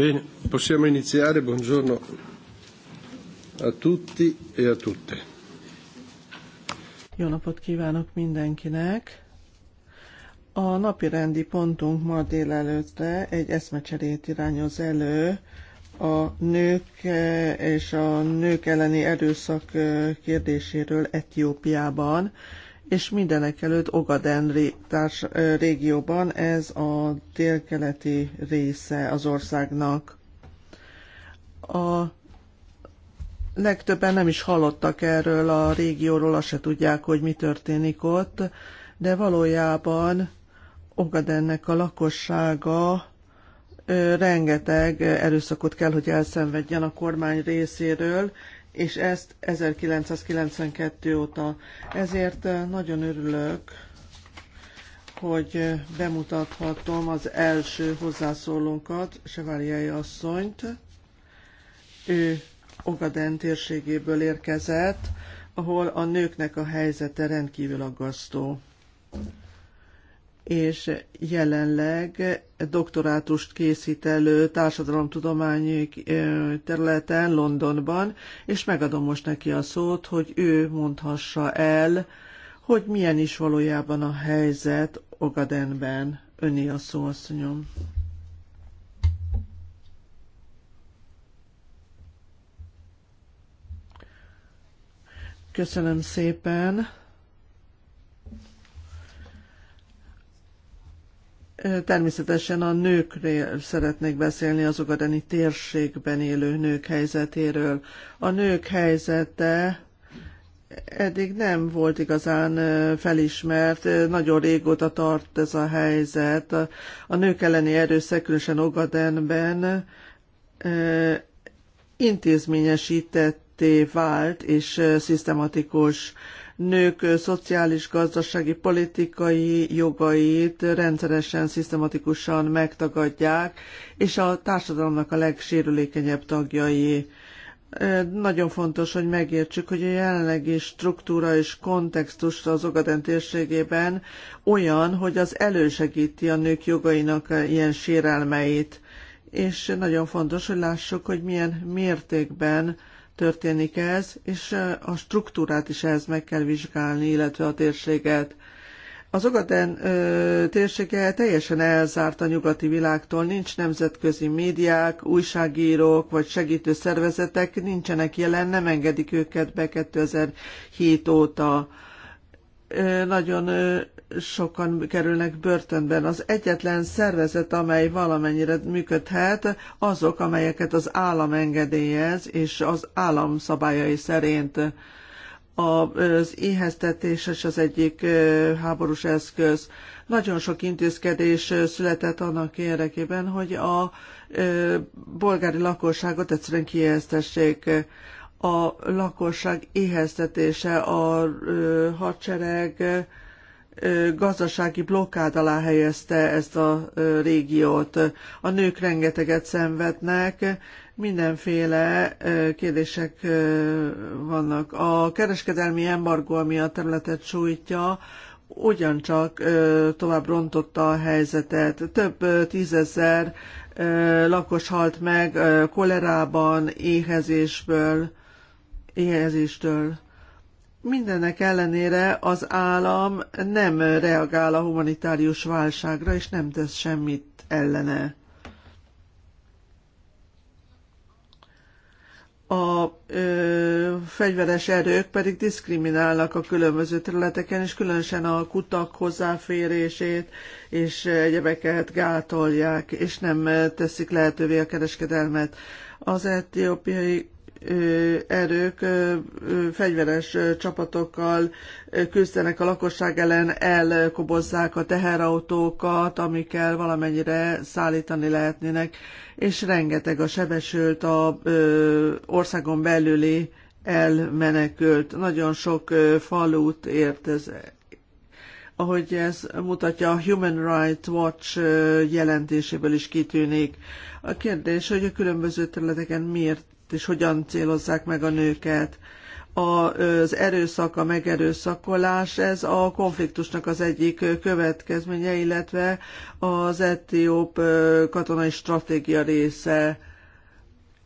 Bene, possiamo iniziare. Buongiorno a tutti e a tutte. Jó napot kívánok mindenkinek! A napi rendi pontunk ma délelőttre egy eszmecserét irányoz elő a nők eh, és a nők elleni erőszak eh, kérdéséről Etiópiában és mindenek előtt Ogaden régióban ez a délkeleti része az országnak. A legtöbben nem is hallottak erről a régióról, azt se tudják, hogy mi történik ott, de valójában Ogadennek a lakossága rengeteg erőszakot kell, hogy elszenvedjen a kormány részéről, és ezt 1992 óta. Ezért eh, nagyon örülök, hogy eh, bemutathatom az első hozzászólónkat, Sevárjai asszonyt. Ő Ogaden térségéből érkezett, ahol a nőknek a helyzete rendkívül aggasztó és jelenleg doktorátust készít elő társadalomtudományi eh, területen Londonban, és megadom most neki a szót, hogy ő mondhassa el, hogy milyen is valójában a helyzet Ogadenben. Öné a szó, asszonyom. Köszönöm szépen. Természetesen a nőkről szeretnék beszélni, az ogadani térségben élő nők helyzetéről. A nők helyzete eddig nem volt igazán felismert, nagyon régóta tart ez a helyzet. A nők elleni erőszak, különösen Ogadenben intézményesítetté vált és szisztematikus nők szociális, gazdasági, politikai jogait rendszeresen, szisztematikusan megtagadják, és a társadalomnak a legsérülékenyebb tagjai. Nagyon fontos, hogy megértsük, hogy a jelenlegi struktúra és kontextus az Ogaden térségében olyan, hogy az elősegíti a nők jogainak ilyen sérelmeit. És nagyon fontos, hogy lássuk, hogy milyen mértékben történik ez, és a struktúrát is ehhez meg kell vizsgálni, illetve a térséget. Az Ogaden ö, térsége teljesen elzárt a nyugati világtól, nincs nemzetközi médiák, újságírók vagy segítő szervezetek, nincsenek jelen, nem engedik őket be 2007 óta. Ö, nagyon ö, sokan kerülnek börtönben. Az egyetlen szervezet, amely valamennyire működhet, azok, amelyeket az állam engedélyez, és az állam szabályai szerint az éheztetés az egyik háborús eszköz. Nagyon sok intézkedés született annak érdekében, hogy a bolgári lakosságot egyszerűen kiéheztessék. A lakosság éheztetése, a hadsereg gazdasági blokkád alá helyezte ezt a régiót. A nők rengeteget szenvednek, mindenféle kérdések vannak. A kereskedelmi embargó, ami a területet sújtja, ugyancsak tovább rontotta a helyzetet. Több tízezer lakos halt meg kolerában, éhezésből, éhezéstől Mindennek ellenére az állam nem reagál a humanitárius válságra, és nem tesz semmit ellene. a ö, fegyveres erők pedig diszkriminálnak a különböző területeken, és különösen a kutak hozzáférését és egyebeket gátolják, és nem teszik lehetővé a kereskedelmet. Az etiópiai erők fegyveres csapatokkal küzdenek a lakosság ellen, elkobozzák a teherautókat, amikkel valamennyire szállítani lehetnének, és rengeteg a sebesült a országon belüli elmenekült. Nagyon sok falut ért ez ahogy ez mutatja a Human Rights Watch jelentéséből is kitűnik. A kérdés, hogy a különböző területeken miért és hogyan célozzák meg a nőket. Az erőszak, a megerőszakolás, ez a konfliktusnak az egyik következménye, illetve az etióp katonai stratégia része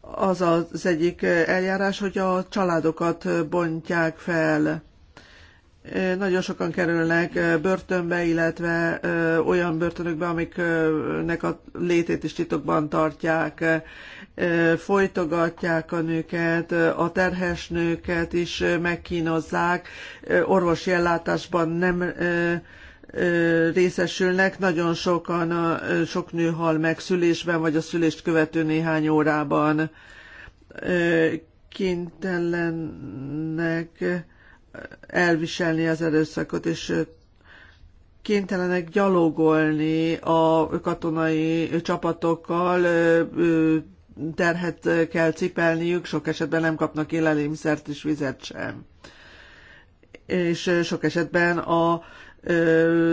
az az egyik eljárás, hogy a családokat bontják fel. Nagyon sokan kerülnek börtönbe, illetve olyan börtönökbe, amiknek a létét is titokban tartják folytogatják a nőket, a terhes nőket is megkínozzák, orvosi ellátásban nem részesülnek, nagyon sokan, sok nő hal meg szülésben, vagy a szülést követő néhány órában kénytelenek elviselni az erőszakot, és kénytelenek gyalogolni a katonai csapatokkal terhet kell cipelniük, sok esetben nem kapnak élelmiszert és vizet sem. És sok esetben a,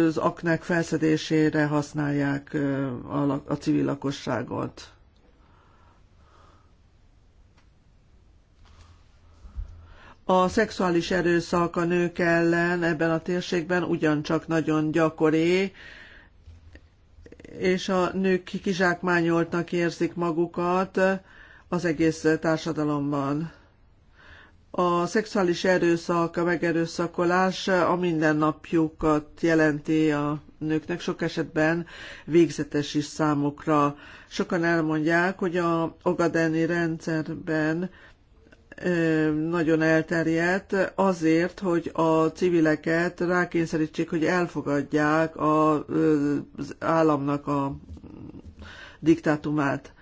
az aknák felszedésére használják a, a civil lakosságot. A szexuális erőszak a nők ellen ebben a térségben ugyancsak nagyon gyakori, és a nők kizsákmányoltnak érzik magukat az egész társadalomban. A szexuális erőszak, a megerőszakolás a mindennapjukat jelenti a nőknek, sok esetben végzetes is számukra. Sokan elmondják, hogy a ogadeni rendszerben nagyon elterjedt azért, hogy a civileket rákényszerítsék, hogy elfogadják az államnak a diktátumát.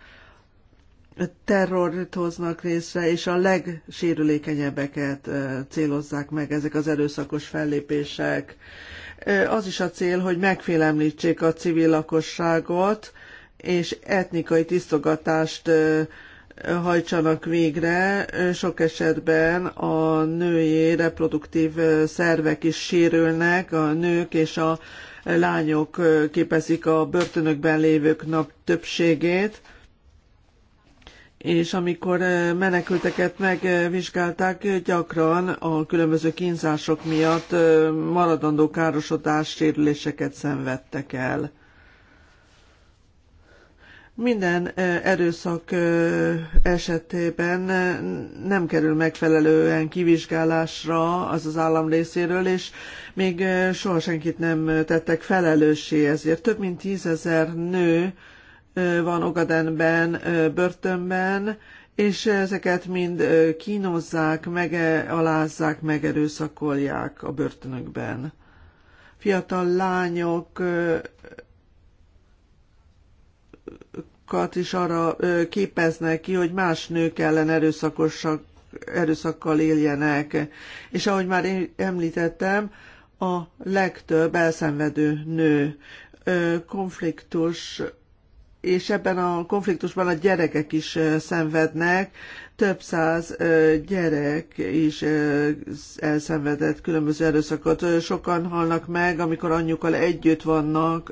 Terrorit hoznak részre, és a legsérülékenyebbeket célozzák meg ezek az erőszakos fellépések. Az is a cél, hogy megfélemlítsék a civil lakosságot, és etnikai tisztogatást hajtsanak végre. Sok esetben a női reproduktív szervek is sérülnek, a nők és a lányok képezik a börtönökben lévők nap többségét és amikor menekülteket megvizsgálták, gyakran a különböző kínzások miatt maradandó károsodás sérüléseket szenvedtek el. Minden erőszak esetében nem kerül megfelelően kivizsgálásra az az állam részéről, és még soha senkit nem tettek felelőssé ezért. Több mint tízezer nő van Ogadenben, börtönben, és ezeket mind kínozzák, megalázzák, megerőszakolják a börtönökben. Fiatal lányok nőket is arra képeznek ki, hogy más nők ellen erőszakosak, erőszakkal éljenek. És ahogy már én említettem, a legtöbb elszenvedő nő konfliktus és ebben a konfliktusban a gyerekek is szenvednek, több száz gyerek is elszenvedett különböző erőszakot. Sokan halnak meg, amikor anyjukkal együtt vannak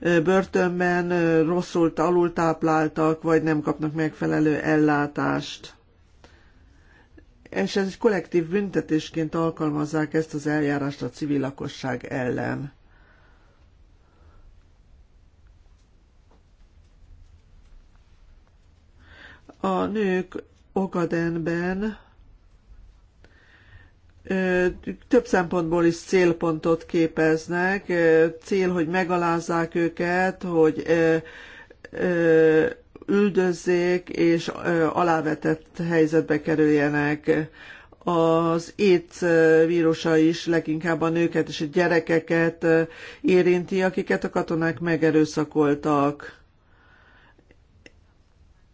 börtönben rosszul alultápláltak, vagy nem kapnak megfelelő ellátást. És ez egy kollektív büntetésként alkalmazzák ezt az eljárást a civil lakosság ellen. A nők Ogadenben több szempontból is célpontot képeznek. Cél, hogy megalázzák őket, hogy üldözzék és alávetett helyzetbe kerüljenek. Az AIDS vírusa is leginkább a nőket és a gyerekeket érinti, akiket a katonák megerőszakoltak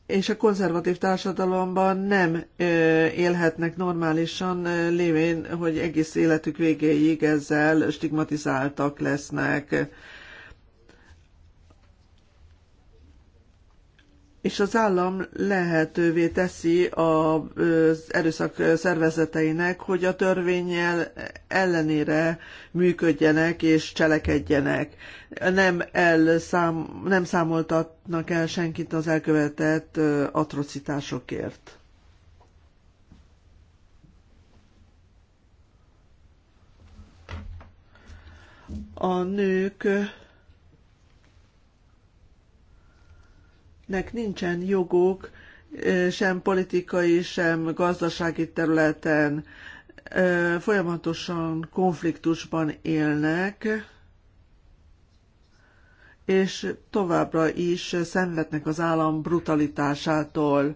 és a konzervatív társadalomban nem élhetnek normálisan, lévén, hogy egész életük végéig ezzel stigmatizáltak lesznek. és az állam lehetővé teszi az erőszak szervezeteinek, hogy a törvényel ellenére működjenek és cselekedjenek. Nem, elszám, nem számoltatnak el senkit az elkövetett atrocitásokért. A nők nek nincsen joguk sem politikai, sem gazdasági területen folyamatosan konfliktusban élnek, és továbbra is szenvednek az állam brutalitásától.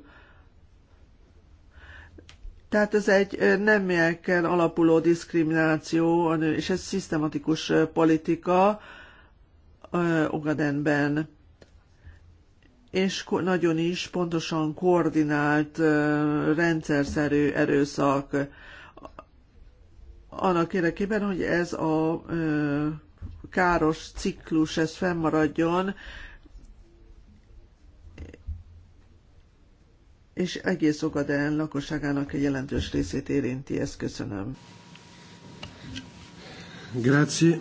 Tehát ez egy nemiekkel alapuló diszkrimináció, és ez szisztematikus politika Ogadenben és nagyon is pontosan koordinált, rendszerszerű erőszak annak érdekében, hogy ez a káros ciklus, ez fennmaradjon, és egész Ogaden lakosságának egy jelentős részét érinti. Ezt köszönöm. Grazie.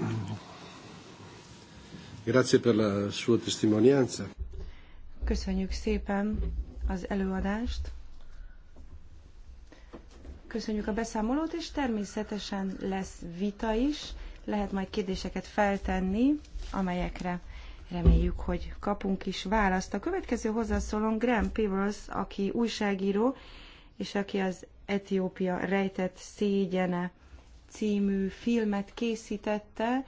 Grazie per la sua testimonianza. Köszönjük szépen az előadást. Köszönjük a beszámolót, és természetesen lesz vita is. Lehet majd kérdéseket feltenni, amelyekre reméljük, hogy kapunk is választ. A következő hozzászólón Graham Peebles, aki újságíró, és aki az Etiópia rejtett szégyene című filmet készítette.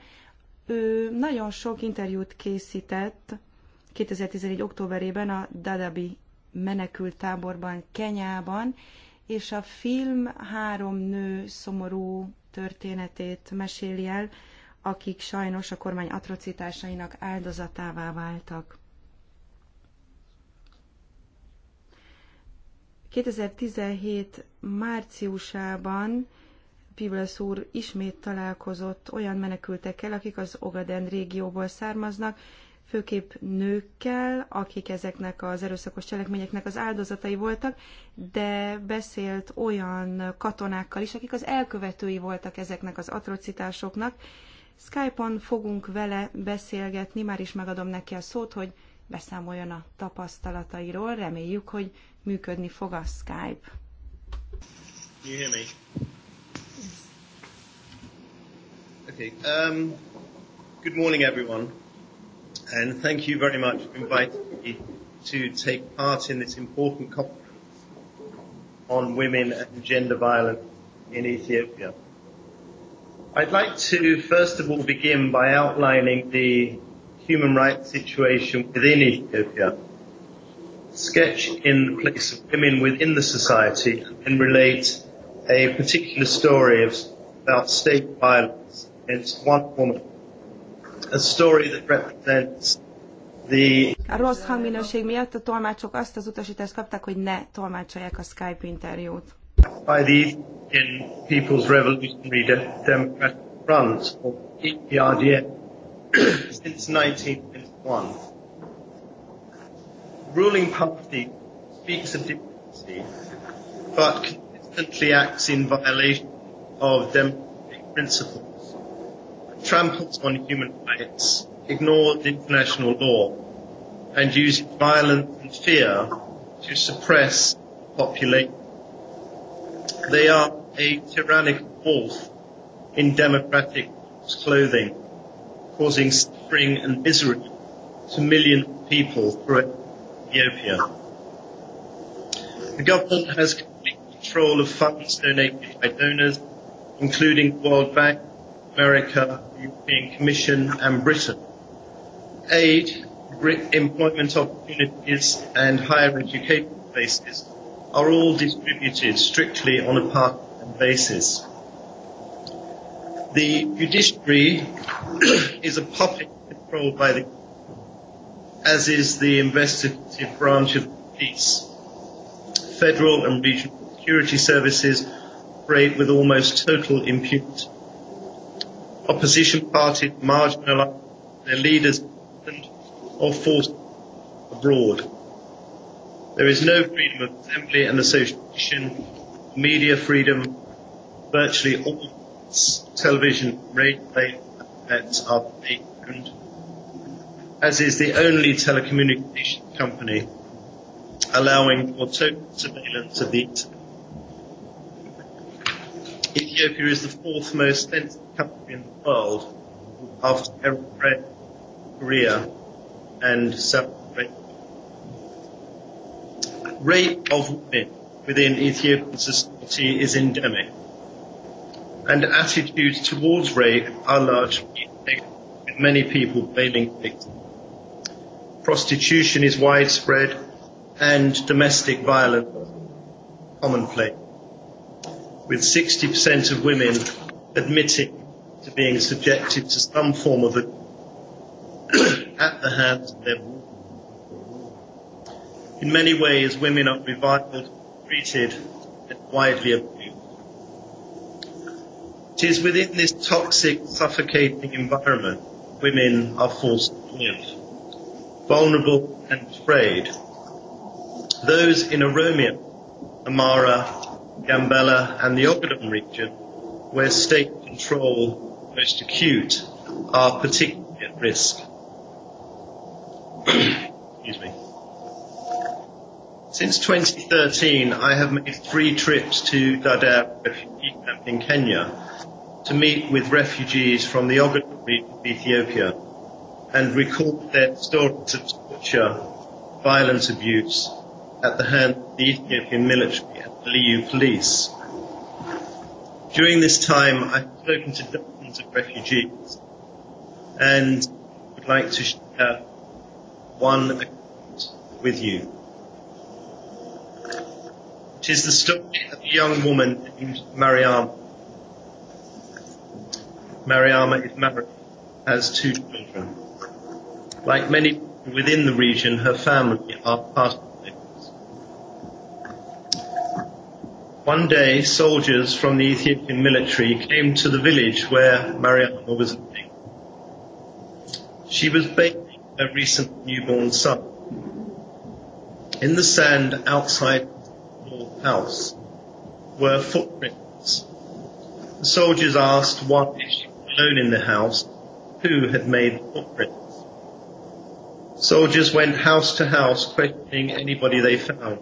Ő nagyon sok interjút készített 2014. októberében a Dadabi menekült táborban, Kenyában, és a film három nő szomorú történetét meséli el, akik sajnos a kormány atrocitásainak áldozatává váltak. 2017 márciusában Pibelsz úr ismét találkozott olyan menekültekkel, akik az Ogaden régióból származnak, főképp nőkkel, akik ezeknek az erőszakos cselekményeknek az áldozatai voltak, de beszélt olyan katonákkal is, akik az elkövetői voltak ezeknek az atrocitásoknak. Skype-on fogunk vele beszélgetni, már is megadom neki a szót, hogy beszámoljon a tapasztalatairól. Reméljük, hogy működni fog a Skype. You hear me? Okay. Um, good morning, everyone and thank you very much for inviting me to take part in this important conference on women and gender violence in Ethiopia. I'd like to first of all begin by outlining the human rights situation within Ethiopia, sketch in the place of women within the society, and relate a particular story of, about state violence against one woman a rossz hangminőség miatt a tolmácsok azt az utasítást kapták, hogy ne tolmácsolják a Skype interjút. By the Indian People's Revolutionary Democratic Front, or EPRDF, since 1991. Ruling party speaks of democracy, but consistently acts in violation of democratic principles tramples on human rights, ignores international law, and uses violence and fear to suppress population. They are a tyrannical wolf in democratic clothing, causing suffering and misery to millions of people throughout Ethiopia. The government has complete control of funds donated by donors, including the World Bank America, the European Commission and Britain. Aid, employment opportunities and higher education places are all distributed strictly on a part-time basis. The judiciary is a puppet controlled by the as is the investigative branch of police. Federal and regional security services operate with almost total impunity opposition parties marginalised their leaders or forced abroad. There is no freedom of assembly and association, media freedom, virtually all television, radio, nets are banned, as is the only telecommunication company allowing for total surveillance of the internet Ethiopia is the fourth most censored country in the world after Eritrea, Korea, and South Africa. Rape of women within Ethiopian society is endemic, and attitudes towards rape are largely negative, with many people blaming victims. Prostitution is widespread, and domestic violence commonplace with 60% of women admitting to being subjected to some form of a at the hands of their women. In many ways, women are reviled, treated, and widely abused. It is within this toxic, suffocating environment women are forced to live, vulnerable and afraid. Those in Aromia, Amara, Gambella and the Ogaden region, where state control most acute, are particularly at risk. Excuse me. Since 2013, I have made three trips to Dadaab refugee camp in Kenya to meet with refugees from the Ogaden region of Ethiopia and record their stories of torture, violent abuse at the hands of the Ethiopian military Liu police. During this time, I've spoken to dozens of refugees and would like to share one account with you. It is the story of a young woman named Mariama. Mariama is married, has two children. Like many within the region, her family are part of One day, soldiers from the Ethiopian military came to the village where Mariama was living. She was bathing her recent newborn son in the sand outside the house were footprints. The soldiers asked why she was alone in the house, who had made the footprints. Soldiers went house to house questioning anybody they found.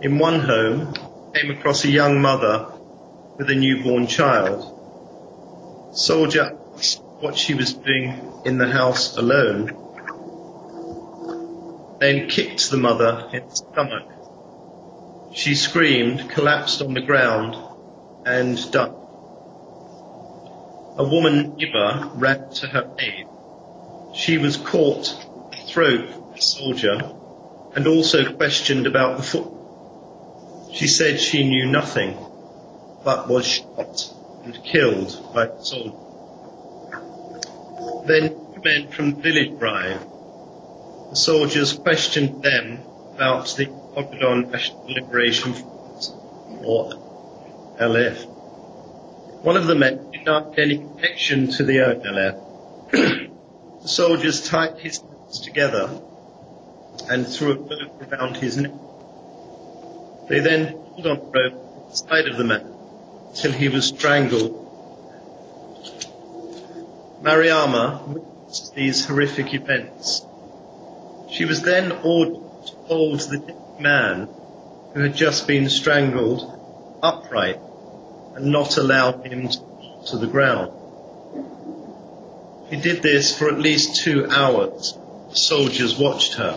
In one home, came across a young mother with a newborn child. Soldier asked what she was doing in the house alone, then kicked the mother in the stomach. She screamed, collapsed on the ground, and died. A woman neighbor ran to her aid. She was caught throat a soldier and also questioned about the foot She said she knew nothing, but was shot and killed by a soldier. Then two men from the village arrived. The soldiers questioned them about the Ogadon National Liberation Front, or LF. One of the men denied any connection to the ONLF. the soldiers tied his hands together and threw a rope around his neck They then pulled on the rope the side of the man till he was strangled. Mariama witnessed these horrific events. She was then ordered to hold the dead man who had just been strangled upright and not allow him to, to the ground. She did this for at least two hours. The soldiers watched her.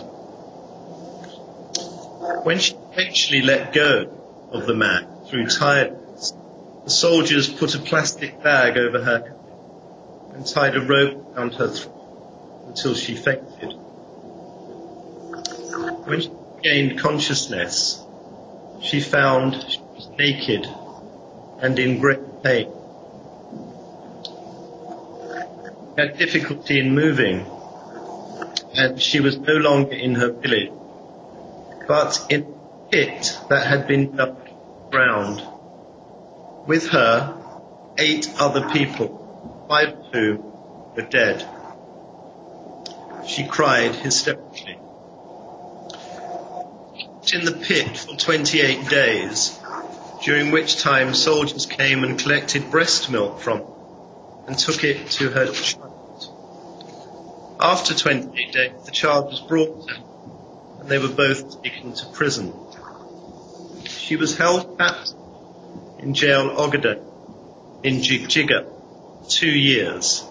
When she eventually let go of the man through tiredness. The soldiers put a plastic bag over her and tied a rope around her throat until she fainted. When she gained consciousness, she found she was naked and in great pain. She had difficulty in moving and she was no longer in her village, but in pit that had been dug round. With her, eight other people, five of whom were dead. She cried hysterically. In the pit for 28 days, during which time soldiers came and collected breast milk from her and took it to her child. After 28 days, the child was brought to her, and they were both taken to prison. She was held fast in jail Ogaden in Jigjiga two years,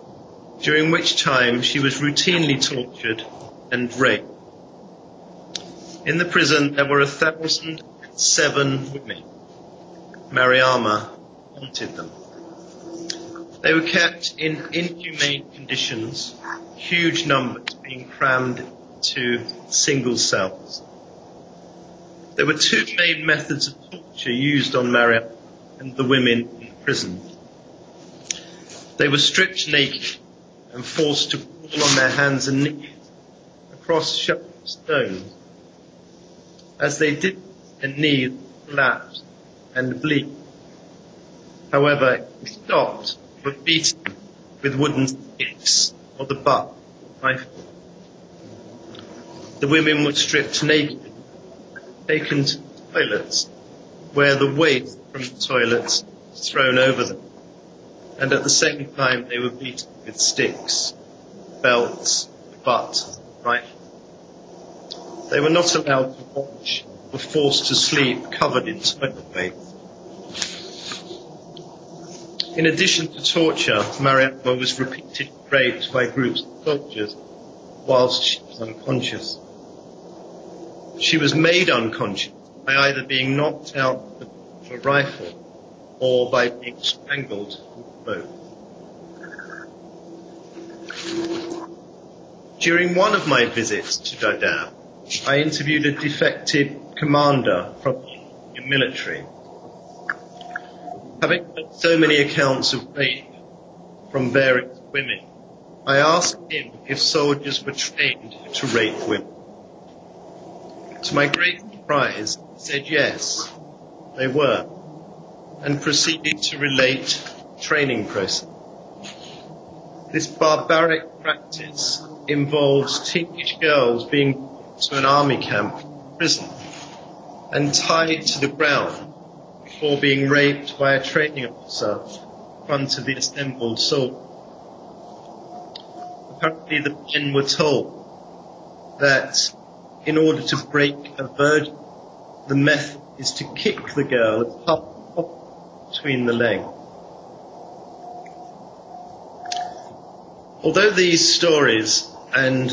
during which time she was routinely tortured and raped. In the prison there were a thousand seven women. Mariama haunted them. They were kept in inhumane conditions, huge numbers being crammed to single cells. There were two main methods of torture used on Maria and the women in prison. They were stripped naked and forced to crawl on their hands and knees across sharp stones. As they did, their knees collapsed and bleed. However, if stopped, were beaten with wooden sticks or the butt or The women were stripped naked taken to toilets where the waste from the toilets was thrown over them. And at the same time, they were beaten with sticks, belts, butt, Right? They were not allowed to watch, were forced to sleep covered in toilet waste. In addition to torture, Mariamma was repeatedly raped by groups of soldiers whilst she was unconscious. She was made unconscious by either being knocked out with a rifle or by being strangled with boat. During one of my visits to Dadaab, I interviewed a defected commander from the military. Having heard so many accounts of rape from various women, I asked him if soldiers were trained to rape women. To my great surprise, he said yes, they were, and proceeded to relate training process. This barbaric practice involves teenage girls being brought to an army camp prison and tied to the ground before being raped by a training officer in front of the assembled soldiers. Apparently the men were told that in order to break a virgin, the method is to kick the girl up between the legs. Although these stories and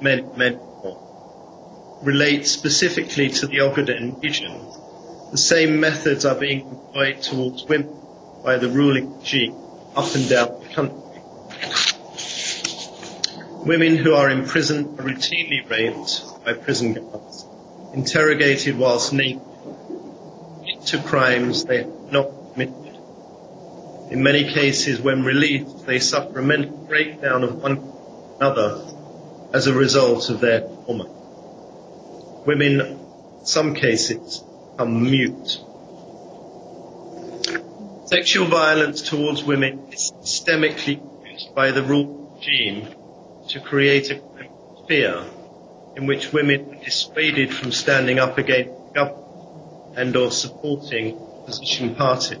many, many more relate specifically to the Ogaden region, the same methods are being employed towards women by the ruling regime up and down the country. Women who are imprisoned are routinely raped by prison guards, interrogated whilst naked, to crimes they have not committed. In many cases, when released, they suffer a mental breakdown of one another as a result of their trauma. Women, in some cases, become mute. Sexual violence towards women is systemically used by the rule regime to create a fear in which women were dissuaded from standing up against the government and or supporting opposition parties.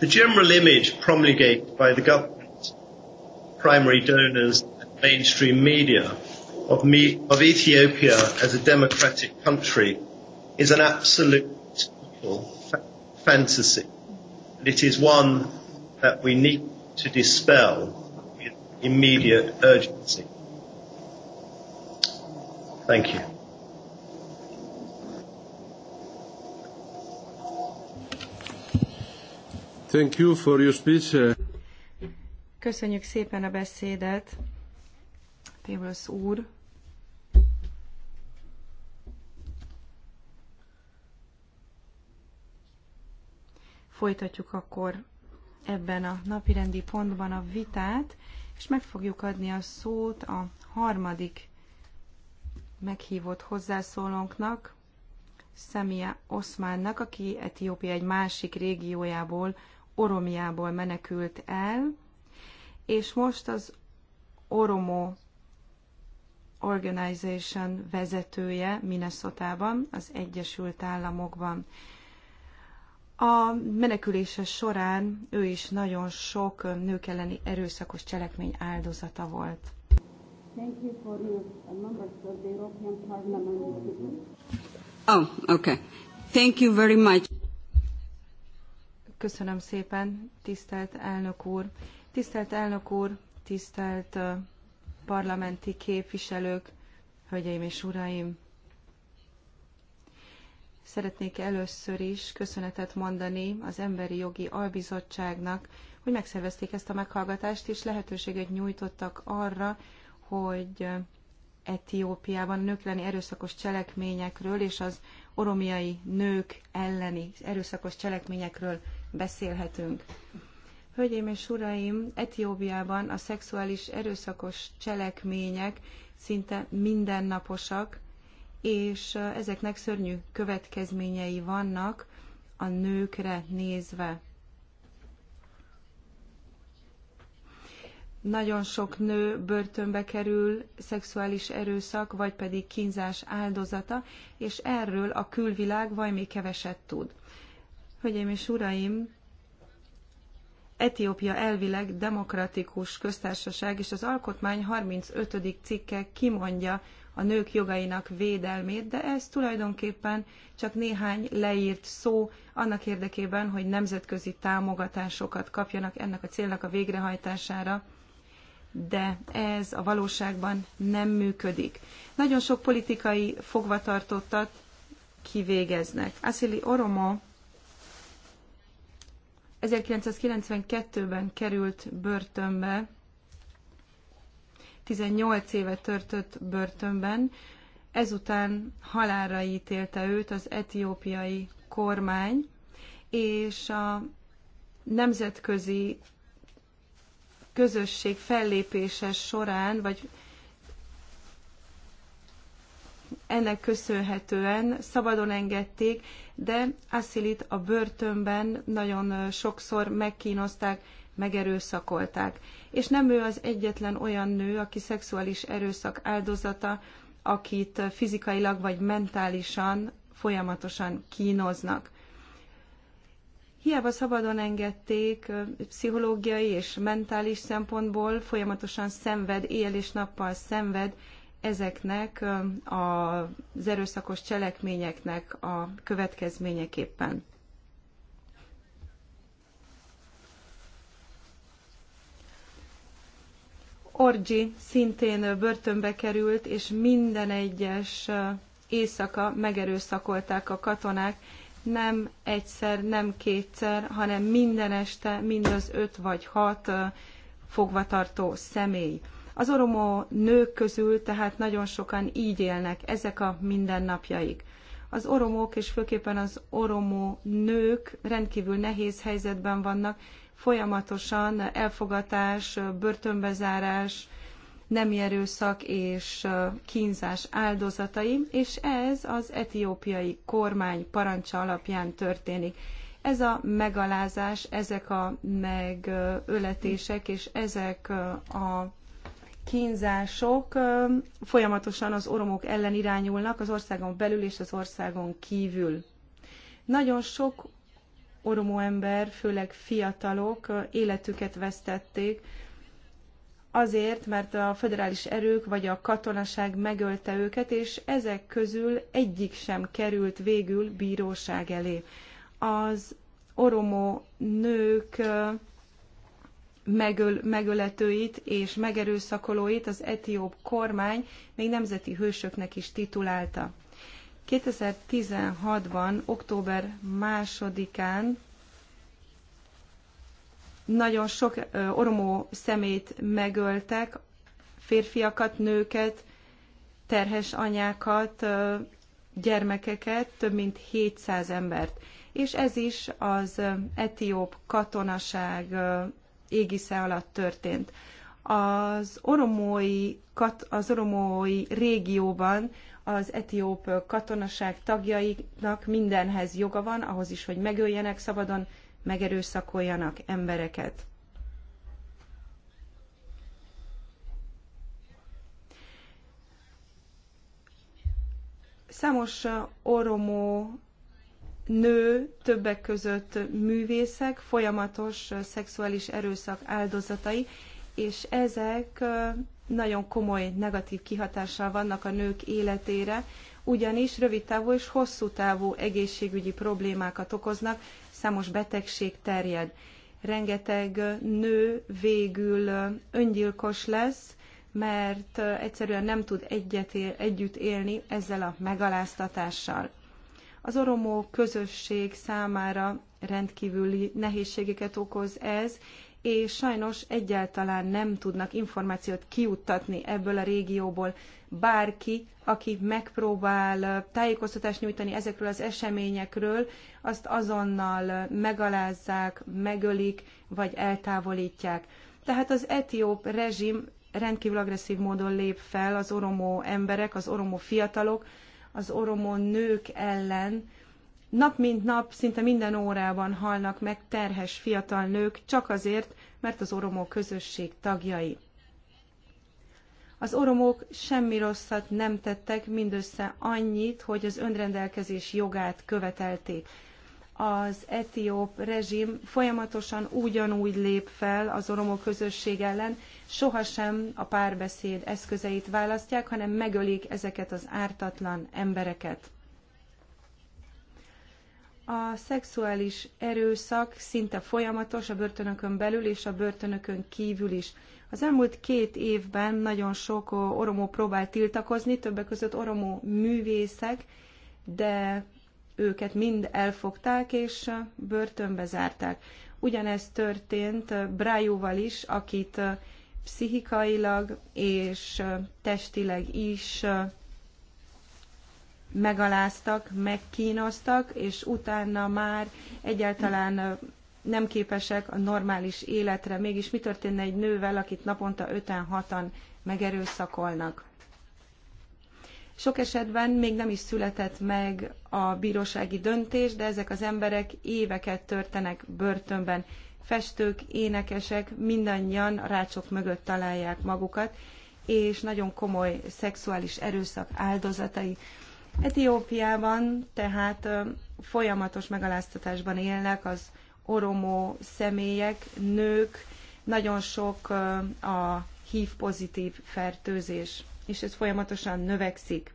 The general image promulgated by the government, primary donors and mainstream media of, me, of Ethiopia as a democratic country is an absolute fa- fantasy. And it is one that we need to dispel with immediate urgency. Thank you. Thank you for your speech. Uh, Köszönjük szépen a beszédet, Tébös úr. Folytatjuk akkor ebben a napirendi pontban a vitát, és meg fogjuk adni a szót a harmadik meghívott hozzászólónknak, Szemia Oszmánnak, aki Etiópia egy másik régiójából, Oromiából menekült el, és most az Oromo Organization vezetője Minnesotában, az Egyesült Államokban. A menekülése során ő is nagyon sok nők elleni erőszakos cselekmény áldozata volt. Thank you for your members of the European Parliament. Oh, okay. Thank you very much. Köszönöm szépen, tisztelt elnök úr. Tisztelt elnök úr, tisztelt parlamenti képviselők, hölgyeim és uraim! Szeretnék először is köszönetet mondani az Emberi Jogi Albizottságnak, hogy megszervezték ezt a meghallgatást, és lehetőséget nyújtottak arra, hogy Etiópiában nők erőszakos cselekményekről és az oromiai nők elleni erőszakos cselekményekről beszélhetünk. Hölgyeim és uraim, Etiópiában a szexuális erőszakos cselekmények szinte mindennaposak, és ezeknek szörnyű következményei vannak a nőkre nézve. Nagyon sok nő börtönbe kerül szexuális erőszak, vagy pedig kínzás áldozata, és erről a külvilág vajmi keveset tud. Hölgyeim és uraim, Etiópia elvileg demokratikus köztársaság, és az alkotmány 35. cikke kimondja a nők jogainak védelmét, de ez tulajdonképpen csak néhány leírt szó annak érdekében, hogy nemzetközi támogatásokat kapjanak ennek a célnak a végrehajtására de ez a valóságban nem működik. Nagyon sok politikai fogvatartottat kivégeznek. Asili Oromo 1992-ben került börtönbe, 18 éve törtött börtönben, ezután halálra ítélte őt az etiópiai kormány, és a nemzetközi közösség fellépése során, vagy ennek köszönhetően szabadon engedték, de Assilit a börtönben nagyon sokszor megkínozták, megerőszakolták. És nem ő az egyetlen olyan nő, aki szexuális erőszak áldozata, akit fizikailag vagy mentálisan folyamatosan kínoznak. Hiába szabadon engedték, pszichológiai és mentális szempontból folyamatosan szenved, éjjel és nappal szenved ezeknek az erőszakos cselekményeknek a következményeképpen. Orgyi szintén börtönbe került, és minden egyes éjszaka megerőszakolták a katonák, nem egyszer, nem kétszer, hanem minden este az öt vagy hat fogvatartó személy. Az oromó nők közül tehát nagyon sokan így élnek, ezek a mindennapjaik. Az oromók és főképpen az oromó nők rendkívül nehéz helyzetben vannak, folyamatosan elfogatás, börtönbezárás, nemi erőszak és kínzás áldozatai, és ez az etiópiai kormány parancsa alapján történik. Ez a megalázás, ezek a megöletések és ezek a kínzások folyamatosan az oromok ellen irányulnak az országon belül és az országon kívül. Nagyon sok oromó ember, főleg fiatalok életüket vesztették, azért, mert a federális erők vagy a katonaság megölte őket, és ezek közül egyik sem került végül bíróság elé. Az oromó nők megöl, megöletőit és megerőszakolóit az etióp kormány még nemzeti hősöknek is titulálta. 2016-ban, október másodikán nagyon sok oromó szemét megöltek, férfiakat, nőket, terhes anyákat, gyermekeket, több mint 700 embert. És ez is az etióp katonaság égisze alatt történt. Az oromói, kat, az oromói régióban az etióp katonaság tagjainak mindenhez joga van, ahhoz is, hogy megöljenek szabadon, megerőszakoljanak embereket. Számos uh, oromó nő, többek között művészek, folyamatos uh, szexuális erőszak áldozatai, és ezek uh, nagyon komoly negatív kihatással vannak a nők életére, ugyanis rövid távú és hosszú távú egészségügyi problémákat okoznak, számos betegség terjed. Rengeteg nő végül öngyilkos lesz, mert egyszerűen nem tud egyet él, együtt élni ezzel a megaláztatással. Az oromó közösség számára rendkívüli nehézségeket okoz ez, és sajnos egyáltalán nem tudnak információt kiuttatni ebből a régióból. Bárki, aki megpróbál tájékoztatást nyújtani ezekről az eseményekről, azt azonnal megalázzák, megölik, vagy eltávolítják. Tehát az etióp rezsim rendkívül agresszív módon lép fel az oromó emberek, az oromó fiatalok, az oromó nők ellen, Nap mint nap, szinte minden órában halnak meg terhes fiatal nők, csak azért, mert az oromó közösség tagjai. Az oromók semmi rosszat nem tettek, mindössze annyit, hogy az önrendelkezés jogát követelték. Az etióp rezsim folyamatosan ugyanúgy lép fel az oromó közösség ellen, sohasem a párbeszéd eszközeit választják, hanem megölik ezeket az ártatlan embereket. A szexuális erőszak szinte folyamatos a börtönökön belül és a börtönökön kívül is. Az elmúlt két évben nagyon sok oromó próbált tiltakozni, többek között oromó művészek, de őket mind elfogták és börtönbe zárták. Ugyanez történt Brájúval is, akit pszichikailag és testileg is megaláztak, megkínoztak, és utána már egyáltalán nem képesek a normális életre. Mégis mi történne egy nővel, akit naponta 5-6-an megerőszakolnak? Sok esetben még nem is született meg a bírósági döntés, de ezek az emberek éveket törtenek börtönben. Festők, énekesek, mindannyian rácsok mögött találják magukat, és nagyon komoly szexuális erőszak áldozatai. Etiópiában tehát folyamatos megaláztatásban élnek az oromó személyek, nők, nagyon sok a HIV pozitív fertőzés, és ez folyamatosan növekszik.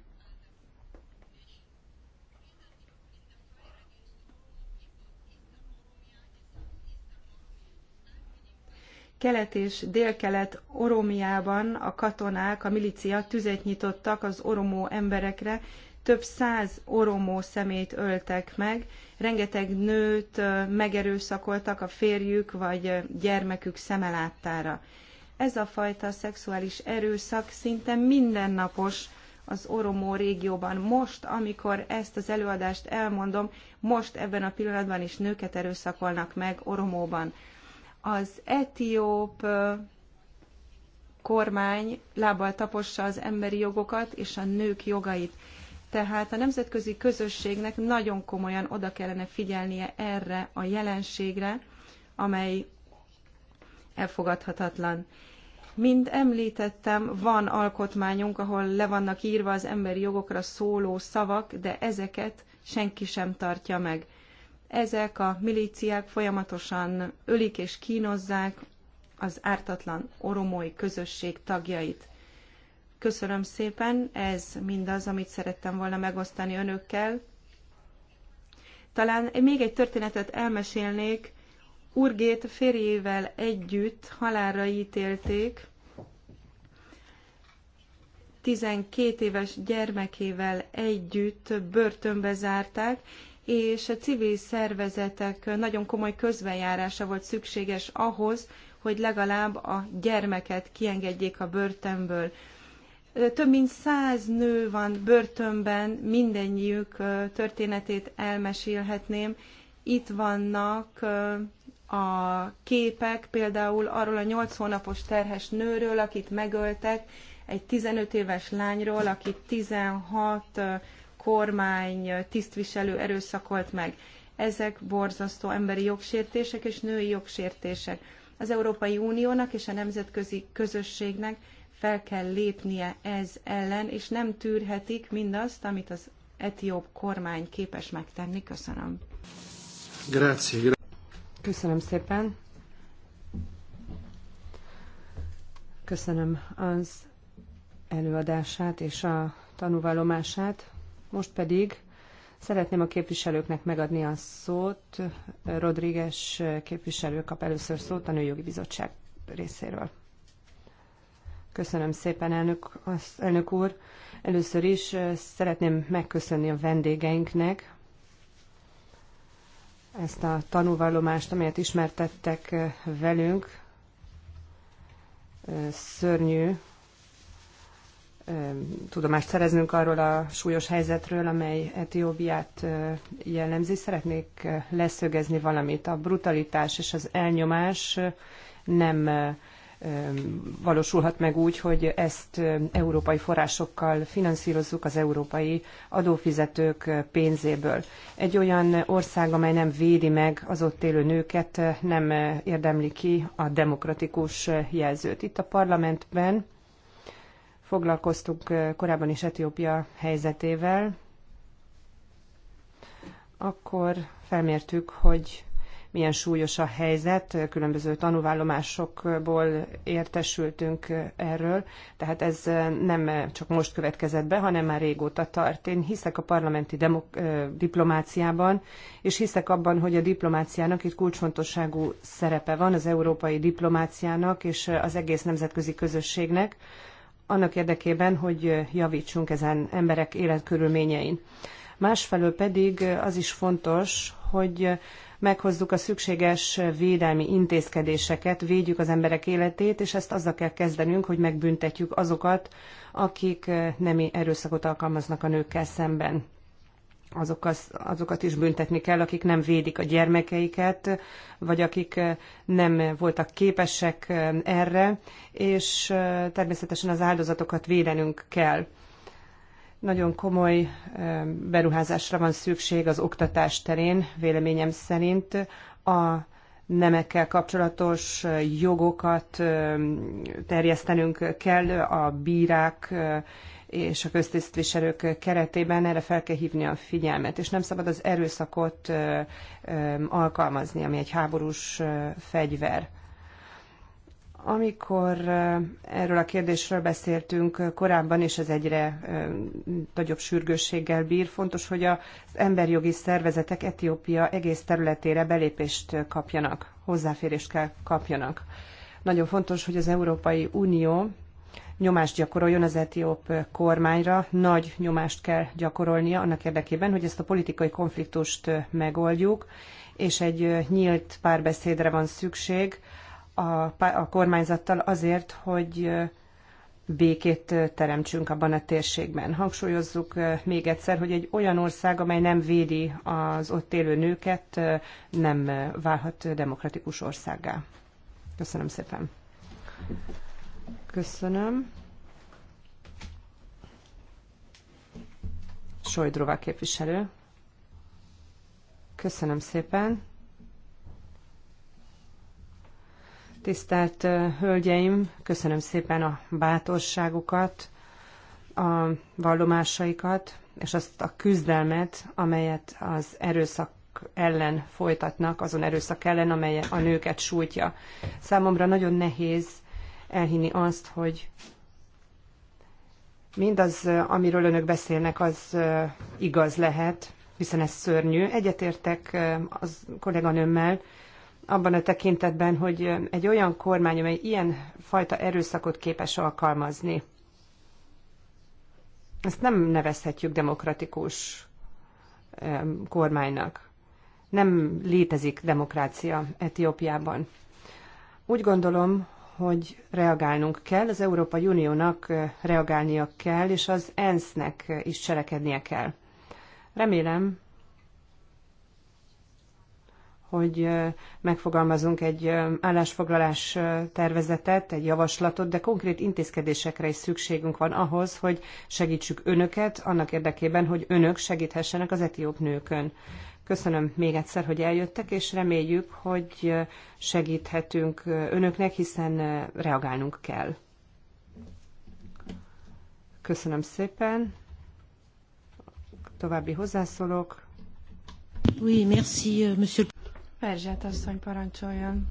kelet és délkelet Oromiában a katonák, a milícia tüzet nyitottak az oromó emberekre, több száz oromó szemét öltek meg, rengeteg nőt megerőszakoltak a férjük vagy gyermekük szemelátára. Ez a fajta szexuális erőszak szinte mindennapos az Oromó régióban. Most, amikor ezt az előadást elmondom, most ebben a pillanatban is nőket erőszakolnak meg Oromóban. Az etióp kormány lábbal tapossa az emberi jogokat és a nők jogait. Tehát a nemzetközi közösségnek nagyon komolyan oda kellene figyelnie erre a jelenségre, amely elfogadhatatlan. Mint említettem, van alkotmányunk, ahol le vannak írva az emberi jogokra szóló szavak, de ezeket senki sem tartja meg. Ezek a milíciák folyamatosan ölik és kínozzák az ártatlan oromói közösség tagjait. Köszönöm szépen, ez mindaz, amit szerettem volna megosztani önökkel. Talán még egy történetet elmesélnék. Urgét férjével együtt halálra ítélték, 12 éves gyermekével együtt börtönbe zárták, és a civil szervezetek nagyon komoly közbenjárása volt szükséges ahhoz, hogy legalább a gyermeket kiengedjék a börtönből. Több mint száz nő van börtönben, mindennyiük történetét elmesélhetném. Itt vannak a képek például arról a nyolc hónapos terhes nőről, akit megöltek, egy 15 éves lányról, akit 16 kormány tisztviselő erőszakolt meg. Ezek borzasztó emberi jogsértések és női jogsértések. Az Európai Uniónak és a nemzetközi közösségnek fel kell lépnie ez ellen, és nem tűrhetik mindazt, amit az etióp kormány képes megtenni. Köszönöm. Grazie. Köszönöm szépen. Köszönöm az előadását és a tanúvallomását. Most pedig szeretném a képviselőknek megadni a szót. Rodríguez képviselő kap először szót a Nőjogi Bizottság részéről. Köszönöm szépen, elnök, az, elnök úr. Először is szeretném megköszönni a vendégeinknek ezt a tanúvallomást, amelyet ismertettek velünk. Szörnyű tudomást szereznünk arról a súlyos helyzetről, amely Etiópiát jellemzi. Szeretnék leszögezni valamit. A brutalitás és az elnyomás nem valósulhat meg úgy, hogy ezt európai forrásokkal finanszírozzuk az európai adófizetők pénzéből. Egy olyan ország, amely nem védi meg az ott élő nőket, nem érdemli ki a demokratikus jelzőt. Itt a parlamentben foglalkoztunk korábban is Etiópia helyzetével, akkor felmértük, hogy milyen súlyos a helyzet, különböző tanúvállomásokból értesültünk erről, tehát ez nem csak most következett be, hanem már régóta tart. Én hiszek a parlamenti demok- diplomáciában, és hiszek abban, hogy a diplomáciának itt kulcsfontosságú szerepe van, az európai diplomáciának és az egész nemzetközi közösségnek, annak érdekében, hogy javítsunk ezen emberek életkörülményein. Másfelől pedig az is fontos, hogy meghozzuk a szükséges védelmi intézkedéseket, védjük az emberek életét, és ezt azzal kell kezdenünk, hogy megbüntetjük azokat, akik eh, nemi erőszakot alkalmaznak a nőkkel szemben. Azokat, azokat is büntetni kell, akik nem védik a gyermekeiket, vagy akik eh, nem voltak képesek eh, erre, és természetesen az áldozatokat védenünk kell nagyon komoly beruházásra van szükség az oktatás terén, véleményem szerint. A nemekkel kapcsolatos jogokat terjesztenünk kell a bírák és a köztisztviselők keretében erre fel kell hívni a figyelmet, és nem szabad az erőszakot alkalmazni, ami egy háborús fegyver. Amikor erről a kérdésről beszéltünk korábban, és ez egyre nagyobb sürgősséggel bír, fontos, hogy az emberjogi szervezetek Etiópia egész területére belépést kapjanak, hozzáférést kell kapjanak. Nagyon fontos, hogy az Európai Unió nyomást gyakoroljon az etióp kormányra, nagy nyomást kell gyakorolnia annak érdekében, hogy ezt a politikai konfliktust megoldjuk, és egy nyílt párbeszédre van szükség, a, a kormányzattal azért, hogy békét teremtsünk abban a térségben. Hangsúlyozzuk még egyszer, hogy egy olyan ország, amely nem védi az ott élő nőket, nem válhat demokratikus országá. Köszönöm szépen. Köszönöm. Sojdrová képviselő. Köszönöm szépen. Tisztelt Hölgyeim, köszönöm szépen a bátorságukat, a vallomásaikat, és azt a küzdelmet, amelyet az erőszak ellen folytatnak, azon erőszak ellen, amely a nőket sújtja. Számomra nagyon nehéz elhinni azt, hogy mindaz, amiről önök beszélnek, az igaz lehet, hiszen ez szörnyű. Egyetértek az kolléganőmmel, abban a tekintetben, hogy egy olyan kormány, amely ilyen fajta erőszakot képes alkalmazni, ezt nem nevezhetjük demokratikus kormánynak. Nem létezik demokrácia Etiópiában. Úgy gondolom, hogy reagálnunk kell, az Európai Uniónak reagálnia kell, és az ENSZ-nek is cselekednie kell. Remélem, hogy megfogalmazunk egy állásfoglalás tervezetet, egy javaslatot, de konkrét intézkedésekre is szükségünk van ahhoz, hogy segítsük önöket annak érdekében, hogy önök segíthessenek az etióp nőkön. Köszönöm még egyszer, hogy eljöttek, és reméljük, hogy segíthetünk önöknek, hiszen reagálnunk kell. Köszönöm szépen. További hozzászólók. Oui, merci, euh, monsieur. Perzsát asszony parancsoljon.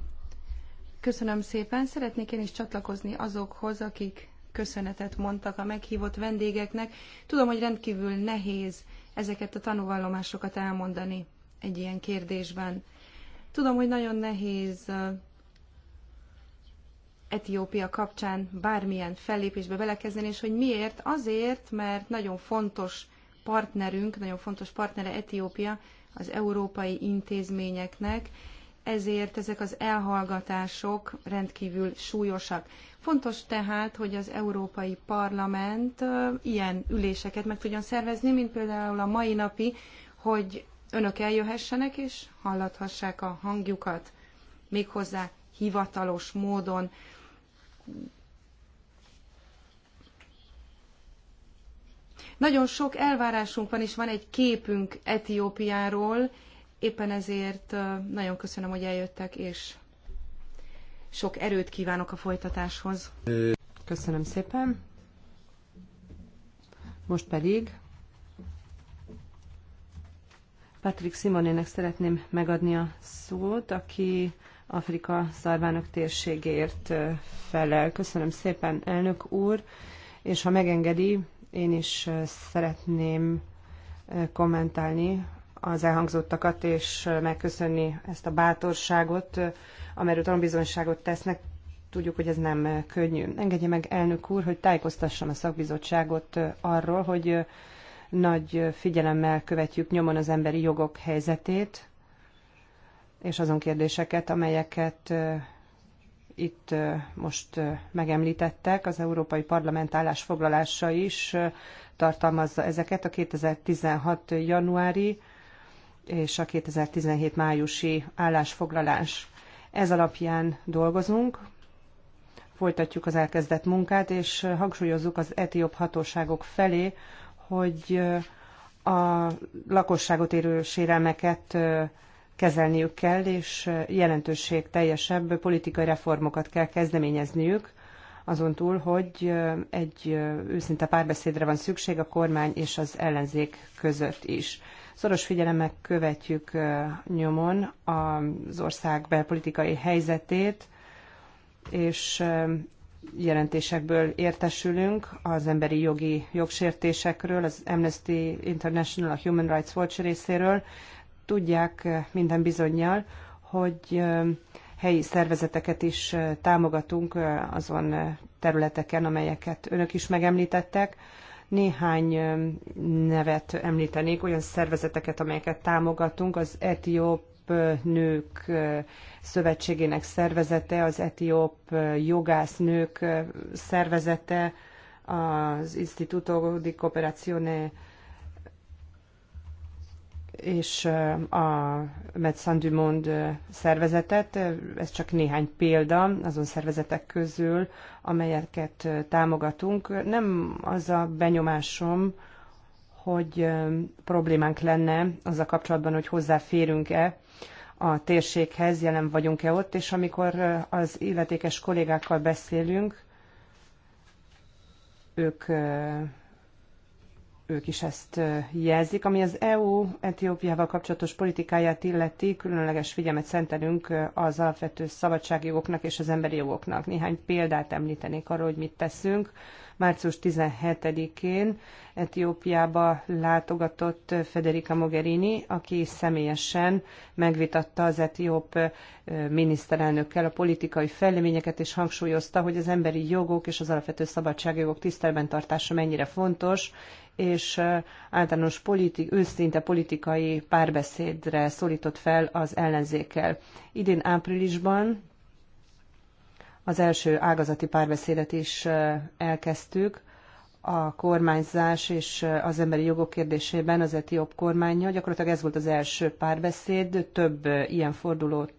Köszönöm szépen. Szeretnék én is csatlakozni azokhoz, akik köszönetet mondtak a meghívott vendégeknek. Tudom, hogy rendkívül nehéz ezeket a tanúvallomásokat elmondani egy ilyen kérdésben. Tudom, hogy nagyon nehéz Etiópia kapcsán bármilyen fellépésbe belekezdeni, és hogy miért? Azért, mert nagyon fontos partnerünk, nagyon fontos partnere Etiópia az európai intézményeknek, ezért ezek az elhallgatások rendkívül súlyosak. Fontos tehát, hogy az Európai Parlament ilyen üléseket meg tudjon szervezni, mint például a mai napi, hogy önök eljöhessenek és hallathassák a hangjukat méghozzá hivatalos módon Nagyon sok elvárásunk van, és van egy képünk Etiópiáról, éppen ezért nagyon köszönöm, hogy eljöttek, és sok erőt kívánok a folytatáshoz. Köszönöm szépen. Most pedig Patrick Simonének szeretném megadni a szót, aki Afrika szarvának térségért felel. Köszönöm szépen, elnök úr, és ha megengedi, én is szeretném kommentálni az elhangzottakat, és megköszönni ezt a bátorságot, amelyről tanulbizonyságot tesznek. Tudjuk, hogy ez nem könnyű. Engedje meg, elnök úr, hogy tájékoztassam a szakbizottságot arról, hogy nagy figyelemmel követjük nyomon az emberi jogok helyzetét, és azon kérdéseket, amelyeket itt most megemlítettek, az Európai Parlament állásfoglalása is tartalmazza ezeket a 2016. januári és a 2017 májusi állásfoglalás. Ez alapján dolgozunk, folytatjuk az elkezdett munkát, és hangsúlyozzuk az etióp hatóságok felé, hogy a lakosságot érő sérelmeket kezelniük kell, és jelentőség teljesebb politikai reformokat kell kezdeményezniük, azon túl, hogy egy őszinte párbeszédre van szükség a kormány és az ellenzék között is. Szoros figyelemmel követjük nyomon az ország belpolitikai helyzetét, és jelentésekből értesülünk az emberi jogi jogsértésekről, az Amnesty International, a Human Rights Watch részéről, tudják eh, minden bizonyal, hogy eh, helyi szervezeteket is eh, támogatunk azon területeken, amelyeket önök is megemlítettek. Néhány nevet említenék, olyan szervezeteket, amelyeket támogatunk, az etióp nők szövetségének szervezete, az etióp nők szervezete, az Instituto di Cooperazione és a Médecins du Monde szervezetet. Ez csak néhány példa azon szervezetek közül, amelyeket támogatunk. Nem az a benyomásom, hogy problémánk lenne az a kapcsolatban, hogy hozzáférünk-e a térséghez, jelen vagyunk-e ott, és amikor az illetékes kollégákkal beszélünk, ők ők is ezt jelzik. Ami az EU Etiópiával kapcsolatos politikáját illeti, különleges figyelmet szentelünk az alapvető szabadságjogoknak és az emberi jogoknak. Néhány példát említenék arról, hogy mit teszünk március 17-én Etiópiába látogatott Federica Mogherini, aki személyesen megvitatta az etióp miniszterelnökkel a politikai fejleményeket, és hangsúlyozta, hogy az emberi jogok és az alapvető szabadságjogok tisztelben tartása mennyire fontos, és általános politi- őszinte politikai párbeszédre szólított fel az ellenzékkel. Idén áprilisban az első ágazati párbeszédet is elkezdtük a kormányzás és az emberi jogok kérdésében az etióp kormánya. Gyakorlatilag ez volt az első párbeszéd, több ilyen fordulót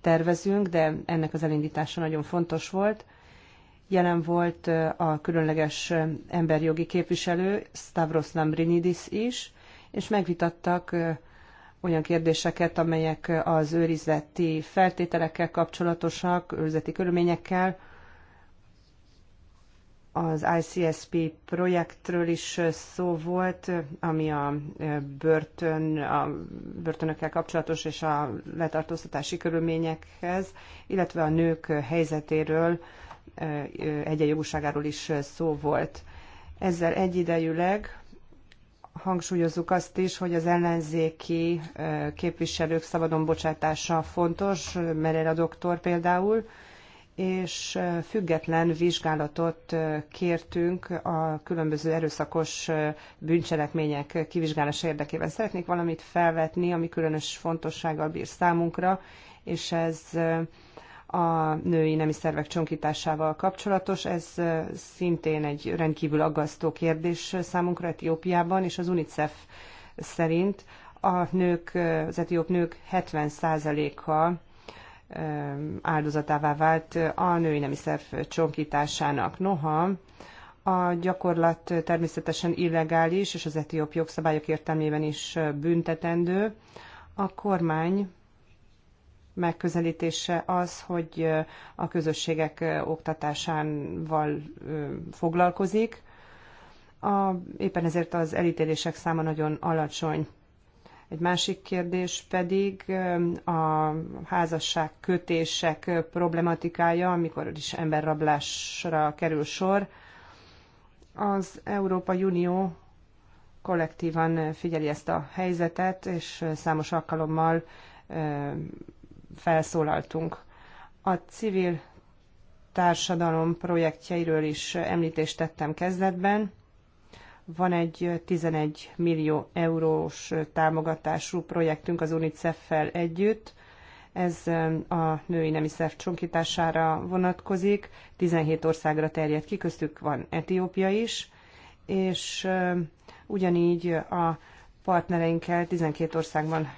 tervezünk, de ennek az elindítása nagyon fontos volt. Jelen volt a különleges emberjogi képviselő Stavros Lambrinidis is, és megvitattak olyan kérdéseket, amelyek az őrizeti feltételekkel kapcsolatosak, őrizeti körülményekkel. Az ICSP projektről is szó volt, ami a, börtön, a börtönökkel kapcsolatos és a letartóztatási körülményekhez, illetve a nők helyzetéről, eh, egyenjogúságáról is szó volt. Ezzel egyidejűleg hangsúlyozzuk azt is, hogy az ellenzéki képviselők szabadon bocsátása fontos, a doktor például, és független vizsgálatot kértünk a különböző erőszakos bűncselekmények kivizsgálása érdekében. Szeretnék valamit felvetni, ami különös fontossággal bír számunkra, és ez a női nemi szervek csonkításával kapcsolatos. Ez szintén egy rendkívül aggasztó kérdés számunkra Etiópiában, és az UNICEF szerint a nők, az etióp nők 70%-a áldozatává vált a női nemi szerv csonkításának. Noha a gyakorlat természetesen illegális, és az etióp jogszabályok értelmében is büntetendő. A kormány megközelítése az, hogy a közösségek oktatásával foglalkozik. A, éppen ezért az elítélések száma nagyon alacsony. Egy másik kérdés pedig a házasság kötések problematikája, amikor is emberrablásra kerül sor. Az Európai Unió kollektívan figyeli ezt a helyzetet, és számos alkalommal felszólaltunk. A civil társadalom projektjeiről is említést tettem kezdetben. Van egy 11 millió eurós támogatású projektünk az UNICEF-fel együtt. Ez um, a női nemi szerv csonkítására vonatkozik. 17 országra terjed ki, köztük van Etiópia is, és um, ugyanígy a partnereinkkel 12 országban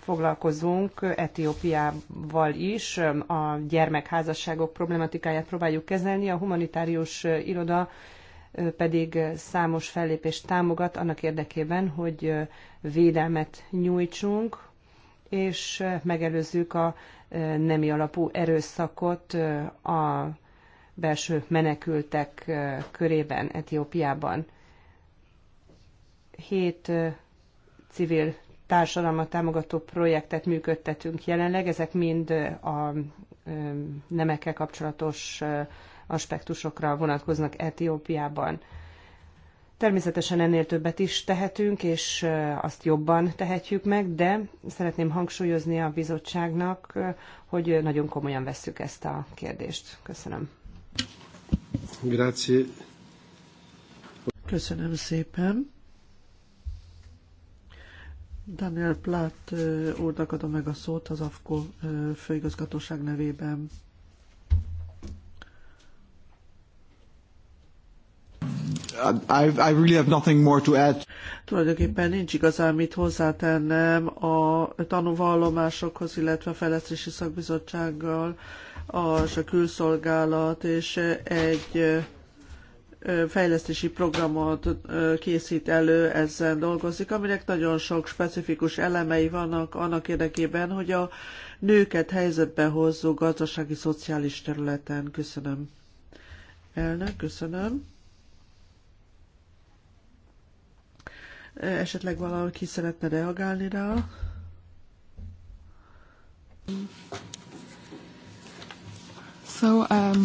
foglalkozunk, Etiópiával is, a gyermekházasságok problematikáját próbáljuk kezelni, a humanitárius iroda pedig számos fellépést támogat annak érdekében, hogy védelmet nyújtsunk, és megelőzzük a nemi alapú erőszakot a belső menekültek körében, Etiópiában hét civil társadalmat támogató projektet működtetünk jelenleg. Ezek mind a nemekkel kapcsolatos aspektusokra vonatkoznak Etiópiában. Természetesen ennél többet is tehetünk, és azt jobban tehetjük meg, de szeretném hangsúlyozni a bizottságnak, hogy nagyon komolyan vesszük ezt a kérdést. Köszönöm. Grazie. Köszönöm szépen. Daniel Platt úrnak adom meg a szót az AFKO főigazgatóság nevében. I, I really have nothing more to add. Tulajdonképpen nincs igazán mit hozzátennem a tanúvallomásokhoz, illetve a fejlesztési szakbizottsággal, a, a külszolgálat és egy fejlesztési programot készít elő, ezzel dolgozik, aminek nagyon sok specifikus elemei vannak annak érdekében, hogy a nőket helyzetbe hozzó gazdasági, szociális területen. Köszönöm. Elnök, köszönöm. Esetleg valaki szeretne reagálni rá? So, um,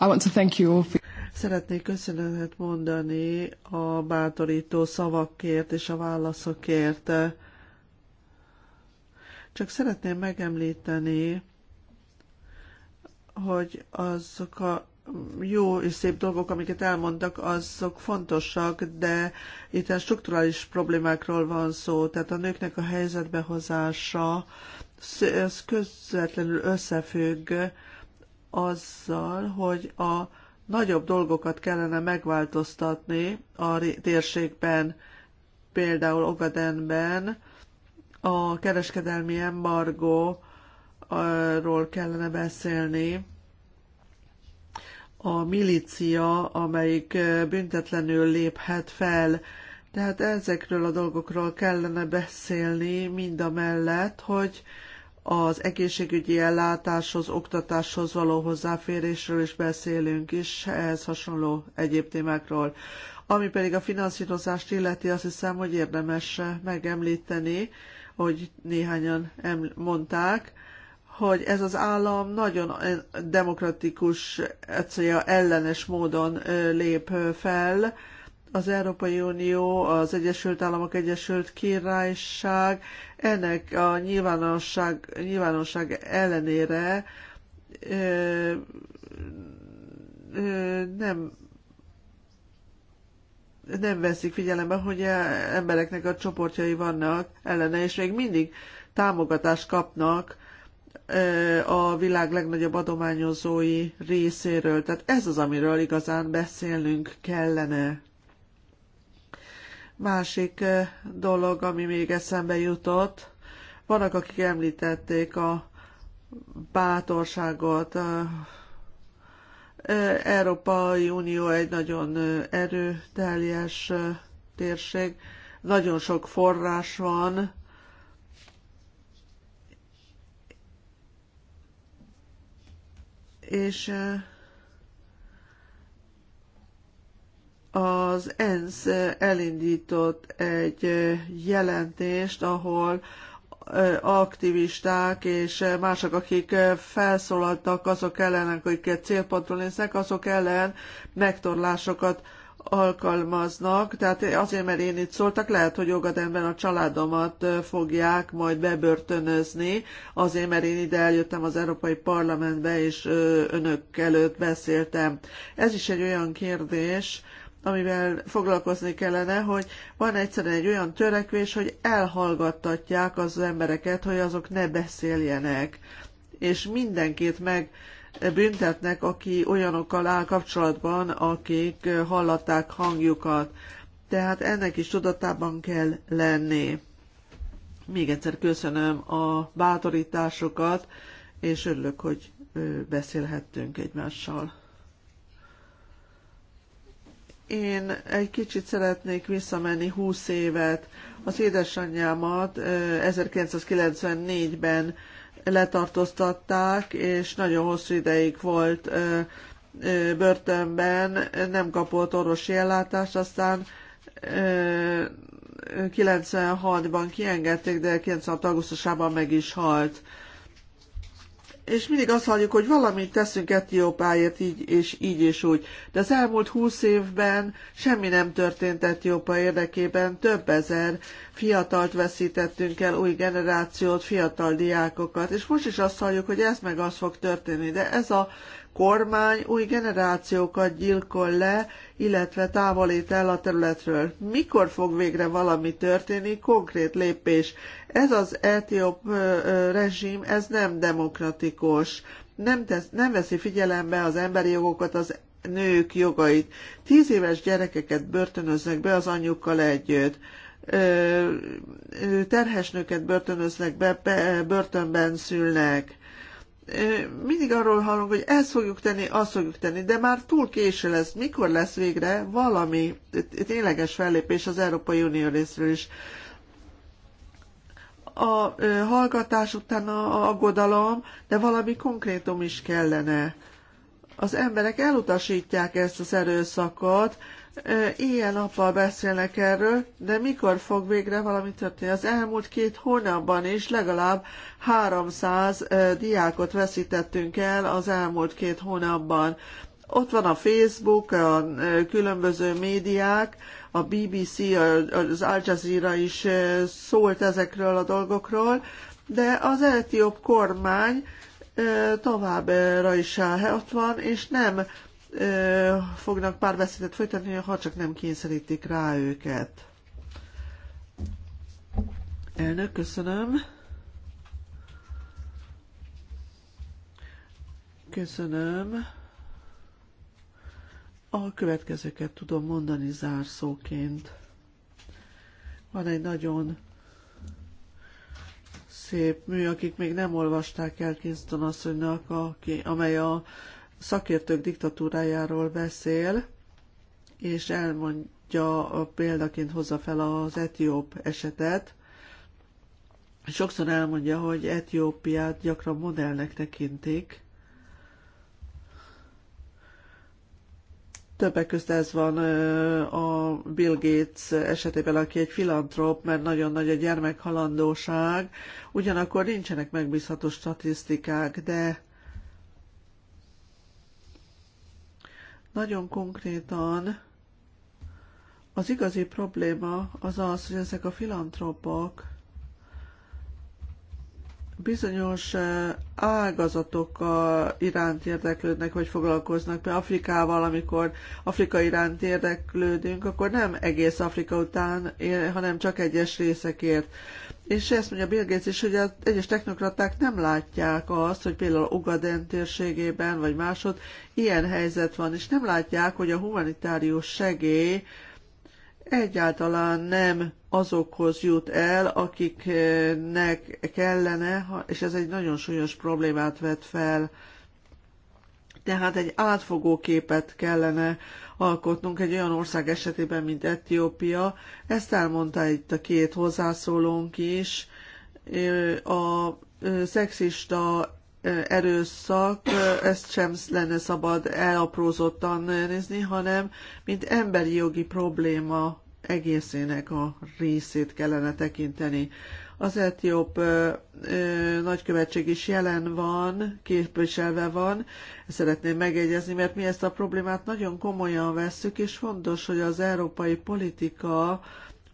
I want to thank you all for szeretnék köszönetet mondani a bátorító szavakért és a válaszokért. Csak szeretném megemlíteni, hogy azok a jó és szép dolgok, amiket elmondtak, azok fontosak, de itt strukturális problémákról van szó, tehát a nőknek a helyzetbehozása, ez közvetlenül összefügg azzal, hogy a nagyobb dolgokat kellene megváltoztatni a térségben, például Ogadenben, a kereskedelmi arról kellene beszélni, a milícia, amelyik büntetlenül léphet fel. Tehát ezekről a dolgokról kellene beszélni, mind a mellett, hogy az egészségügyi ellátáshoz, oktatáshoz való hozzáférésről is beszélünk, és ehhez hasonló egyéb témákról. Ami pedig a finanszírozást illeti, azt hiszem, hogy érdemes megemlíteni, hogy néhányan mondták, hogy ez az állam nagyon eh, demokratikus, egyszerűen ellenes módon eh, lép eh, fel, az Európai Unió, az Egyesült Államok Egyesült Királyság ennek a nyilvánosság, nyilvánosság ellenére ö, ö, nem nem veszik figyelembe, hogy e, embereknek a csoportjai vannak ellene, és még mindig támogatást kapnak a világ legnagyobb adományozói részéről. Tehát ez az, amiről igazán beszélnünk kellene. Másik eh, dolog, ami még eszembe jutott, vannak, akik említették a bátorságot. Eh, eh, Európai Unió egy nagyon erőteljes térség, nagyon sok forrás van, és az ENSZ elindított egy jelentést, ahol aktivisták és mások, akik felszólaltak azok ellen, akiket célpontról néznek, azok ellen megtorlásokat alkalmaznak, tehát azért, mert én itt szóltak, lehet, hogy jogademben a családomat fogják majd bebörtönözni, azért, mert én ide eljöttem az Európai Parlamentbe, és önök előtt beszéltem. Ez is egy olyan kérdés, amivel foglalkozni kellene, hogy van egyszerűen egy olyan törekvés, hogy elhallgattatják az embereket, hogy azok ne beszéljenek, és mindenkit meg büntetnek, aki olyanokkal áll kapcsolatban, akik hallatták hangjukat. Tehát ennek is tudatában kell lenni. Még egyszer köszönöm a bátorításokat, és örülök, hogy beszélhettünk egymással. Én egy kicsit szeretnék visszamenni 20 évet. Az édesanyjámat 1994-ben letartóztatták, és nagyon hosszú ideig volt börtönben, nem kapott orvosi ellátást, aztán 96-ban kiengedték, de 96. augusztusában meg is halt és mindig azt halljuk, hogy valamit teszünk Etiópáért így és így és úgy. De az elmúlt húsz évben semmi nem történt Etiópa érdekében. Több ezer fiatalt veszítettünk el, új generációt, fiatal diákokat. És most is azt halljuk, hogy ez meg az fog történni. De ez a kormány új generációkat gyilkol le, illetve távolít el a területről. Mikor fog végre valami történni? Konkrét lépés. Ez az etióp rezsim, ez nem demokratikus. Nem, tesz, nem veszi figyelembe az emberi jogokat, az nők jogait. Tíz éves gyerekeket börtönöznek be az anyjukkal együtt terhes nőket börtönöznek be, börtönben szülnek mindig arról hallunk, hogy ezt fogjuk tenni, azt fogjuk tenni, de már túl késő lesz. Mikor lesz végre valami tényleges fellépés az Európai Unió részről is? A hallgatás után a aggodalom, de valami konkrétum is kellene. Az emberek elutasítják ezt az erőszakot, éjjel nappal beszélnek erről, de mikor fog végre valami történni? Az elmúlt két hónapban is legalább 300 diákot veszítettünk el az elmúlt két hónapban. Ott van a Facebook, a különböző médiák, a BBC, az Al Jazeera is szólt ezekről a dolgokról, de az etióp kormány továbbra is ott van, és nem fognak párbeszédet folytatni, ha csak nem kényszerítik rá őket. Elnök, köszönöm. Köszönöm. A következőket tudom mondani zárszóként. Van egy nagyon szép mű, akik még nem olvasták el Kingston asszonynak, aki, amely a szakértők diktatúrájáról beszél, és elmondja példaként hozza fel az etióp esetet. Sokszor elmondja, hogy Etiópiát gyakran modellnek tekintik. Többek között ez van a Bill Gates esetében, aki egy filantróp, mert nagyon nagy a gyermekhalandóság, ugyanakkor nincsenek megbízható statisztikák, de Nagyon konkrétan az igazi probléma az az, hogy ezek a filantropok bizonyos eh, ágazatok iránt érdeklődnek, vagy foglalkoznak. Például Afrikával, amikor Afrika iránt érdeklődünk, akkor nem egész Afrika után, eh, hanem csak egyes részekért. És ezt mondja Bill Gates is, hogy az egyes technokraták nem látják azt, hogy például Ugaden térségében, vagy másod ilyen helyzet van, és nem látják, hogy a humanitárius segély egyáltalán nem azokhoz jut el, akiknek kellene, és ez egy nagyon súlyos problémát vet fel, tehát egy átfogó képet kellene alkotnunk egy olyan ország esetében, mint Etiópia. Ezt elmondta itt a két hozzászólónk is. A szexista erőszak, ezt sem lenne szabad elaprózottan nézni, hanem mint emberi jogi probléma egészének a részét kellene tekinteni. Az etióp nagykövetség is jelen van, képviselve van. Szeretném megegyezni, mert mi ezt a problémát nagyon komolyan vesszük, és fontos, hogy az európai politika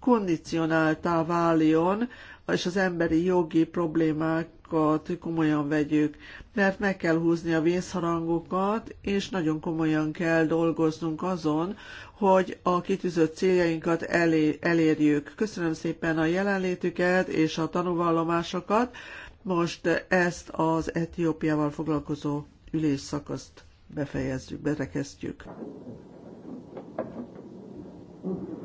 kondicionáltá váljon, és az emberi jogi problémákat komolyan vegyük, mert meg kell húzni a vészharangokat, és nagyon komolyan kell dolgoznunk azon, hogy a kitűzött céljainkat elé, elérjük. Köszönöm szépen a jelenlétüket és a tanúvallomásokat. Most ezt az Etiópiával foglalkozó ülésszakaszt befejezzük, berekeztjük. Thank you.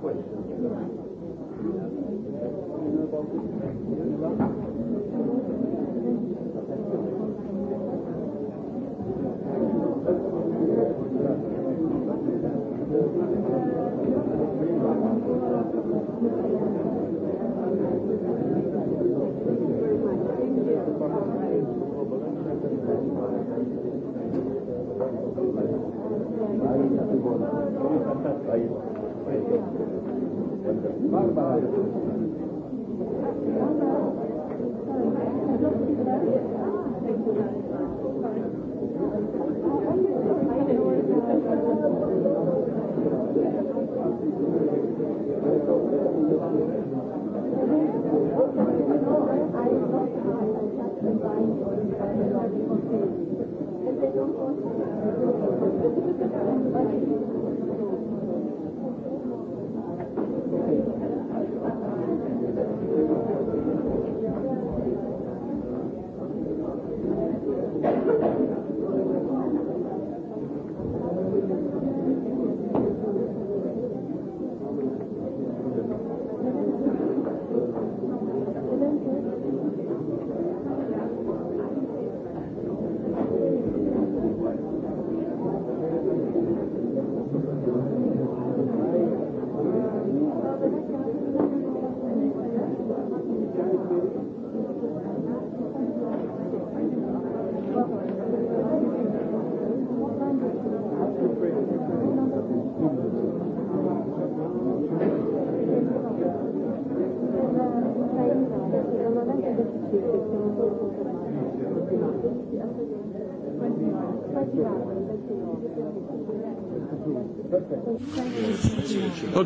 question.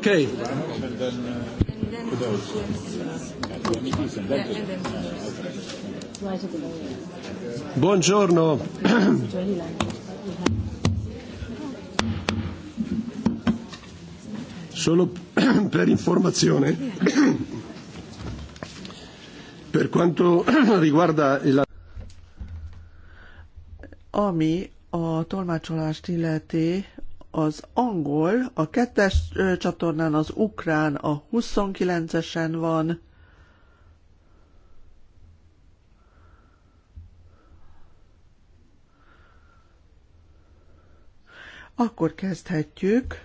Okay. Buongiorno. Solo per informazione, per quanto riguarda il. Ami a tolmácsolást illeti, az angol, a kettes csatornán az ukrán a 29-esen van, Akkor kezdhetjük.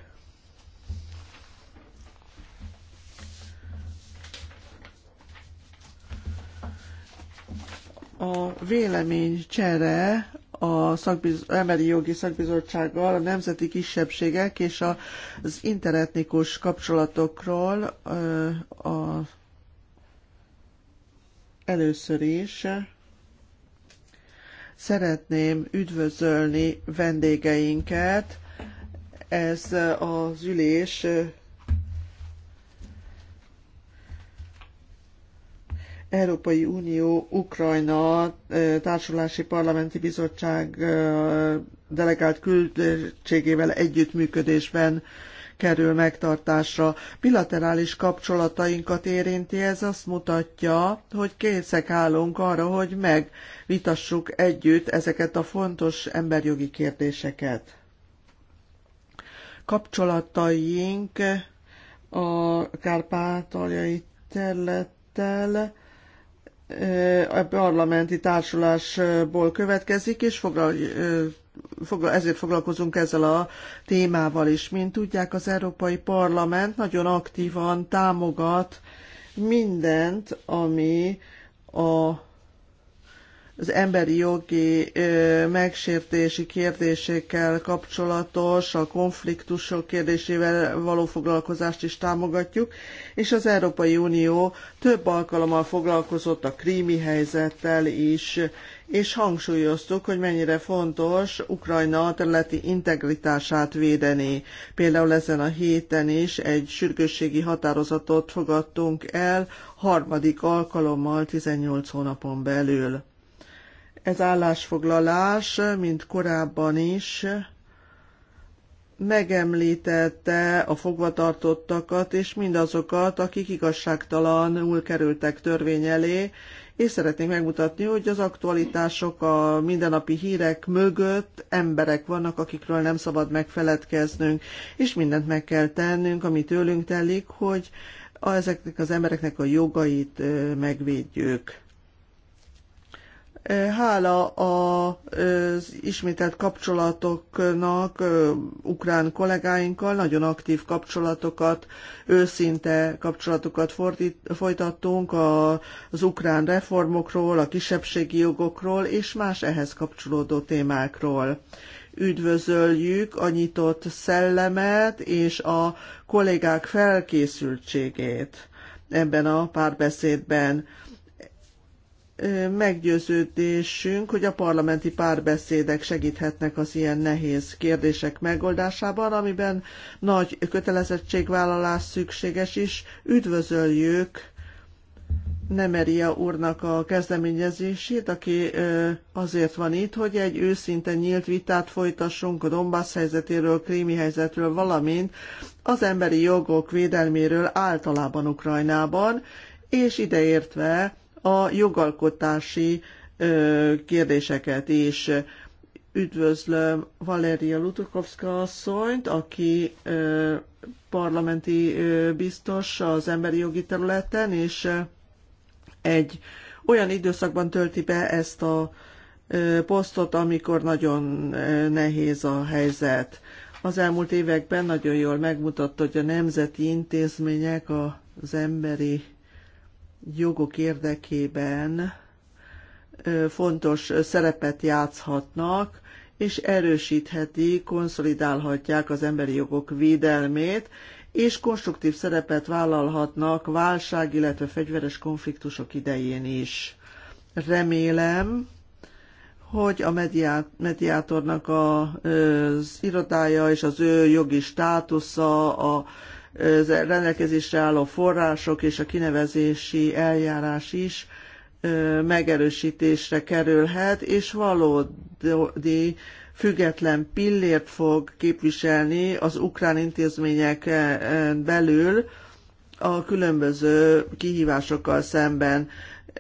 A vélemény csere a szakbiz, Emberi Jogi Szakbizottsággal a nemzeti kisebbségek és az interetnikus kapcsolatokról a, először is szeretném üdvözölni vendégeinket. Ez az ülés Európai Unió Ukrajna Társulási Parlamenti Bizottság delegált küldségével együttműködésben kerül megtartásra. Bilaterális kapcsolatainkat érinti, ez azt mutatja, hogy készek állunk arra, hogy megvitassuk együtt ezeket a fontos emberjogi kérdéseket. Kapcsolataink a kárpátaljai területtel a parlamenti társulásból következik, és foglal, foglal, ezért foglalkozunk ezzel a témával is. Mint tudják, az Európai Parlament nagyon aktívan támogat mindent, ami a az emberi jogi megsértési kérdésekkel kapcsolatos, a konfliktusok kérdésével való foglalkozást is támogatjuk, és az Európai Unió több alkalommal foglalkozott a krími helyzettel is, és hangsúlyoztuk, hogy mennyire fontos Ukrajna területi integritását védeni. Például ezen a héten is egy sürgősségi határozatot fogadtunk el harmadik alkalommal 18 hónapon belül. Ez állásfoglalás, mint korábban is, megemlítette a fogvatartottakat és mindazokat, akik igazságtalanul kerültek törvény elé, és szeretnék megmutatni, hogy az aktualitások, a mindennapi hírek mögött emberek vannak, akikről nem szabad megfeledkeznünk, és mindent meg kell tennünk, ami tőlünk telik, hogy a, ezeknek az embereknek a jogait megvédjük. Hála az ismételt kapcsolatoknak ukrán kollégáinkkal nagyon aktív kapcsolatokat, őszinte kapcsolatokat folytattunk az ukrán reformokról, a kisebbségi jogokról és más ehhez kapcsolódó témákról üdvözöljük a nyitott szellemet és a kollégák felkészültségét ebben a párbeszédben meggyőződésünk, hogy a parlamenti párbeszédek segíthetnek az ilyen nehéz kérdések megoldásában, amiben nagy kötelezettségvállalás szükséges is. Üdvözöljük Nemeria úrnak a kezdeményezését, aki azért van itt, hogy egy őszinte nyílt vitát folytassunk a Donbass helyzetéről, krími helyzetről, valamint az emberi jogok védelméről általában Ukrajnában, és ideértve a jogalkotási kérdéseket is. Üdvözlöm Valeria Lutukovska asszonyt, aki parlamenti biztos az emberi jogi területen, és egy olyan időszakban tölti be ezt a posztot, amikor nagyon nehéz a helyzet. Az elmúlt években nagyon jól megmutatta, hogy a nemzeti intézmények az emberi jogok érdekében fontos szerepet játszhatnak, és erősítheti, konszolidálhatják az emberi jogok védelmét, és konstruktív szerepet vállalhatnak válság, illetve fegyveres konfliktusok idején is. Remélem, hogy a mediátornak az irodája és az ő jogi státusza, a rendelkezésre álló források és a kinevezési eljárás is megerősítésre kerülhet, és valódi független pillért fog képviselni az ukrán intézmények belül a különböző kihívásokkal szemben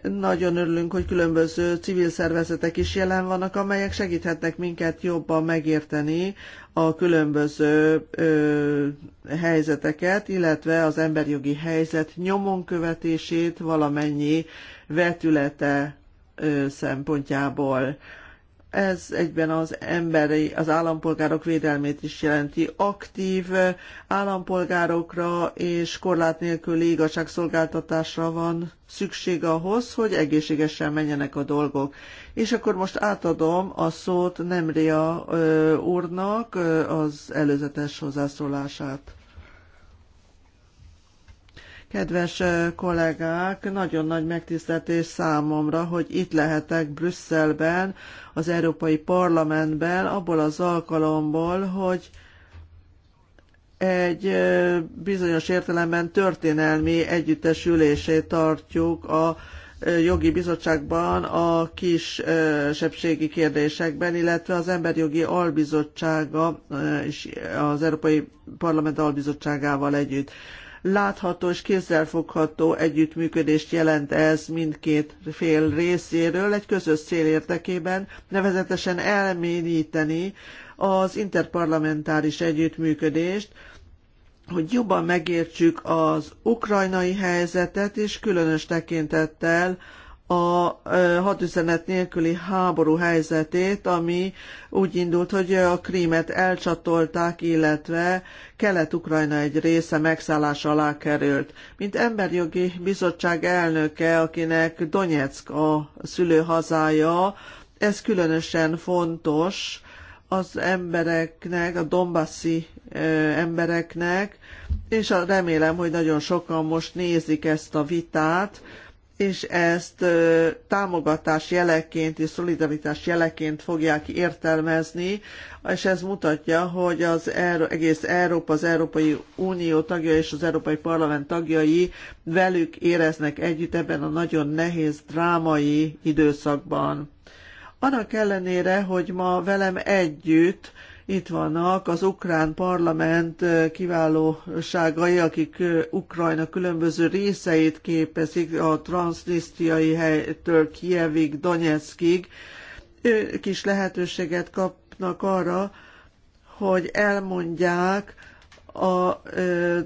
nagyon örülünk, hogy különböző civil szervezetek is jelen vannak, amelyek segíthetnek minket jobban megérteni a különböző ö, helyzeteket, illetve az emberjogi helyzet nyomon követését valamennyi vetülete ö, szempontjából ez egyben az emberi, az állampolgárok védelmét is jelenti. Aktív állampolgárokra és korlát nélküli igazságszolgáltatásra van szükség ahhoz, hogy egészségesen menjenek a dolgok. És akkor most átadom a szót Nemria úrnak az előzetes hozzászólását. Kedves kollégák, nagyon nagy megtiszteltés számomra, hogy itt lehetek Brüsszelben, az Európai Parlamentben, abból az alkalomból, hogy egy bizonyos értelemben történelmi együttesülését tartjuk a jogi bizottságban a kisebbségi kérdésekben, illetve az Emberjogi Albizottsága és az Európai Parlament Albizottságával együtt látható és kézzelfogható együttműködést jelent ez mindkét fél részéről egy közös cél érdekében, nevezetesen elmélyíteni az interparlamentáris együttműködést, hogy jobban megértsük az ukrajnai helyzetet, és különös tekintettel a hadüzenet nélküli háború helyzetét, ami úgy indult, hogy a krímet elcsatolták, illetve Kelet-Ukrajna egy része megszállás alá került. Mint emberjogi bizottság elnöke, akinek Donetsk a szülőhazája, ez különösen fontos az embereknek, a dombaszi embereknek, és remélem, hogy nagyon sokan most nézik ezt a vitát, és ezt támogatás jeleként és szolidaritás jeleként fogják értelmezni, és ez mutatja, hogy az egész Európa, az Európai Unió tagja és az Európai Parlament tagjai velük éreznek együtt ebben a nagyon nehéz drámai időszakban. Annak ellenére, hogy ma velem együtt itt vannak az ukrán parlament kiválóságai, akik Ukrajna különböző részeit képezik a transznisztriai helytől Kievig, Donetskig. Ők is lehetőséget kapnak arra, hogy elmondják, a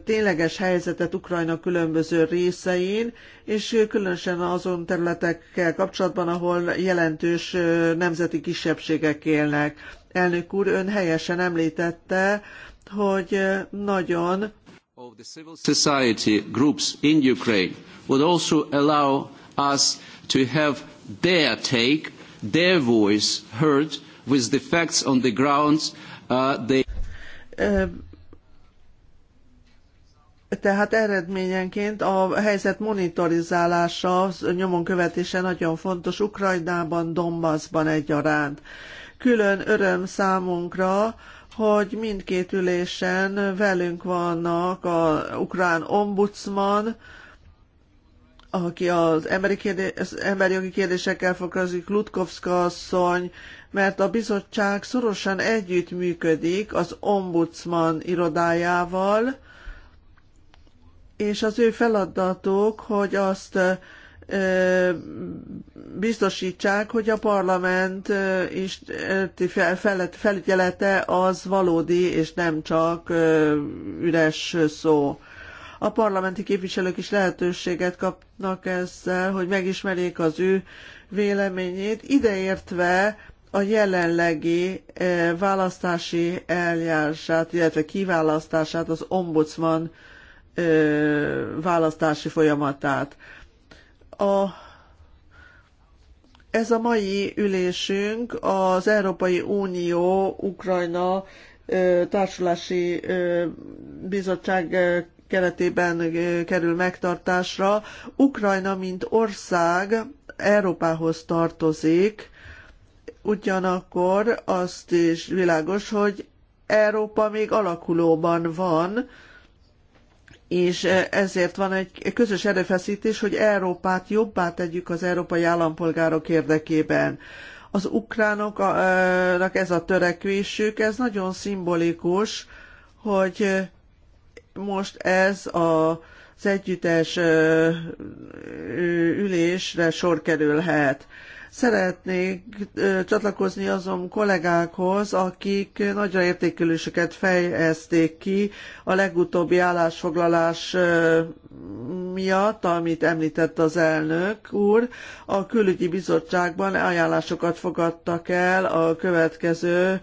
tényleges helyzetet Ukrajna különböző részein, és különösen azon területekkel kapcsolatban, ahol jelentős nemzeti kisebbségek élnek elnök úr, ön helyesen említette, hogy nagyon civil society groups in Ukraine would also allow us to have their take, their voice heard with the facts on the ground. Uh, they tehát eredményenként a helyzet monitorizálása, nyomon követése nagyon fontos Ukrajnában, Donbassban egyaránt. Uh, külön öröm számunkra, hogy mindkét ülésen velünk vannak a ukrán ombudsman, aki az emberi, kérdés, az emberi jogi kérdésekkel foglalkozik, Lutkovska asszony, mert a bizottság szorosan együttműködik az ombudsman irodájával, és az ő feladatuk, hogy azt biztosítsák, hogy a parlament is felügyelete az valódi, és nem csak üres szó. A parlamenti képviselők is lehetőséget kapnak ezzel, hogy megismerjék az ő véleményét, ideértve a jelenlegi választási eljárását, illetve kiválasztását, az ombudsman választási folyamatát. A ez a mai ülésünk az Európai Unió Ukrajna társulási bizottság keretében kerül megtartásra. Ukrajna, mint ország, Európához tartozik, ugyanakkor azt is világos, hogy Európa még alakulóban van, és e, ezért van egy közös erőfeszítés, hogy Európát jobbá tegyük az európai állampolgárok érdekében. Az ukránoknak ez a törekvésük, ez nagyon szimbolikus, hogy most ez a az együttes e, ülésre sor kerülhet. Szeretnék csatlakozni azon kollégákhoz, akik nagyra értékelésüket fejezték ki a legutóbbi állásfoglalás miatt, amit említett az elnök úr. A külügyi bizottságban ajánlásokat fogadtak el a következő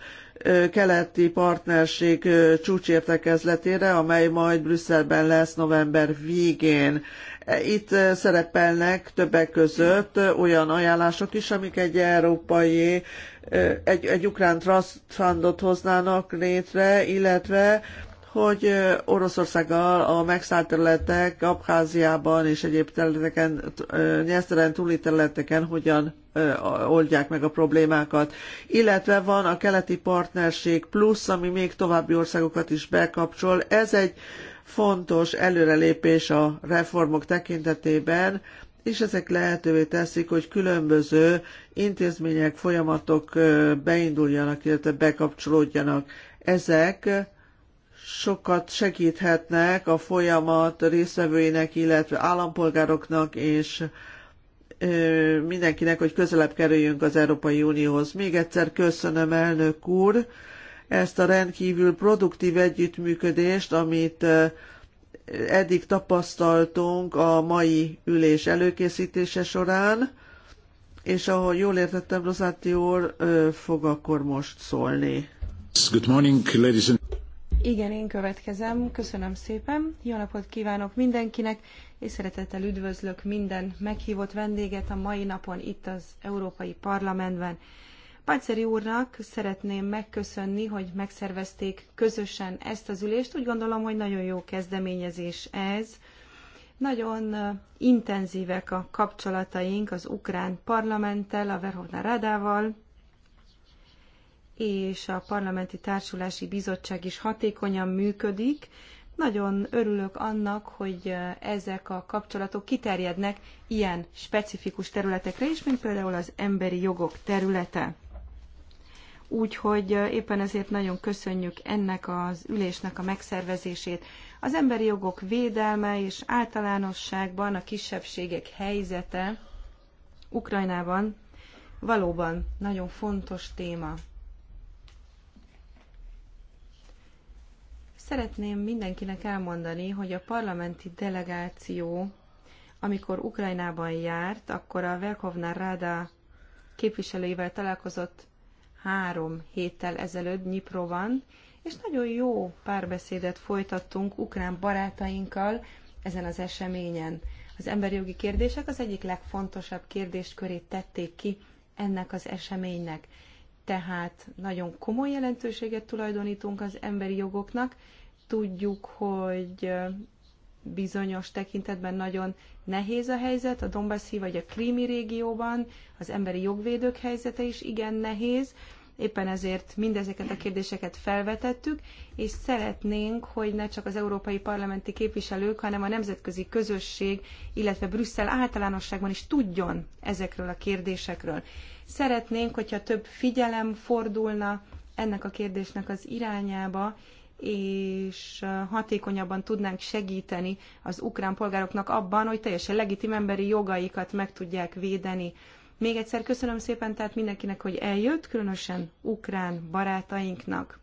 keleti partnerség csúcsértekezletére, amely majd Brüsszelben lesz november végén. Itt eh, szerepelnek többek között eh, olyan ajánlások is, amik egy európai, eh, egy, egy ukrán trust fundot hoznának létre, illetve hogy Oroszországgal a megszállt területek Abháziában és egyéb területeken, nyeszteren túli területeken hogyan oldják meg a problémákat. Illetve van a keleti partnerség plusz, ami még további országokat is bekapcsol. Ez egy fontos előrelépés a reformok tekintetében, és ezek lehetővé teszik, hogy különböző intézmények, folyamatok beinduljanak, illetve bekapcsolódjanak. Ezek sokat segíthetnek a folyamat részvevőinek, illetve állampolgároknak és mindenkinek, hogy közelebb kerüljünk az Európai Unióhoz. Még egyszer köszönöm, elnök úr! ezt a rendkívül produktív együttműködést, amit eddig tapasztaltunk a mai ülés előkészítése során, és ahogy jól értettem, Rosati úr fog akkor most szólni. Good morning, ladies and... Igen, én következem. Köszönöm szépen. Jó napot kívánok mindenkinek, és szeretettel üdvözlök minden meghívott vendéget a mai napon itt az Európai Parlamentben. Páceri úrnak szeretném megköszönni, hogy megszervezték közösen ezt az ülést. Úgy gondolom, hogy nagyon jó kezdeményezés ez. Nagyon intenzívek a kapcsolataink az ukrán parlamenttel, a Verhovna Radával, és a Parlamenti Társulási Bizottság is hatékonyan működik. Nagyon örülök annak, hogy ezek a kapcsolatok kiterjednek ilyen specifikus területekre is, mint például az emberi jogok területe. Úgyhogy éppen ezért nagyon köszönjük ennek az ülésnek a megszervezését. Az emberi jogok védelme és általánosságban a kisebbségek helyzete Ukrajnában valóban nagyon fontos téma. Szeretném mindenkinek elmondani, hogy a parlamenti delegáció, amikor Ukrajnában járt, akkor a Verkovna Rada képviselőivel találkozott három héttel ezelőtt van és nagyon jó párbeszédet folytattunk ukrán barátainkkal ezen az eseményen. Az emberi jogi kérdések az egyik legfontosabb kérdéskörét tették ki ennek az eseménynek. Tehát nagyon komoly jelentőséget tulajdonítunk az emberi jogoknak, tudjuk, hogy bizonyos tekintetben nagyon nehéz a helyzet, a Donbassi vagy a Krími régióban, az emberi jogvédők helyzete is igen nehéz, éppen ezért mindezeket a kérdéseket felvetettük, és szeretnénk, hogy ne csak az európai parlamenti képviselők, hanem a nemzetközi közösség, illetve Brüsszel általánosságban is tudjon ezekről a kérdésekről. Szeretnénk, hogyha több figyelem fordulna ennek a kérdésnek az irányába, és hatékonyabban tudnánk segíteni az ukrán polgároknak abban, hogy teljesen legitim emberi jogaikat meg tudják védeni. Még egyszer köszönöm szépen tehát mindenkinek, hogy eljött, különösen ukrán barátainknak.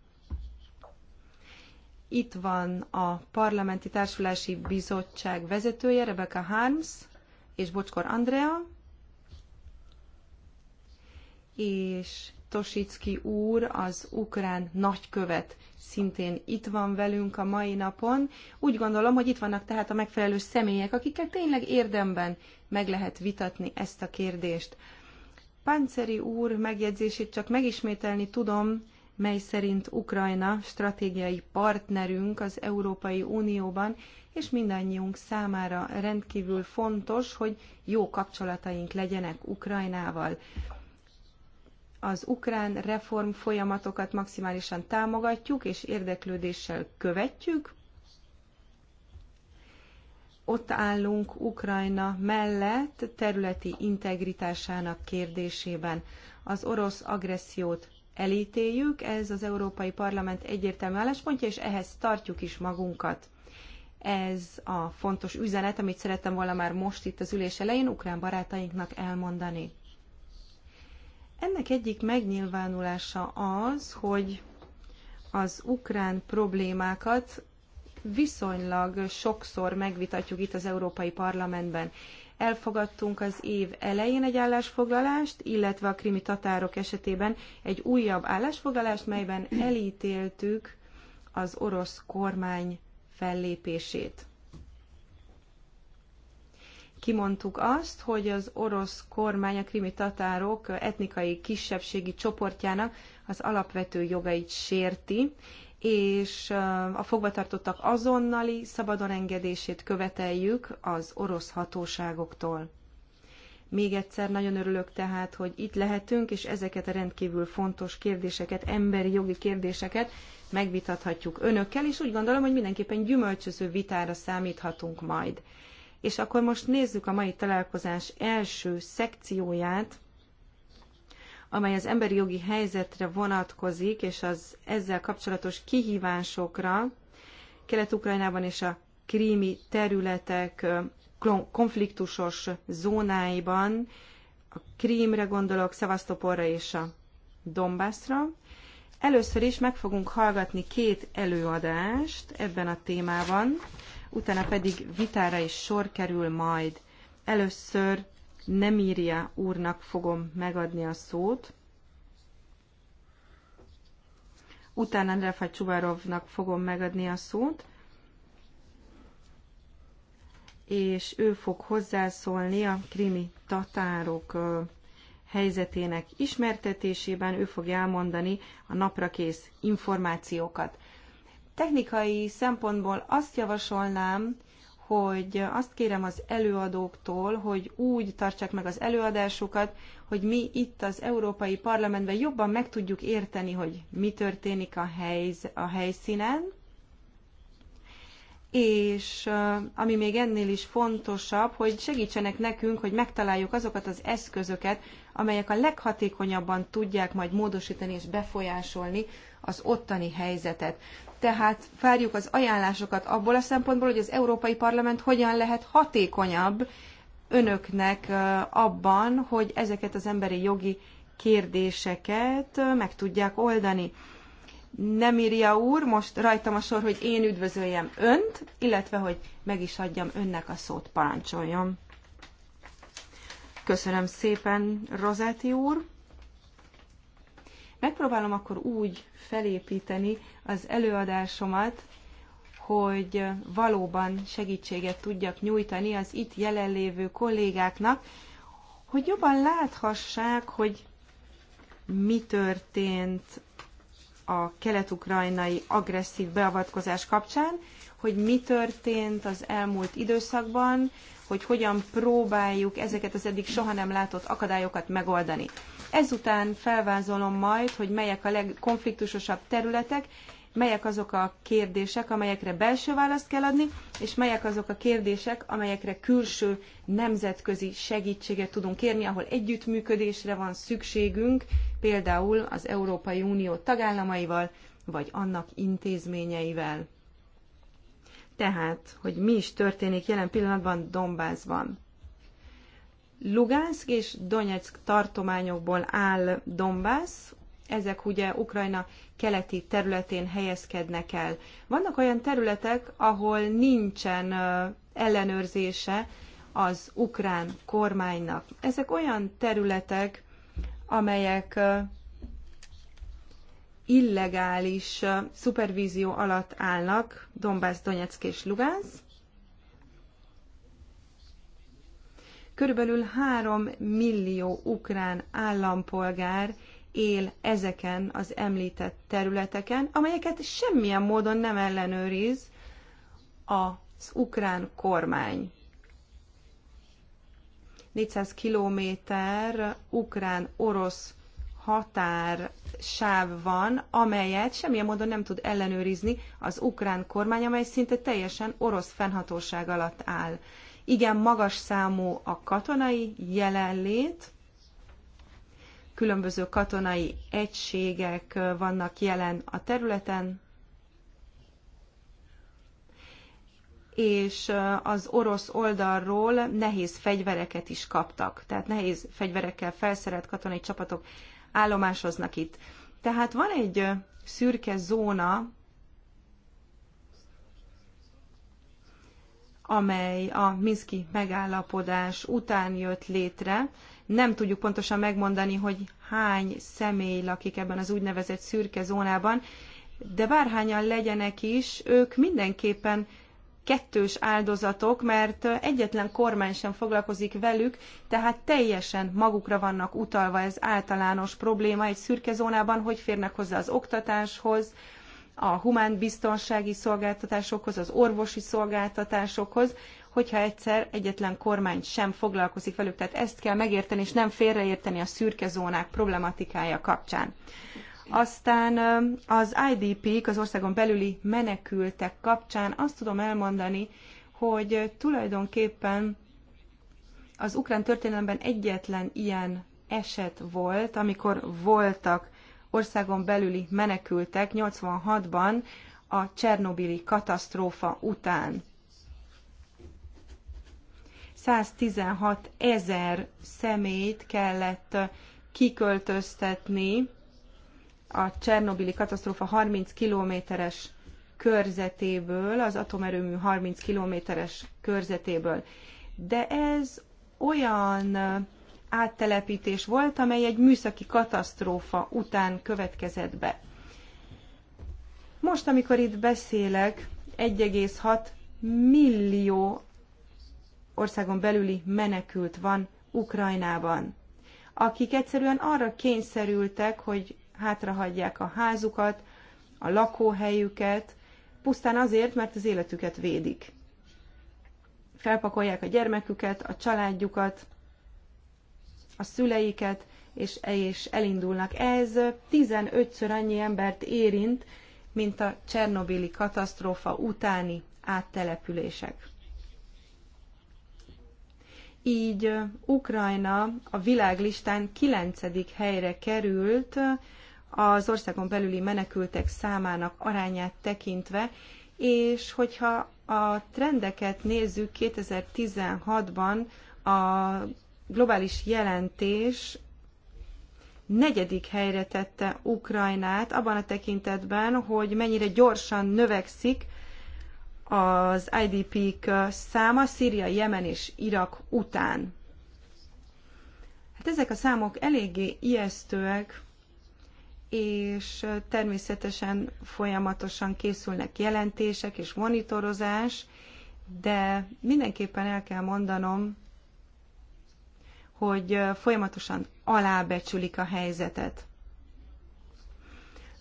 Itt van a Parlamenti Társulási Bizottság vezetője, Rebecca Harms és Bocskor Andrea, és Tosicki úr, az ukrán nagykövet szintén itt van velünk a mai napon. Úgy gondolom, hogy itt vannak tehát a megfelelő személyek, akikkel tényleg érdemben meg lehet vitatni ezt a kérdést. Panceri úr megjegyzését csak megismételni tudom, mely szerint Ukrajna stratégiai partnerünk az Európai Unióban, és mindannyiunk számára rendkívül fontos, hogy jó kapcsolataink legyenek Ukrajnával az ukrán reform folyamatokat maximálisan támogatjuk és érdeklődéssel követjük. Ott állunk Ukrajna mellett területi integritásának kérdésében. Az orosz agressziót elítéljük, ez az Európai Parlament egyértelmű álláspontja, és ehhez tartjuk is magunkat. Ez a fontos üzenet, amit szerettem volna már most itt az ülés elején ukrán barátainknak elmondani. Ennek egyik megnyilvánulása az, hogy az ukrán problémákat viszonylag sokszor megvitatjuk itt az Európai Parlamentben. Elfogadtunk az év elején egy állásfoglalást, illetve a krimi tatárok esetében egy újabb állásfoglalást, melyben elítéltük az orosz kormány fellépését kimondtuk azt, hogy az orosz kormány a krimi tatárok etnikai kisebbségi csoportjának az alapvető jogait sérti, és a fogvatartottak azonnali szabadon engedését követeljük az orosz hatóságoktól. Még egyszer nagyon örülök tehát, hogy itt lehetünk, és ezeket a rendkívül fontos kérdéseket, emberi jogi kérdéseket megvitathatjuk önökkel, és úgy gondolom, hogy mindenképpen gyümölcsöző vitára számíthatunk majd. És akkor most nézzük a mai találkozás első szekcióját, amely az emberi jogi helyzetre vonatkozik, és az ezzel kapcsolatos kihívásokra Kelet-Ukrajnában és a krími területek konfliktusos zónáiban, a Krímre gondolok, Szevasztoporra és a Dombászra. Először is meg fogunk hallgatni két előadást ebben a témában utána pedig vitára is sor kerül majd. Először nem írja úrnak fogom megadni a szót, utána Refaj Csubarovnak fogom megadni a szót, és ő fog hozzászólni a krimi tatárok helyzetének ismertetésében, ő fogja elmondani a naprakész információkat. Technikai szempontból azt javasolnám, hogy azt kérem az előadóktól, hogy úgy tartsák meg az előadásukat, hogy mi itt az Európai Parlamentben jobban meg tudjuk érteni, hogy mi történik a, helyz, a helyszínen. És ami még ennél is fontosabb, hogy segítsenek nekünk, hogy megtaláljuk azokat az eszközöket, amelyek a leghatékonyabban tudják majd módosítani és befolyásolni az ottani helyzetet. Tehát várjuk az ajánlásokat abból a szempontból, hogy az Európai Parlament hogyan lehet hatékonyabb önöknek abban, hogy ezeket az emberi jogi kérdéseket meg tudják oldani. Nem írja úr, most rajtam a sor, hogy én üdvözöljem önt, illetve hogy meg is adjam önnek a szót, parancsoljon. Köszönöm szépen, Rozáti úr! Megpróbálom akkor úgy felépíteni az előadásomat, hogy valóban segítséget tudjak nyújtani az itt jelenlévő kollégáknak, hogy jobban láthassák, hogy mi történt a kelet-ukrajnai agresszív beavatkozás kapcsán, hogy mi történt az elmúlt időszakban, hogy hogyan próbáljuk ezeket az eddig soha nem látott akadályokat megoldani. Ezután felvázolom majd, hogy melyek a legkonfliktusosabb területek, melyek azok a kérdések, amelyekre belső választ kell adni, és melyek azok a kérdések, amelyekre külső nemzetközi segítséget tudunk kérni, ahol együttműködésre van szükségünk, például az Európai Unió tagállamaival, vagy annak intézményeivel. Tehát, hogy mi is történik jelen pillanatban Dombászban. Lugansk és Donetsk tartományokból áll Dombász, ezek ugye Ukrajna keleti területén helyezkednek el. Vannak olyan területek, ahol nincsen ellenőrzése az ukrán kormánynak. Ezek olyan területek, amelyek illegális szupervízió alatt állnak Donbass, Donetsk és Lugansk. Körülbelül 3 millió ukrán állampolgár él ezeken az említett területeken, amelyeket semmilyen módon nem ellenőriz az ukrán kormány. 400 kilométer ukrán-orosz határ sáv van, amelyet semmilyen módon nem tud ellenőrizni az ukrán kormány, amely szinte teljesen orosz fennhatóság alatt áll. Igen, magas számú a katonai jelenlét, különböző katonai egységek vannak jelen a területen, és az orosz oldalról nehéz fegyvereket is kaptak, tehát nehéz fegyverekkel felszerelt katonai csapatok állomásoznak itt. Tehát van egy szürke zóna, amely a Minszki megállapodás után jött létre. Nem tudjuk pontosan megmondani, hogy hány személy lakik ebben az úgynevezett szürke zónában, de bárhányan legyenek is, ők mindenképpen kettős áldozatok, mert egyetlen kormány sem foglalkozik velük, tehát teljesen magukra vannak utalva ez általános probléma egy szürke zónában, hogy férnek hozzá az oktatáshoz, a humán biztonsági szolgáltatásokhoz, az orvosi szolgáltatásokhoz, hogyha egyszer egyetlen kormány sem foglalkozik velük. Tehát ezt kell megérteni, és nem félreérteni a szürke zónák problematikája kapcsán. Aztán az idp az országon belüli menekültek kapcsán azt tudom elmondani, hogy tulajdonképpen az ukrán történelemben egyetlen ilyen eset volt, amikor voltak országon belüli menekültek 86-ban a Csernobili katasztrófa után. 116 ezer személyt kellett kiköltöztetni a Csernobili katasztrófa 30 kilométeres körzetéből, az atomerőmű 30 kilométeres körzetéből. De ez olyan áttelepítés volt, amely egy műszaki katasztrófa után következett be. Most, amikor itt beszélek, 1,6 millió országon belüli menekült van Ukrajnában, akik egyszerűen arra kényszerültek, hogy hátrahagyják a házukat, a lakóhelyüket, pusztán azért, mert az életüket védik. Felpakolják a gyermeküket, a családjukat, a szüleiket, és, és elindulnak. Ez 15-ször annyi embert érint, mint a Csernobili katasztrófa utáni áttelepülések. Így Ukrajna a világlistán 9. helyre került az országon belüli menekültek számának arányát tekintve, és hogyha a trendeket nézzük 2016-ban a globális jelentés negyedik helyre tette Ukrajnát abban a tekintetben, hogy mennyire gyorsan növekszik az IDP-k száma Szíria, Jemen és Irak után. Hát ezek a számok eléggé ijesztőek, és természetesen folyamatosan készülnek jelentések és monitorozás, de mindenképpen el kell mondanom, hogy folyamatosan alábecsülik a helyzetet.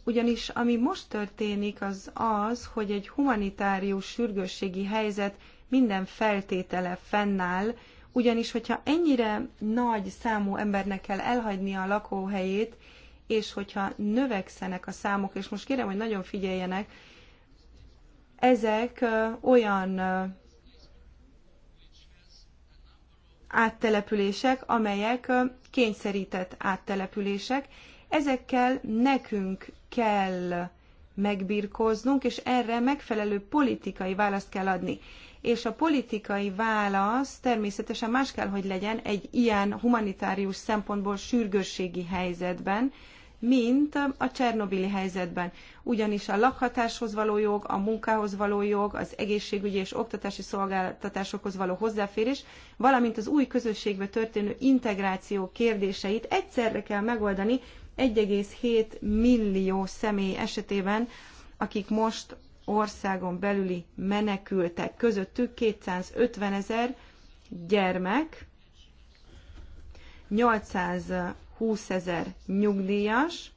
Ugyanis ami most történik, az az, hogy egy humanitárius sürgősségi helyzet minden feltétele fennáll, ugyanis hogyha ennyire nagy számú embernek kell elhagyni a lakóhelyét, és hogyha növekszenek a számok, és most kérem, hogy nagyon figyeljenek, ezek olyan áttelepülések, amelyek kényszerített áttelepülések. Ezekkel nekünk kell megbirkóznunk, és erre megfelelő politikai választ kell adni. És a politikai válasz természetesen más kell, hogy legyen egy ilyen humanitárius szempontból sürgősségi helyzetben, mint a Csernobili helyzetben. Ugyanis a lakhatáshoz való jog, a munkához való jog, az egészségügyi és oktatási szolgáltatásokhoz való hozzáférés, valamint az új közösségbe történő integráció kérdéseit egyszerre kell megoldani 1,7 millió személy esetében, akik most országon belüli menekültek közöttük 250 ezer gyermek, 800 20 ezer nyugdíjas,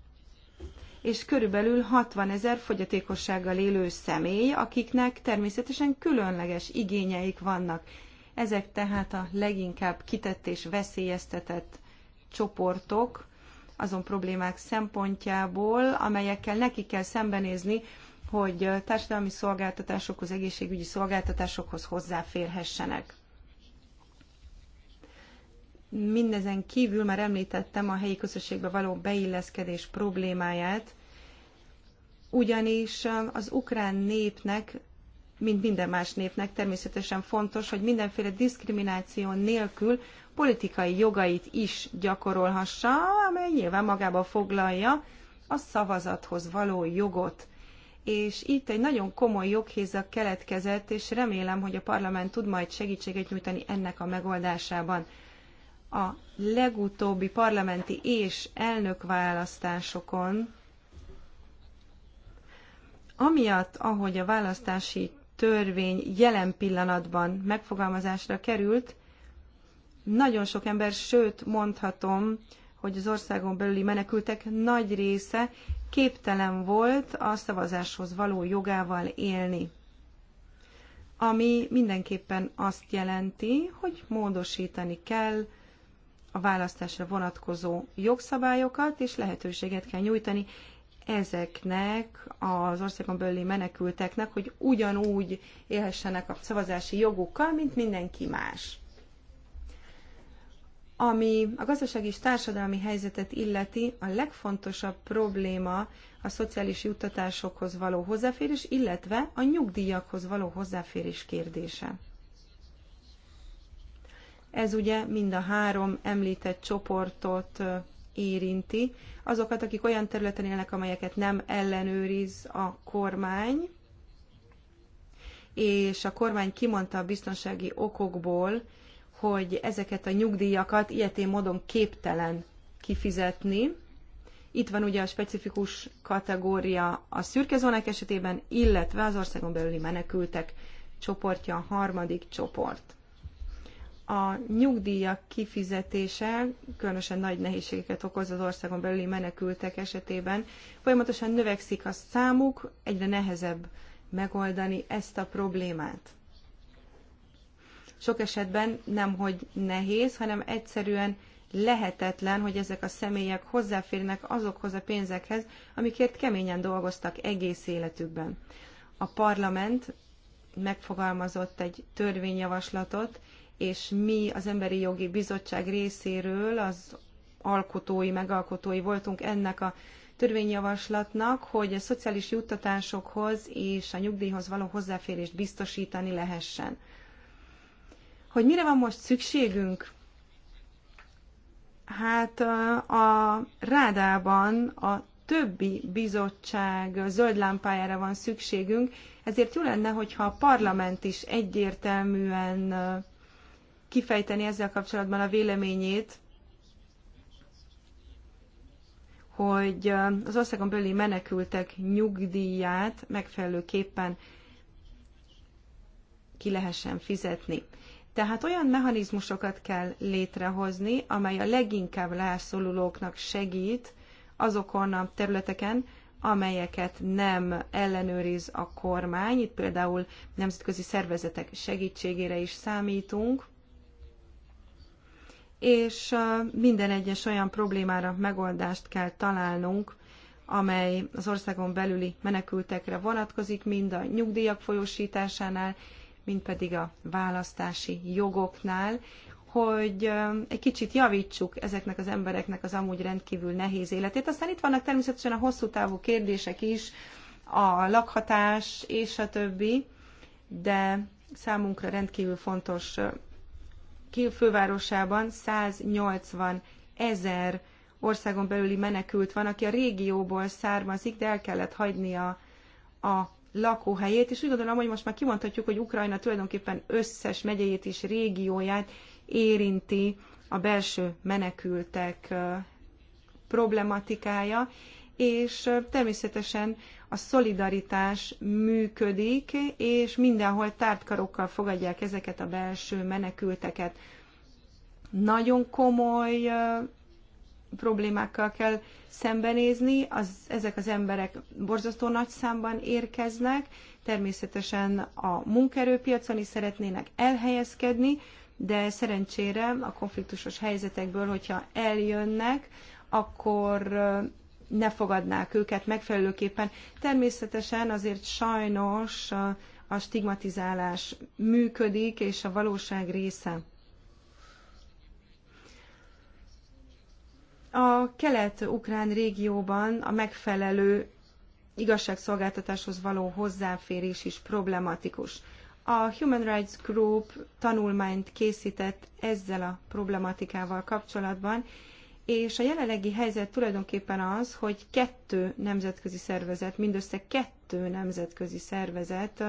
és körülbelül 60 ezer fogyatékossággal élő személy, akiknek természetesen különleges igényeik vannak. Ezek tehát a leginkább kitett és veszélyeztetett csoportok azon problémák szempontjából, amelyekkel neki kell szembenézni, hogy társadalmi szolgáltatásokhoz, egészségügyi szolgáltatásokhoz hozzáférhessenek. Mindezen kívül már említettem a helyi közösségbe való beilleszkedés problémáját, ugyanis az ukrán népnek, mint minden más népnek természetesen fontos, hogy mindenféle diszkrimináció nélkül politikai jogait is gyakorolhassa, amely nyilván magába foglalja a szavazathoz való jogot. És itt egy nagyon komoly joghézak keletkezett, és remélem, hogy a parlament tud majd segítséget nyújtani ennek a megoldásában a legutóbbi parlamenti és elnökválasztásokon, amiatt, ahogy a választási törvény jelen pillanatban megfogalmazásra került, nagyon sok ember, sőt mondhatom, hogy az országon belüli menekültek nagy része képtelen volt a szavazáshoz való jogával élni. Ami mindenképpen azt jelenti, hogy módosítani kell a választásra vonatkozó jogszabályokat, és lehetőséget kell nyújtani ezeknek az országon belüli menekülteknek, hogy ugyanúgy élhessenek a szavazási jogukkal, mint mindenki más. Ami a gazdasági és társadalmi helyzetet illeti, a legfontosabb probléma a szociális juttatásokhoz való hozzáférés, illetve a nyugdíjakhoz való hozzáférés kérdése. Ez ugye mind a három említett csoportot érinti. Azokat, akik olyan területen élnek, amelyeket nem ellenőriz a kormány, és a kormány kimondta a biztonsági okokból, hogy ezeket a nyugdíjakat ilyetén módon képtelen kifizetni. Itt van ugye a specifikus kategória a szürke zónák esetében, illetve az országon belüli menekültek csoportja, a harmadik csoport a nyugdíjak kifizetése különösen nagy nehézségeket okoz az országon belüli menekültek esetében. Folyamatosan növekszik a számuk, egyre nehezebb megoldani ezt a problémát. Sok esetben nem, hogy nehéz, hanem egyszerűen lehetetlen, hogy ezek a személyek hozzáférnek azokhoz a pénzekhez, amikért keményen dolgoztak egész életükben. A parlament megfogalmazott egy törvényjavaslatot, és mi az Emberi Jogi Bizottság részéről az alkotói, megalkotói voltunk ennek a törvényjavaslatnak, hogy a szociális juttatásokhoz és a nyugdíjhoz való hozzáférést biztosítani lehessen. Hogy mire van most szükségünk? Hát a rádában a többi bizottság zöld lámpájára van szükségünk, ezért jó lenne, hogyha a parlament is egyértelműen kifejteni ezzel kapcsolatban a véleményét, hogy az országon belüli menekültek nyugdíját megfelelőképpen ki lehessen fizetni. Tehát olyan mechanizmusokat kell létrehozni, amely a leginkább lászolulóknak segít azokon a területeken, amelyeket nem ellenőriz a kormány. Itt például nemzetközi szervezetek segítségére is számítunk és minden egyes olyan problémára megoldást kell találnunk, amely az országon belüli menekültekre vonatkozik, mind a nyugdíjak folyósításánál, mind pedig a választási jogoknál, hogy egy kicsit javítsuk ezeknek az embereknek az amúgy rendkívül nehéz életét. Aztán itt vannak természetesen a hosszú távú kérdések is, a lakhatás és a többi, de számunkra rendkívül fontos Kiel fővárosában 180 ezer országon belüli menekült van, aki a régióból származik, de el kellett hagynia a, a lakóhelyét, és úgy gondolom, hogy most már kimondhatjuk, hogy Ukrajna tulajdonképpen összes megyeit és régióját érinti a belső menekültek problematikája, és természetesen a szolidaritás működik, és mindenhol tártkarokkal fogadják ezeket a belső menekülteket. Nagyon komoly problémákkal kell szembenézni, az, ezek az emberek borzasztó nagy számban érkeznek, természetesen a munkerőpiacon is szeretnének elhelyezkedni, de szerencsére a konfliktusos helyzetekből, hogyha eljönnek, akkor ne fogadnák őket megfelelőképpen. Természetesen azért sajnos a, a stigmatizálás működik, és a valóság része. A kelet-ukrán régióban a megfelelő igazságszolgáltatáshoz való hozzáférés is problematikus. A Human Rights Group tanulmányt készített ezzel a problematikával kapcsolatban, és a jelenlegi helyzet tulajdonképpen az, hogy kettő nemzetközi szervezet, mindössze kettő nemzetközi szervezet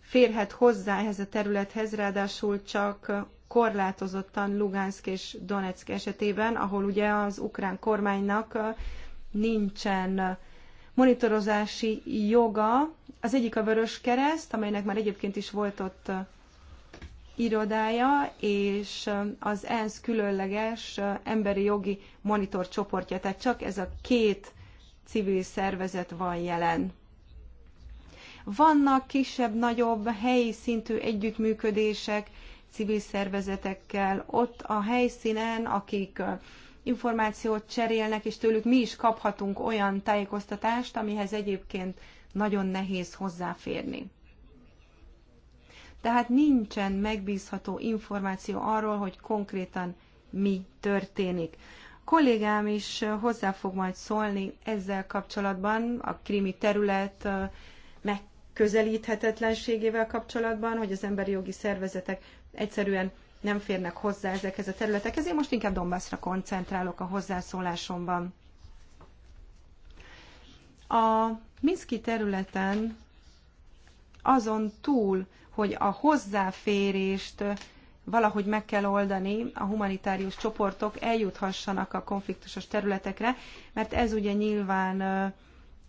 férhet hozzá ehhez a területhez, ráadásul csak korlátozottan Lugansk és Donetsk esetében, ahol ugye az ukrán kormánynak nincsen monitorozási joga. Az egyik a Vörös Kereszt, amelynek már egyébként is volt ott irodája és az ENSZ különleges emberi jogi monitor csoportja, tehát csak ez a két civil szervezet van jelen. Vannak kisebb-nagyobb helyi szintű együttműködések civil szervezetekkel, ott a helyszínen, akik információt cserélnek, és tőlük mi is kaphatunk olyan tájékoztatást, amihez egyébként nagyon nehéz hozzáférni tehát nincsen megbízható információ arról, hogy konkrétan mi történik. A kollégám is hozzá fog majd szólni ezzel kapcsolatban, a krimi terület megközelíthetetlenségével kapcsolatban, hogy az emberi jogi szervezetek egyszerűen nem férnek hozzá ezekhez a területekhez. Én most inkább Donbassra koncentrálok a hozzászólásomban. A Minszki területen azon túl, hogy a hozzáférést valahogy meg kell oldani, a humanitárius csoportok eljuthassanak a konfliktusos területekre, mert ez ugye nyilván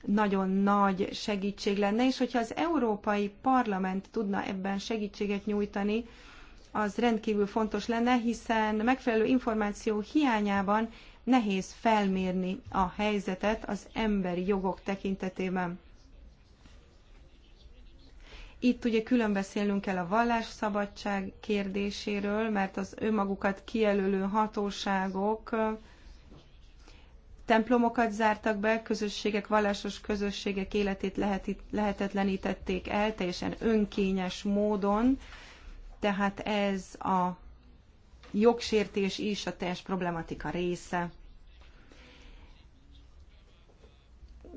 nagyon nagy segítség lenne, és hogyha az Európai Parlament tudna ebben segítséget nyújtani, az rendkívül fontos lenne, hiszen megfelelő információ hiányában nehéz felmérni a helyzetet az emberi jogok tekintetében. Itt ugye külön beszélünk el a vallásszabadság kérdéséről, mert az önmagukat kijelölő hatóságok templomokat zártak be, közösségek, vallásos közösségek életét lehetetlenítették el teljesen önkényes módon, tehát ez a jogsértés is a teljes problematika része.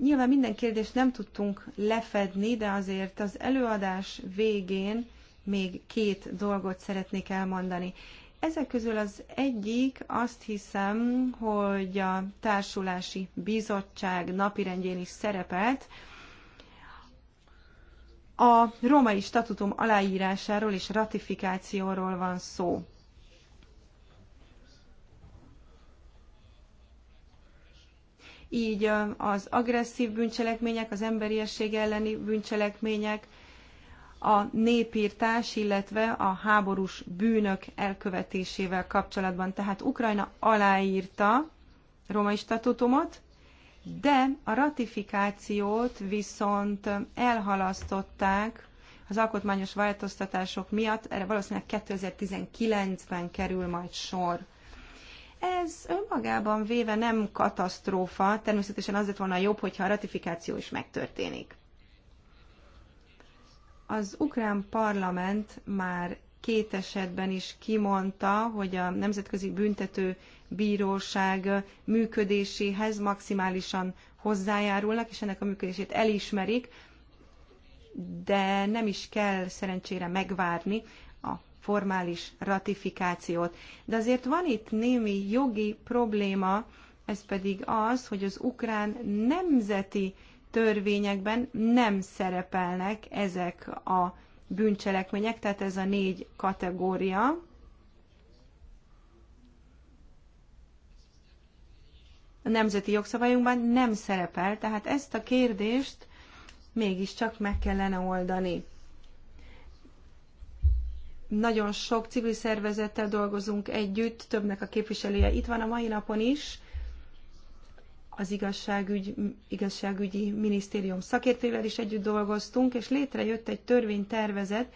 Nyilván minden kérdést nem tudtunk lefedni, de azért az előadás végén még két dolgot szeretnék elmondani. Ezek közül az egyik azt hiszem, hogy a társulási bizottság napirendjén is szerepelt, a római statutum aláírásáról és ratifikációról van szó. így az agresszív bűncselekmények, az emberiesség elleni bűncselekmények, a népírtás, illetve a háborús bűnök elkövetésével kapcsolatban. Tehát Ukrajna aláírta romai statutumot, de a ratifikációt viszont elhalasztották az alkotmányos változtatások miatt, erre valószínűleg 2019-ben kerül majd sor. Ez önmagában véve nem katasztrófa, természetesen azért volna jobb, hogyha a ratifikáció is megtörténik. Az ukrán parlament már két esetben is kimondta, hogy a Nemzetközi Büntető Bíróság működéséhez maximálisan hozzájárulnak, és ennek a működését elismerik, de nem is kell szerencsére megvárni formális ratifikációt. De azért van itt némi jogi probléma, ez pedig az, hogy az ukrán nemzeti törvényekben nem szerepelnek ezek a bűncselekmények, tehát ez a négy kategória. A nemzeti jogszabályunkban nem szerepel, tehát ezt a kérdést mégiscsak meg kellene oldani. Nagyon sok civil szervezettel dolgozunk együtt, többnek a képviselője itt van a mai napon is, az igazságügy, igazságügyi minisztérium szakértővel is együtt dolgoztunk, és létrejött egy törvénytervezet,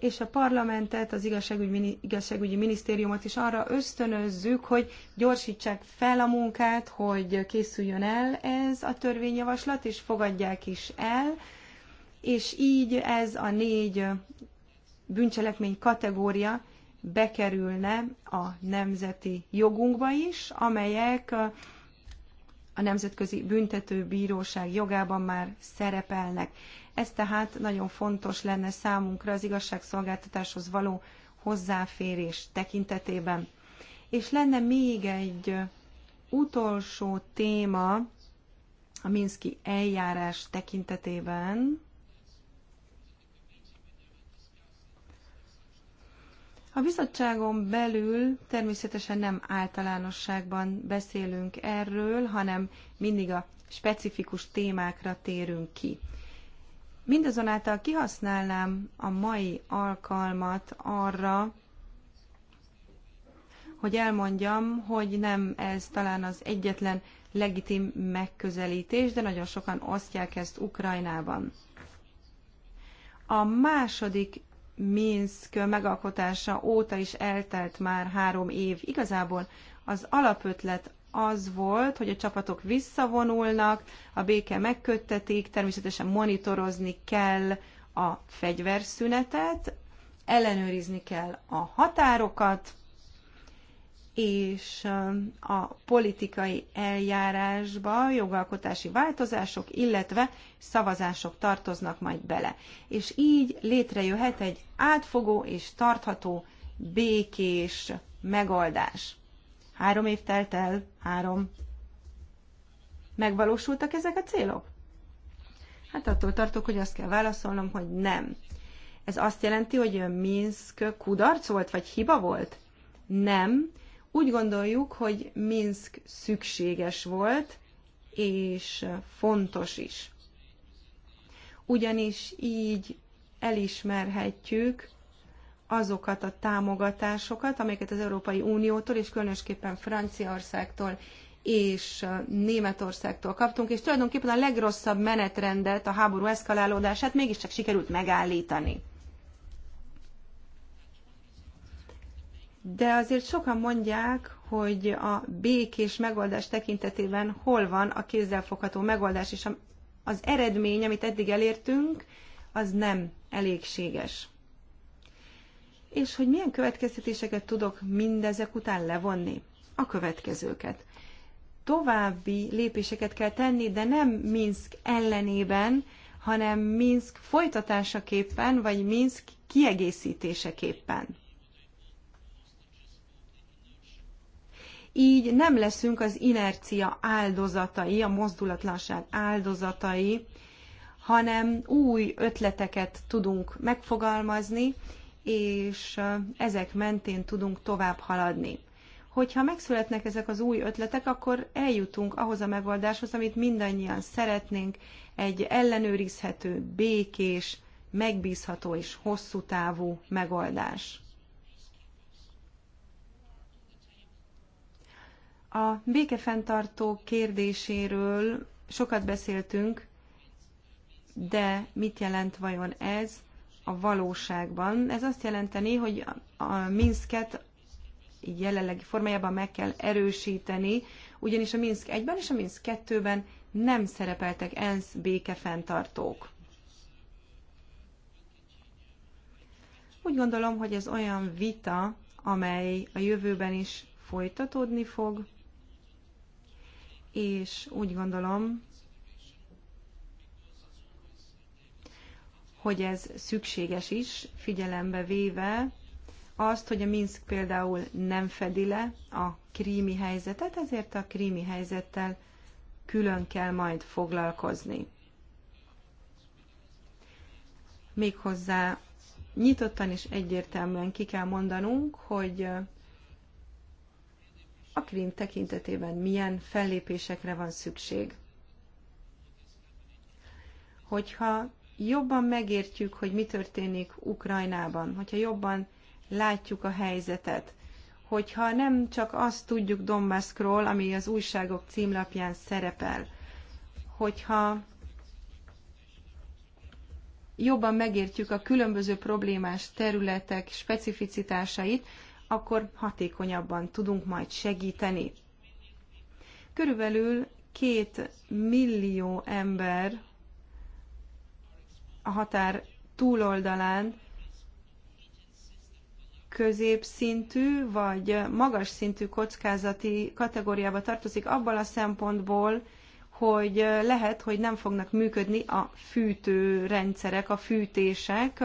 és a parlamentet, az igazságügy, igazságügyi minisztériumot is arra ösztönözzük, hogy gyorsítsák fel a munkát, hogy készüljön el ez a törvényjavaslat, és fogadják is el, és így ez a négy bűncselekmény kategória bekerülne a nemzeti jogunkba is, amelyek a Nemzetközi Büntetőbíróság jogában már szerepelnek. Ez tehát nagyon fontos lenne számunkra az igazságszolgáltatáshoz való hozzáférés tekintetében. És lenne még egy utolsó téma a Minszki eljárás tekintetében, A bizottságon belül természetesen nem általánosságban beszélünk erről, hanem mindig a specifikus témákra térünk ki. Mindazonáltal kihasználnám a mai alkalmat arra, hogy elmondjam, hogy nem ez talán az egyetlen legitim megközelítés, de nagyon sokan osztják ezt Ukrajnában. A második Minsk megalkotása óta is eltelt már három év. Igazából az alapötlet az volt, hogy a csapatok visszavonulnak, a béke megköttetik, természetesen monitorozni kell a fegyverszünetet, ellenőrizni kell a határokat, és um, a politikai eljárásba jogalkotási változások, illetve szavazások tartoznak majd bele. És így létrejöhet egy átfogó és tartható békés megoldás. Három év telt el, három. Megvalósultak ezek a célok? Hát attól tartok, hogy azt kell válaszolnom, hogy nem. Ez azt jelenti, hogy Minsk kudarc volt, vagy hiba volt? Nem, úgy gondoljuk, hogy Minsk szükséges volt, és fontos is. Ugyanis így elismerhetjük azokat a támogatásokat, amelyeket az Európai Uniótól és különösképpen Franciaországtól és Németországtól kaptunk, és tulajdonképpen a legrosszabb menetrendet, a háború eszkalálódását mégiscsak sikerült megállítani. de azért sokan mondják, hogy a békés megoldás tekintetében hol van a kézzelfogható megoldás, és az eredmény, amit eddig elértünk, az nem elégséges. És hogy milyen következtetéseket tudok mindezek után levonni? A következőket. További lépéseket kell tenni, de nem Minsk ellenében, hanem Minsk folytatásaképpen, vagy Minsk kiegészítéseképpen. Így nem leszünk az inercia áldozatai, a mozdulatlanság áldozatai, hanem új ötleteket tudunk megfogalmazni, és ezek mentén tudunk tovább haladni. Hogyha megszületnek ezek az új ötletek, akkor eljutunk ahhoz a megoldáshoz, amit mindannyian szeretnénk, egy ellenőrizhető, békés, megbízható és hosszú távú megoldás. A békefenntartó kérdéséről sokat beszéltünk, de mit jelent vajon ez a valóságban? Ez azt jelenteni, hogy a Minsket jelenlegi formájában meg kell erősíteni, ugyanis a Minsk 1-ben és a Minsk 2-ben nem szerepeltek ENSZ békefenntartók. Úgy gondolom, hogy ez olyan vita, amely a jövőben is folytatódni fog, és úgy gondolom, hogy ez szükséges is, figyelembe véve azt, hogy a Minsk például nem fedi le a krími helyzetet, ezért a krími helyzettel külön kell majd foglalkozni. Méghozzá nyitottan és egyértelműen ki kell mondanunk, hogy a Queen tekintetében milyen fellépésekre van szükség. Hogyha jobban megértjük, hogy mi történik Ukrajnában, hogyha jobban látjuk a helyzetet, hogyha nem csak azt tudjuk Donbassról, ami az újságok címlapján szerepel, hogyha jobban megértjük a különböző problémás területek specificitásait, akkor hatékonyabban tudunk majd segíteni. Körülbelül két millió ember a határ túloldalán középszintű vagy magas szintű kockázati kategóriába tartozik abban a szempontból, hogy lehet, hogy nem fognak működni a fűtőrendszerek, a fűtések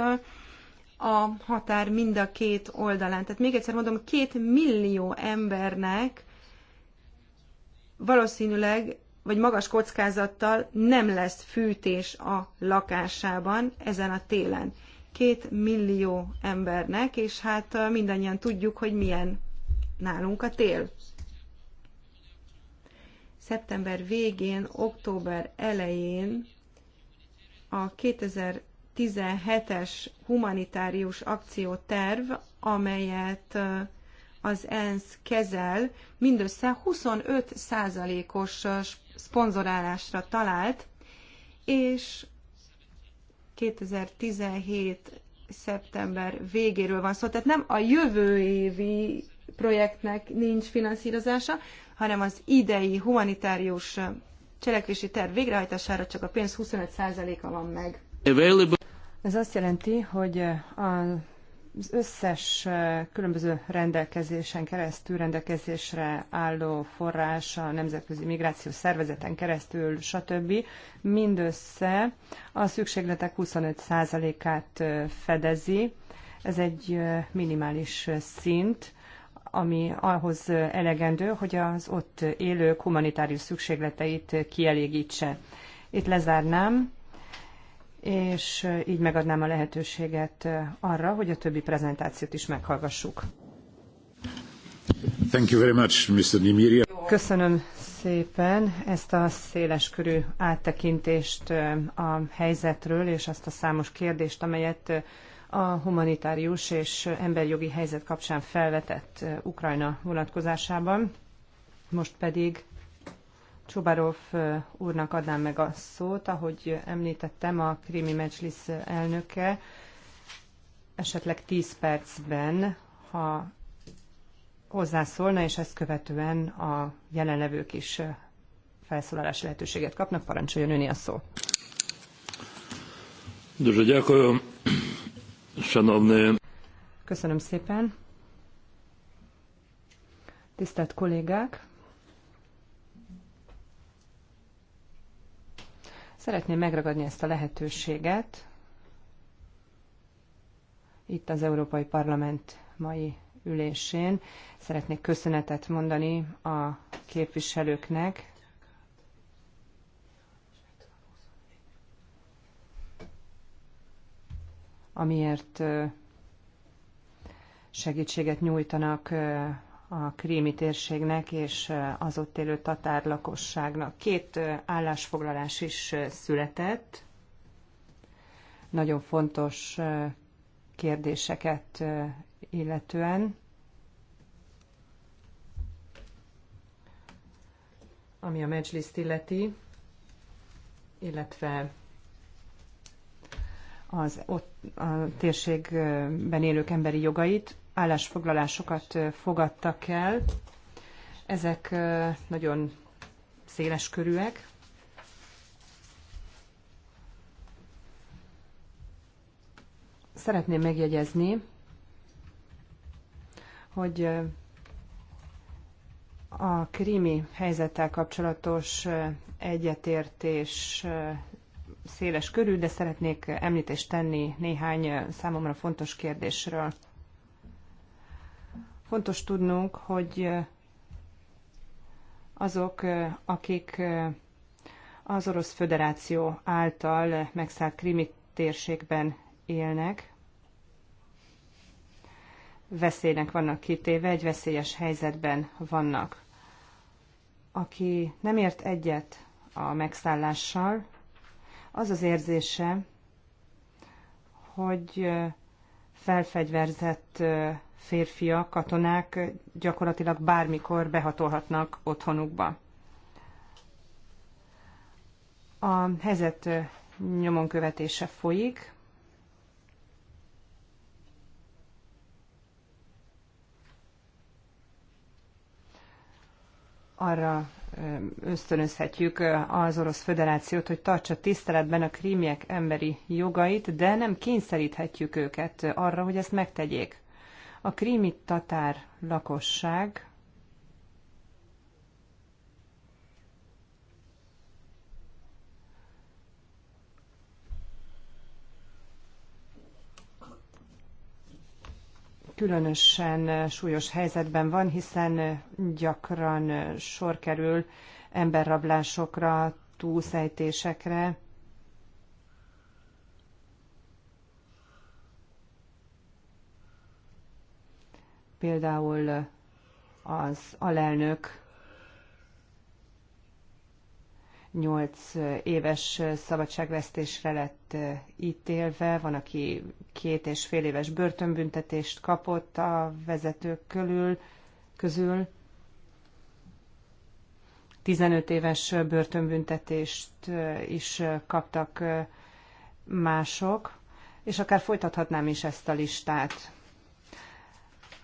a határ mind a két oldalán. Tehát még egyszer mondom, két millió embernek valószínűleg vagy magas kockázattal nem lesz fűtés a lakásában ezen a télen. Két millió embernek, és hát mindannyian tudjuk, hogy milyen nálunk a tél. Szeptember végén, október elején a 2000 17-es humanitárius akcióterv, amelyet az ENSZ kezel, mindössze 25%-os szponzorálásra talált, és 2017 szeptember végéről van szó, tehát nem a jövő évi projektnek nincs finanszírozása, hanem az idei humanitárius cselekvési terv végrehajtására csak a pénz 25%-a van meg. Ez azt jelenti, hogy eh, az összes eh, különböző rendelkezésen keresztül, rendelkezésre álló forrás, a Nemzetközi Migrációs Szervezeten keresztül, stb. mindössze a szükségletek 25%-át eh, fedezi. Ez egy minimális szint, ami ahhoz elegendő, hogy az ott élők humanitárius szükségleteit kielégítse. Itt lezárnám és így megadnám a lehetőséget arra, hogy a többi prezentációt is meghallgassuk. Thank you very much, Mr. Nimiria. Köszönöm szépen ezt a széleskörű áttekintést a helyzetről, és azt a számos kérdést, amelyet a humanitárius és emberjogi helyzet kapcsán felvetett Ukrajna vonatkozásában. Most pedig Csubarov úrnak adnám meg a szót, ahogy említettem, a Krimi Meclis elnöke esetleg 10 percben, ha hozzászólna, és ezt követően a jelenlevők is felszólalás lehetőséget kapnak. Parancsoljon öné a szó. Köszönöm szépen. Tisztelt kollégák! Szeretném megragadni ezt a lehetőséget itt az Európai Parlament mai ülésén. Szeretnék köszönetet mondani a képviselőknek, amiért segítséget nyújtanak a krími térségnek és az ott élő tatár lakosságnak. Két állásfoglalás is született. Nagyon fontos kérdéseket illetően. ami a medzsliszt illeti, illetve az ott a térségben élők emberi jogait állásfoglalásokat fogadtak el. Ezek nagyon széles körűek. Szeretném megjegyezni, hogy a krími helyzettel kapcsolatos egyetértés széles körül, de szeretnék említést tenni néhány számomra fontos kérdésről. Fontos tudnunk, hogy azok, akik az Orosz Föderáció által megszállt krimi térségben élnek, veszélynek vannak kitéve, egy veszélyes helyzetben vannak. Aki nem ért egyet a megszállással, az az érzése, hogy felfegyverzett férfiak, katonák gyakorlatilag bármikor behatolhatnak otthonukba. A helyzet nyomon követése folyik. Arra ösztönözhetjük az Orosz Föderációt, hogy tartsa tiszteletben a krímiek emberi jogait, de nem kényszeríthetjük őket arra, hogy ezt megtegyék. A krími tatár lakosság különösen súlyos helyzetben van, hiszen gyakran sor kerül emberrablásokra, túlszejtésekre. Például az alelnök 8 éves szabadságvesztésre lett eh, ítélve, van, aki két és fél éves börtönbüntetést kapott a vezetők körül, közül, 15 éves börtönbüntetést eh, is eh, kaptak mások, és akár folytathatnám is ezt a listát.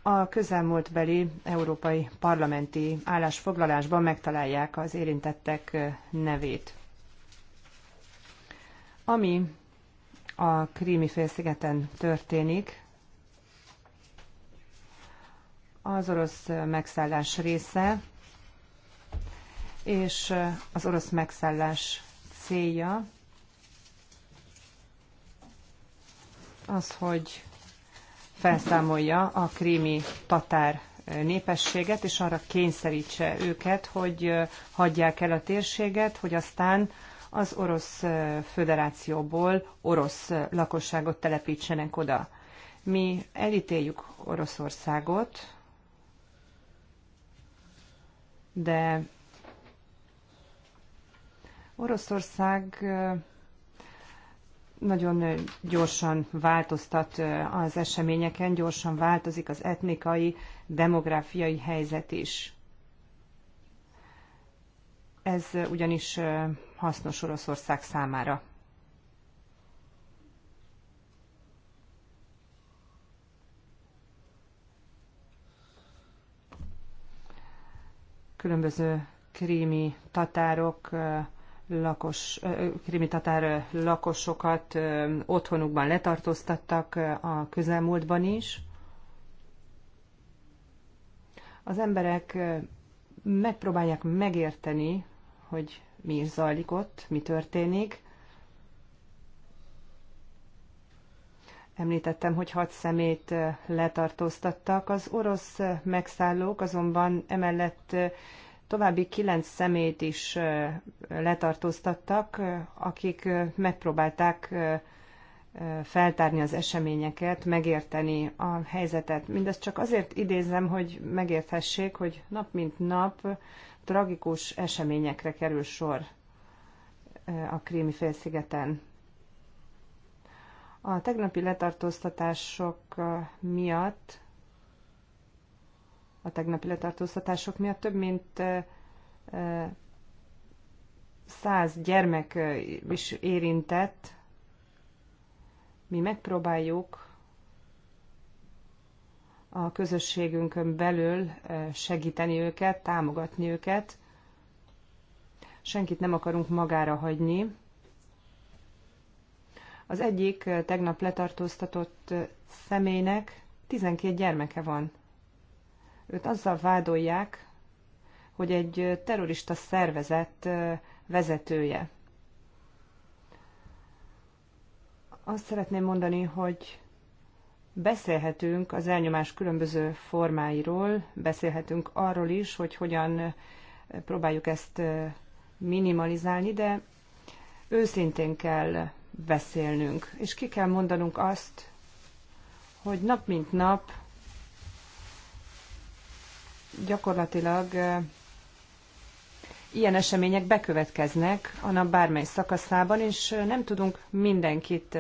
A közelmúltbeli európai parlamenti állásfoglalásban megtalálják az érintettek nevét. Ami a Krími félszigeten történik, az orosz megszállás része, és az orosz megszállás célja az, hogy felszámolja a krími tatár népességet, és arra kényszerítse őket, hogy hagyják el a térséget, hogy aztán az orosz föderációból orosz lakosságot telepítsenek oda. Mi elítéljük Oroszországot, de Oroszország nagyon gyorsan változtat az eseményeken, gyorsan változik az etnikai, demográfiai helyzet is. Ez ugyanis hasznos Oroszország számára. Különböző krími tatárok, lakos, krimitatár lakosokat otthonukban letartóztattak a közelmúltban is. Az emberek megpróbálják megérteni, hogy mi is zajlik ott, mi történik. Említettem, hogy hat szemét letartóztattak. Az orosz megszállók azonban emellett további kilenc szemét is letartóztattak, akik megpróbálták feltárni az eseményeket, megérteni a helyzetet. Mindezt csak azért idézem, hogy megérthessék, hogy nap mint nap tragikus eseményekre kerül sor a Krími félszigeten. A tegnapi letartóztatások miatt a tegnapi letartóztatások miatt. Több mint száz gyermek is érintett. Mi megpróbáljuk a közösségünkön belül segíteni őket, támogatni őket. Senkit nem akarunk magára hagyni. Az egyik tegnap letartóztatott személynek 12 gyermeke van. Őt azzal vádolják, hogy egy terrorista szervezet vezetője. Azt szeretném mondani, hogy beszélhetünk az elnyomás különböző formáiról, beszélhetünk arról is, hogy hogyan próbáljuk ezt minimalizálni, de őszintén kell beszélnünk, és ki kell mondanunk azt, hogy nap mint nap gyakorlatilag ilyen események bekövetkeznek a nap bármely szakaszában, és nem tudunk mindenkit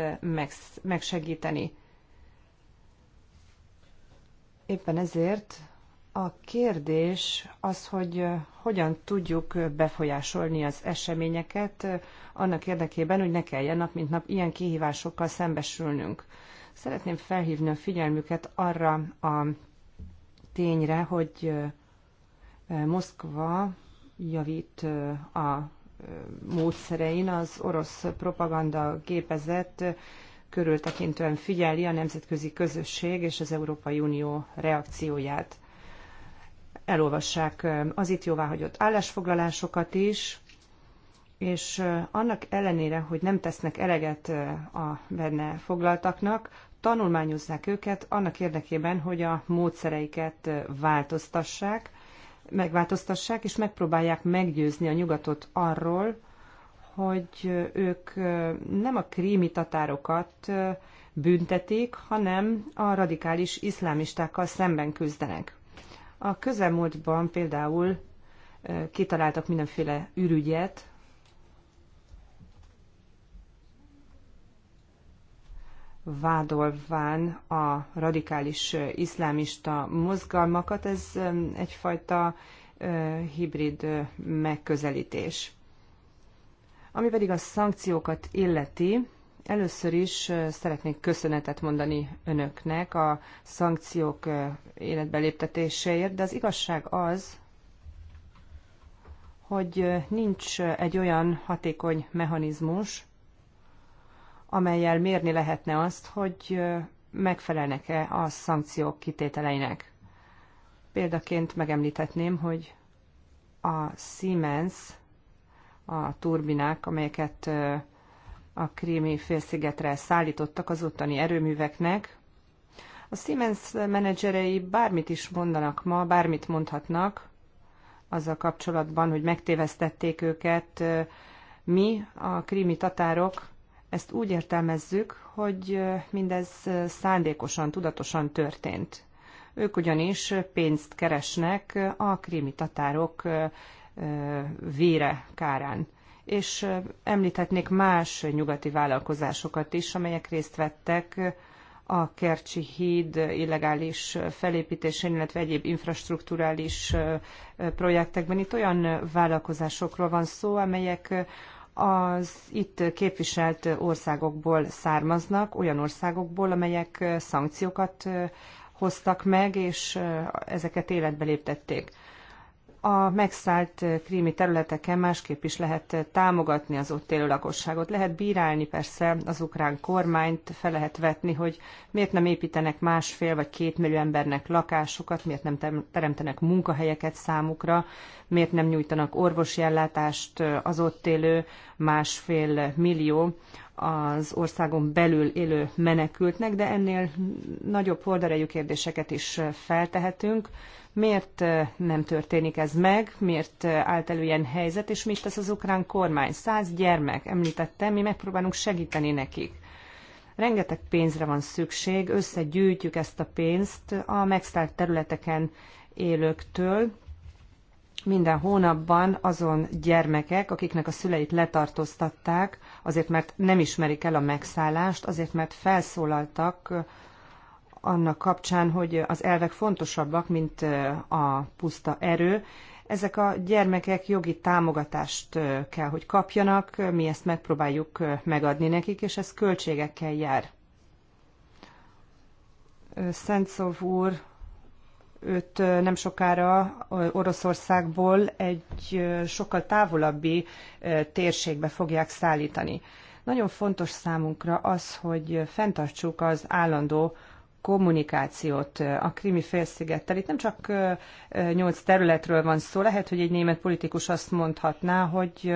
megsegíteni. Éppen ezért a kérdés az, hogy hogyan tudjuk befolyásolni az eseményeket annak érdekében, hogy ne kelljen nap mint nap ilyen kihívásokkal szembesülnünk. Szeretném felhívni a figyelmüket arra a tényre, hogy Moszkva javít a módszerein az orosz propaganda gépezet körültekintően figyeli a nemzetközi közösség és az Európai Unió reakcióját. Elolvassák az itt jóváhagyott állásfoglalásokat is, és annak ellenére, hogy nem tesznek eleget a benne foglaltaknak, tanulmányozzák őket annak érdekében, hogy a módszereiket változtassák, megváltoztassák, és megpróbálják meggyőzni a nyugatot arról, hogy ők nem a krími tatárokat büntetik, hanem a radikális iszlámistákkal szemben küzdenek. A közelmúltban például kitaláltak mindenféle ürügyet, vádolván a radikális iszlámista mozgalmakat, ez egyfajta hibrid megközelítés. Ami pedig a szankciókat illeti, először is szeretnék köszönetet mondani önöknek a szankciók életbe léptetéséért, de az igazság az, hogy nincs egy olyan hatékony mechanizmus, amelyel mérni lehetne azt, hogy megfelelnek-e a szankciók kitételeinek. Példaként megemlíthetném, hogy a Siemens, a turbinák, amelyeket a krími félszigetre szállítottak az ottani erőműveknek. A Siemens menedzserei bármit is mondanak ma, bármit mondhatnak azzal kapcsolatban, hogy megtévesztették őket. Mi, a krími tatárok, ezt úgy értelmezzük, hogy mindez szándékosan, tudatosan történt. Ők ugyanis pénzt keresnek a krími tatárok vére kárán. És említhetnék más nyugati vállalkozásokat is, amelyek részt vettek a Kercsi híd illegális felépítésén, illetve egyéb infrastruktúrális projektekben. Itt olyan vállalkozásokról van szó, amelyek az itt képviselt országokból származnak, olyan országokból, amelyek szankciókat hoztak meg, és ezeket életbe léptették a megszállt eh, krími területeken másképp is lehet eh, támogatni az ott élő lakosságot. Lehet bírálni persze az ukrán kormányt, fel lehet vetni, hogy miért nem építenek másfél vagy két millió embernek lakásokat, miért nem teremtenek munkahelyeket számukra, miért nem nyújtanak orvosi ellátást eh, az ott élő másfél millió az országon belül élő menekültnek, de ennél nagyobb horderejű kérdéseket is feltehetünk Miért nem történik ez meg, miért állt elő ilyen helyzet, és mit tesz az ukrán kormány? Száz gyermek, említettem, mi megpróbálunk segíteni nekik. Rengeteg pénzre van szükség, összegyűjtjük ezt a pénzt a megszállt területeken élőktől, minden hónapban azon gyermekek, akiknek a szüleit letartóztatták, azért mert nem ismerik el a megszállást, azért mert felszólaltak annak kapcsán, hogy az elvek fontosabbak, mint a puszta erő. Ezek a gyermekek jogi támogatást kell, hogy kapjanak, mi ezt megpróbáljuk megadni nekik, és ez költségekkel jár. Szentszov úr, őt nem sokára Oroszországból egy sokkal távolabbi térségbe fogják szállítani. Nagyon fontos számunkra az, hogy fenntartsuk az állandó kommunikációt a krimi félszigettel. Itt nem csak nyolc területről van szó, lehet, hogy egy német politikus azt mondhatná, hogy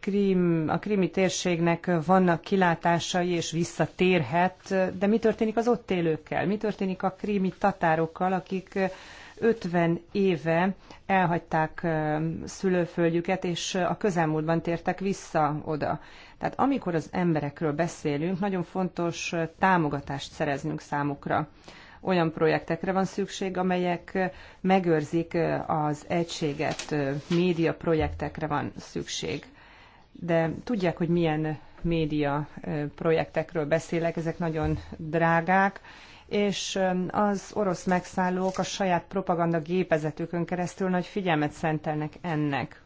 krim, a krimi térségnek vannak kilátásai és visszatérhet, de mi történik az ott élőkkel? Mi történik a krimi tatárokkal, akik 50 éve elhagyták szülőföldjüket, és a közelmúltban tértek vissza oda. Tehát amikor az emberekről beszélünk, nagyon fontos támogatást szereznünk számukra. Olyan projektekre van szükség, amelyek megőrzik az egységet, média projektekre van szükség. De tudják, hogy milyen média projektekről beszélek, ezek nagyon drágák, és az orosz megszállók a saját propaganda gépezetükön keresztül nagy figyelmet szentelnek ennek.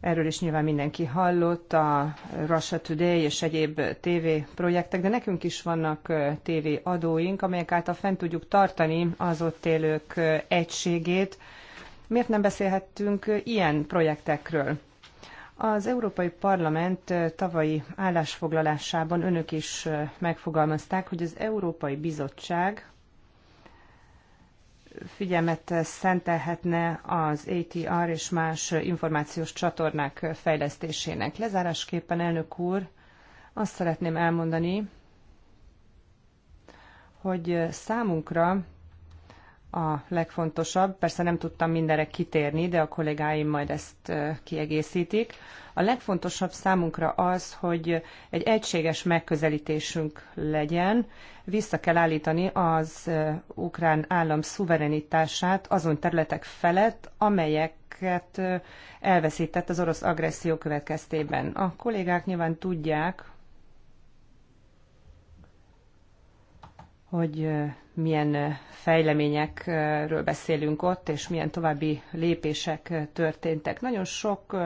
Erről is nyilván mindenki hallott, a Russia Today és egyéb TV projektek, de nekünk is vannak TV adóink, amelyek által fent tudjuk tartani az ott élők egységét. Miért nem beszélhettünk ilyen projektekről? Az Európai Parlament tavalyi állásfoglalásában önök is megfogalmazták, hogy az Európai Bizottság figyelmet szentelhetne az ATR és más információs csatornák fejlesztésének. Lezárásképpen, elnök úr, azt szeretném elmondani, hogy számunkra a legfontosabb. Persze nem tudtam mindenre kitérni, de a kollégáim majd ezt kiegészítik. A legfontosabb számunkra az, hogy egy egységes megközelítésünk legyen. Vissza kell állítani az ukrán állam szuverenitását azon területek felett, amelyeket elveszített az orosz agresszió következtében. A kollégák nyilván tudják, hogy milyen fejleményekről beszélünk ott, és milyen további lépések történtek. Nagyon sok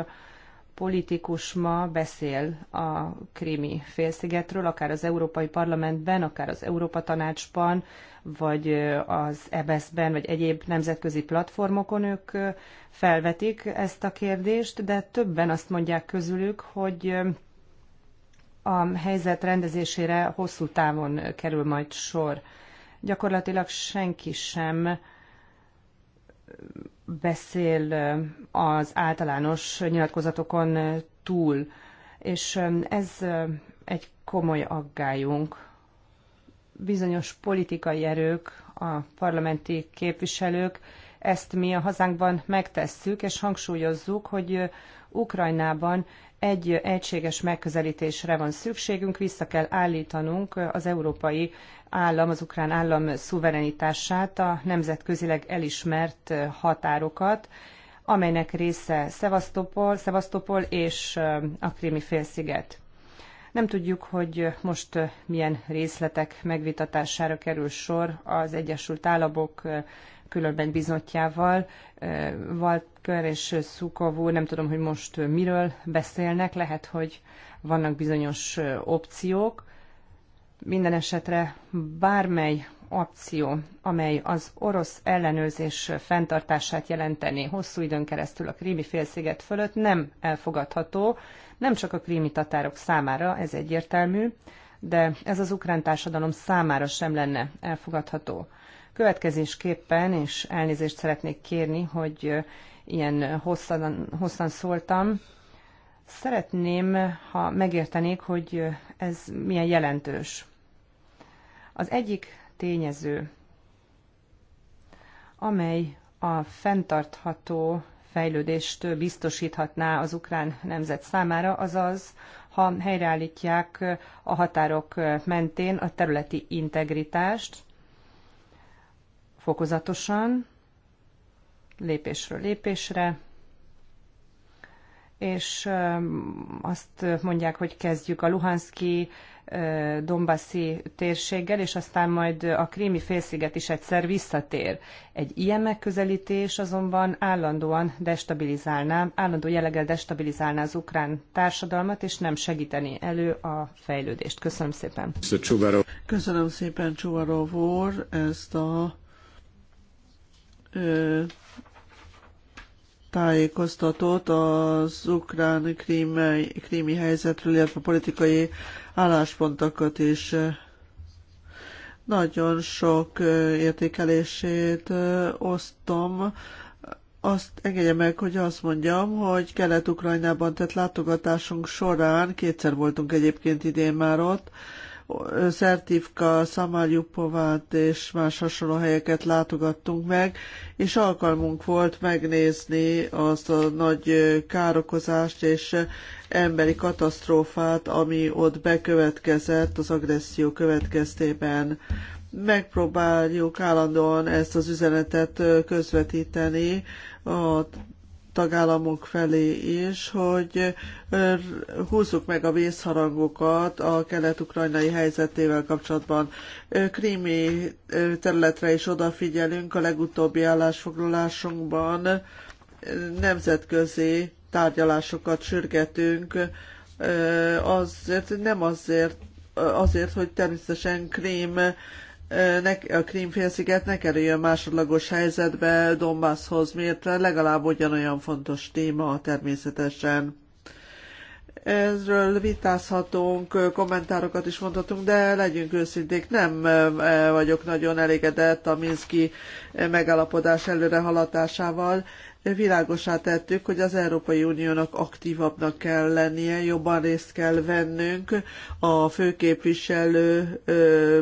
politikus ma beszél a krími félszigetről, akár az Európai Parlamentben, akár az Európa Tanácsban, vagy az EBSZ-ben, e vagy egyéb nemzetközi platformokon ők felvetik ezt a kérdést, de többen azt mondják közülük, hogy a helyzet rendezésére hosszú távon kerül majd sor. Gyakorlatilag senki sem beszél az általános nyilatkozatokon túl, és ez egy komoly aggályunk. Bizonyos politikai erők, a parlamenti képviselők ezt mi a hazánkban megtesszük, és hangsúlyozzuk, hogy Ukrajnában egy egységes megközelítésre van szükségünk, vissza kell állítanunk az európai állam, az ukrán állam szuverenitását, a nemzetközileg elismert határokat, amelynek része Szevasztopol, Szevasztopol és a Krími félsziget. Nem tudjuk, hogy most milyen részletek megvitatására kerül sor az Egyesült Államok különben bizottjával, Walker és Szukovó, nem tudom, hogy most miről beszélnek, lehet, hogy vannak bizonyos opciók. Minden esetre bármely opció, amely az orosz ellenőrzés fenntartását jelenteni hosszú időn keresztül a krími félsziget fölött nem elfogadható, nem csak a krími tatárok számára, ez egyértelmű, de ez az ukrán társadalom számára sem lenne elfogadható. Következésképpen, és elnézést szeretnék kérni, hogy ilyen hosszan, hosszan szóltam, szeretném, ha megértenék, hogy ez milyen jelentős. Az egyik tényező, amely a fenntartható fejlődést biztosíthatná az ukrán nemzet számára, azaz, ha helyreállítják a határok mentén a területi integritást, fokozatosan, lépésről lépésre, és azt mondják, hogy kezdjük a Luhanszki, Dombaszi térséggel, és aztán majd a krími félsziget is egyszer visszatér. Egy ilyen megközelítés azonban állandóan destabilizálná, állandó jelleggel destabilizálná az ukrán társadalmat, és nem segíteni elő a fejlődést. Köszönöm szépen. Köszönöm szépen, Csuvarov úr, ezt a tájékoztatót az ukrán krímei, krími helyzetről, illetve politikai álláspontokat is nagyon sok értékelését osztom. Azt engedje meg, hogy azt mondjam, hogy Kelet-Ukrajnában tett látogatásunk során, kétszer voltunk egyébként idén már ott, Szertivka, Szamarjupovát és más hasonló helyeket látogattunk meg, és alkalmunk volt megnézni azt a nagy károkozást és emberi katasztrófát, ami ott bekövetkezett az agresszió következtében. Megpróbáljuk állandóan ezt az üzenetet közvetíteni a tagállamok felé is, hogy húzzuk meg a vészharangokat a kelet-ukrajnai helyzetével kapcsolatban. Krími területre is odafigyelünk a legutóbbi állásfoglalásunkban, nemzetközi tárgyalásokat sürgetünk, azért nem azért, azért, hogy természetesen Krím a Krímfélsziget ne kerüljön másodlagos helyzetbe Donbasshoz, miért legalább ugyanolyan fontos téma természetesen. Ezről vitázhatunk, kommentárokat is mondhatunk, de legyünk őszinték, nem vagyok nagyon elégedett a Minszki megállapodás előrehaladásával világosá tettük, hogy az Európai Uniónak aktívabbnak kell lennie, jobban részt kell vennünk a főképviselő,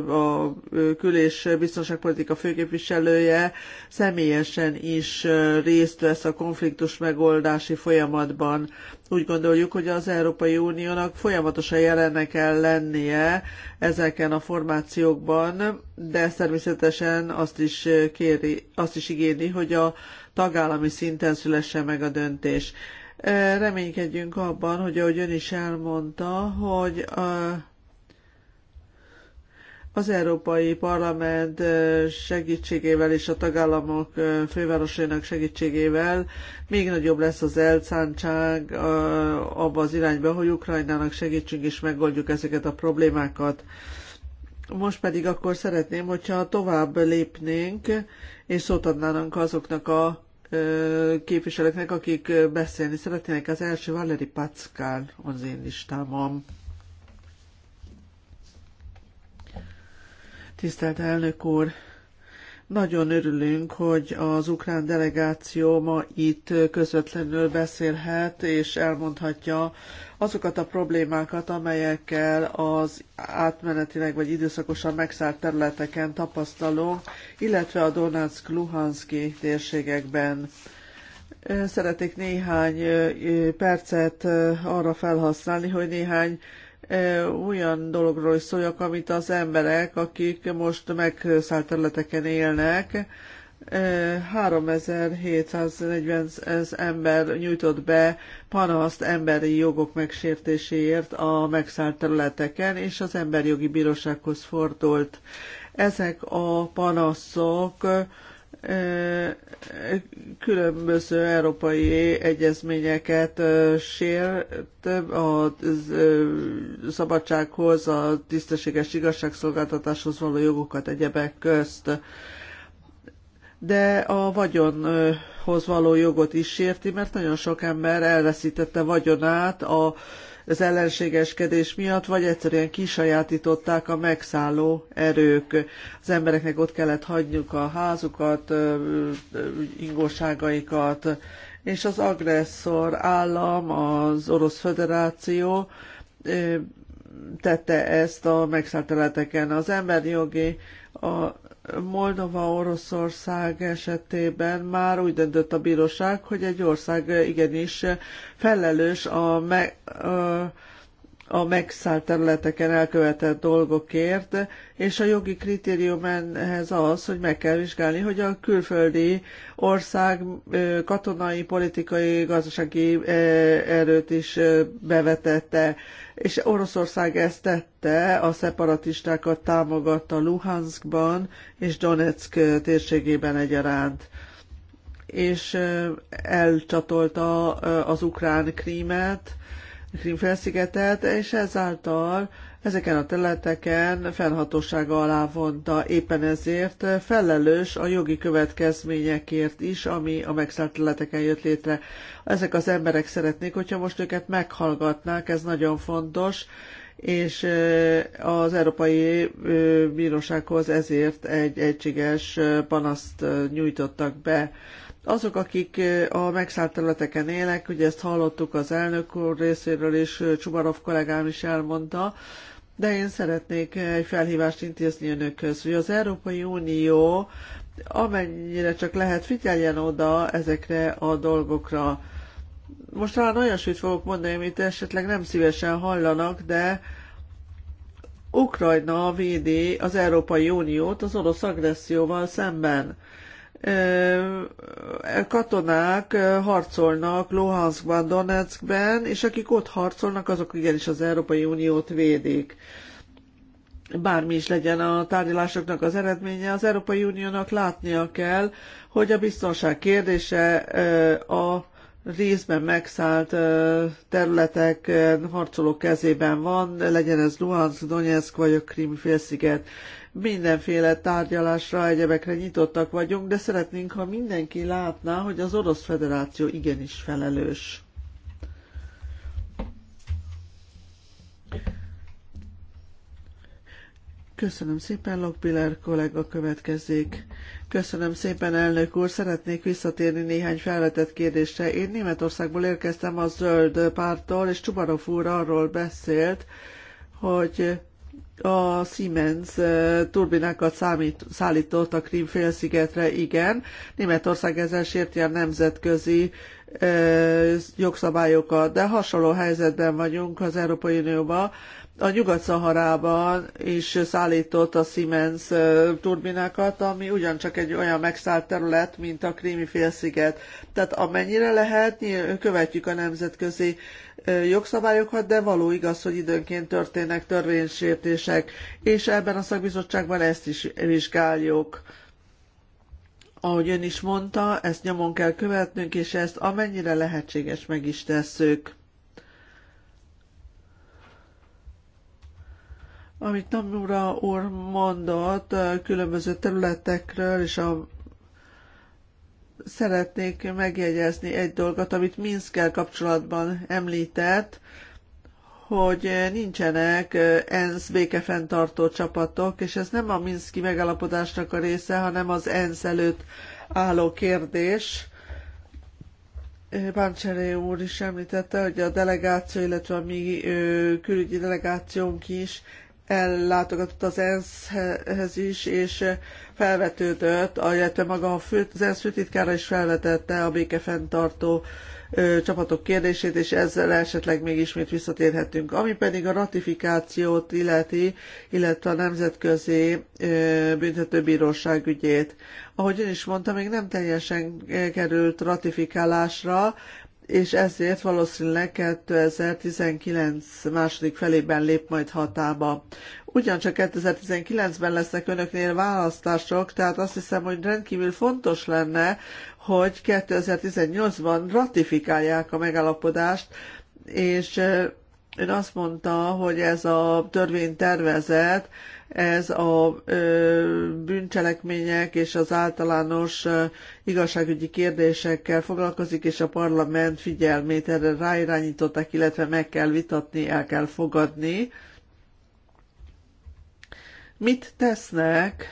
a kül- és biztonságpolitika főképviselője személyesen is részt vesz a konfliktus megoldási folyamatban. Úgy gondoljuk, hogy az Európai Uniónak folyamatosan jelennek kell lennie ezeken a formációkban, de természetesen azt is kéri, azt is igényli, hogy a tagállami szinten szülessen meg a döntés. Reménykedjünk abban, hogy ahogy ön is elmondta, hogy az Európai Parlament segítségével és a tagállamok fővárosainak segítségével még nagyobb lesz az elszántság abba az irányba, hogy Ukrajnának segítsünk és megoldjuk ezeket a problémákat. Most pedig akkor szeretném, hogyha tovább lépnénk, és szót adnának azoknak a képviselőknek, akik beszélni szeretnének. Az első Valeri Packán az én listámon. Tisztelt elnök úr, nagyon örülünk, hogy az ukrán delegáció ma itt közvetlenül beszélhet és elmondhatja azokat a problémákat, amelyekkel az átmenetileg vagy időszakosan megszállt területeken tapasztalunk, illetve a Donetsk-Luhanszki térségekben. Szeretnék néhány percet arra felhasználni, hogy néhány olyan dologról is szóljak, amit az emberek, akik most megszállt területeken élnek, 3740 ez ember nyújtott be panaszt emberi jogok megsértéséért a megszállt területeken, és az emberi jogi bírósághoz fordult. Ezek a panaszok különböző európai egyezményeket sért a szabadsághoz, a tisztességes igazságszolgáltatáshoz való jogokat egyebek közt de a vagyonhoz való jogot is sérti, mert nagyon sok ember elveszítette vagyonát a az ellenségeskedés miatt, vagy egyszerűen kisajátították a megszálló erők. Az embereknek ott kellett hagyniuk a házukat, ingóságaikat, és az agresszor állam, az Orosz Föderáció tette ezt a megszállt területeken. Az emberjogi a Moldova, Oroszország esetében már úgy döntött a bíróság, hogy egy ország igenis felelős a, me, a a megszállt területeken elkövetett dolgokért, és a jogi kritérium ehhez az, hogy meg kell vizsgálni, hogy a külföldi ország katonai, politikai, gazdasági erőt is bevetette, és Oroszország ezt tette, a szeparatistákat támogatta Luhanskban és Donetsk térségében egyaránt és elcsatolta az ukrán krímet, Krimfelszigetet, és ezáltal ezeken a területeken fennhatósága alá vonta. Éppen ezért felelős a jogi következményekért is, ami a megszállt területeken jött létre. Ezek az emberek szeretnék, hogyha most őket meghallgatnák, ez nagyon fontos, és az Európai Bírósághoz ezért egy egységes panaszt nyújtottak be. Azok, akik a megszállt területeken élek, ugye ezt hallottuk az elnök úr részéről, is, Csubarov kollégám is elmondta, de én szeretnék egy felhívást intézni önökhöz, hogy az Európai Unió amennyire csak lehet figyeljen oda ezekre a dolgokra. Most talán olyasmit fogok mondani, amit esetleg nem szívesen hallanak, de Ukrajna védi az Európai Uniót az orosz agresszióval szemben katonák harcolnak Luhanskban, Donetskben, és akik ott harcolnak, azok igenis az Európai Uniót védik. Bármi is legyen a tárgyalásoknak az eredménye, az Európai Uniónak látnia kell, hogy a biztonság kérdése a részben megszállt területek harcolók kezében van, legyen ez Luhansk, Donetsk vagy a Krim félsziget mindenféle tárgyalásra, egyebekre nyitottak vagyunk, de szeretnénk, ha mindenki látná, hogy az Orosz Federáció igenis felelős. Köszönöm szépen, Lokpiller kollega következik. Köszönöm szépen, elnök úr. Szeretnék visszatérni néhány felvetett kérdésre. Én Németországból érkeztem a Zöld pártól, és Csubarov úr arról beszélt, hogy a Siemens eh, turbinákat számít, szállított a Krím félszigetre, igen. Németország ezzel sérti a nemzetközi eh, jogszabályokat, de hasonló helyzetben vagyunk az Európai Unióban, a Nyugat-Szaharában is szállított a Siemens turbinákat, ami ugyancsak egy olyan megszállt terület, mint a Krími félsziget. Tehát amennyire lehet, követjük a nemzetközi jogszabályokat, de való igaz, hogy időnként történnek törvénysértések, és ebben a szakbizottságban ezt is vizsgáljuk. Ahogy ön is mondta, ezt nyomon kell követnünk, és ezt amennyire lehetséges meg is tesszük. Amit Namura úr mondott eh, különböző területekről és a szeretnék megjegyezni egy dolgot, amit Minszkel kapcsolatban említett, hogy nincsenek eh, ENSZ békefenntartó csapatok, és ez nem a Minszki megalapodásnak a része, hanem az ENSZ előtt álló kérdés. Báncseré eh, úr is említette, hogy a delegáció, illetve a mi külügyi delegációnk is ellátogatott az ENSZ-hez is, és felvetődött, illetve maga a fő, az ENSZ főtitkára is felvetette a békefenntartó csapatok kérdését, és ezzel esetleg még ismét visszatérhetünk. Ami pedig a ratifikációt illeti, illetve a Nemzetközi Büntetőbíróság ügyét. Ahogy ön is mondta, még nem teljesen került ratifikálásra, és ezért valószínűleg 2019 második felében lép majd hatába. Ugyancsak 2019-ben lesznek önöknél választások, tehát azt hiszem, hogy rendkívül fontos lenne, hogy 2018-ban ratifikálják a megállapodást, és ön azt mondta, hogy ez a törvénytervezet ez a bűncselekmények és az általános igazságügyi kérdésekkel foglalkozik, és a parlament figyelmét erre ráirányították, illetve meg kell vitatni, el kell fogadni. Mit tesznek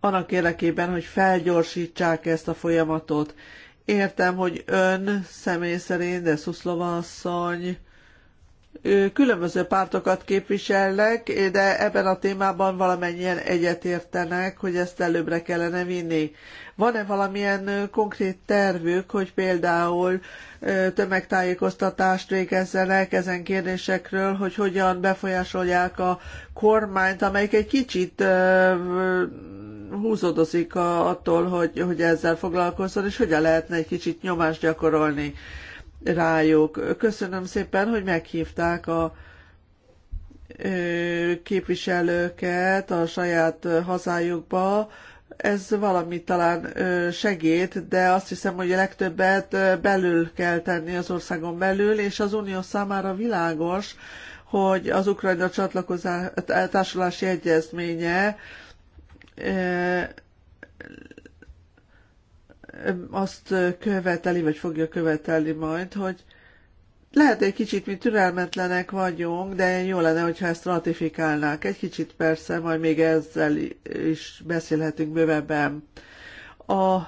annak érdekében, hogy felgyorsítsák ezt a folyamatot? Értem, hogy ön személy szerint, de Szuszlova asszony, különböző pártokat képviselnek, de ebben a témában valamennyien egyetértenek, hogy ezt előbbre kellene vinni. Van-e valamilyen konkrét tervük, hogy például tömegtájékoztatást végezzenek ezen kérdésekről, hogy hogyan befolyásolják a kormányt, amelyik egy kicsit húzódozik attól, hogy, hogy ezzel foglalkozzon, és hogyan lehetne egy kicsit nyomást gyakorolni rájuk. Köszönöm szépen, hogy meghívták a képviselőket a saját hazájukba. Ez valamit talán segít, de azt hiszem, hogy a legtöbbet belül kell tenni az országon belül, és az unió számára világos, hogy az Ukrajna csatlakozás társulási egyezménye azt követeli, vagy fogja követelni majd, hogy lehet egy kicsit mi türelmetlenek vagyunk, de jó lenne, hogyha ezt ratifikálnák. Egy kicsit persze, majd még ezzel is beszélhetünk bővebben. A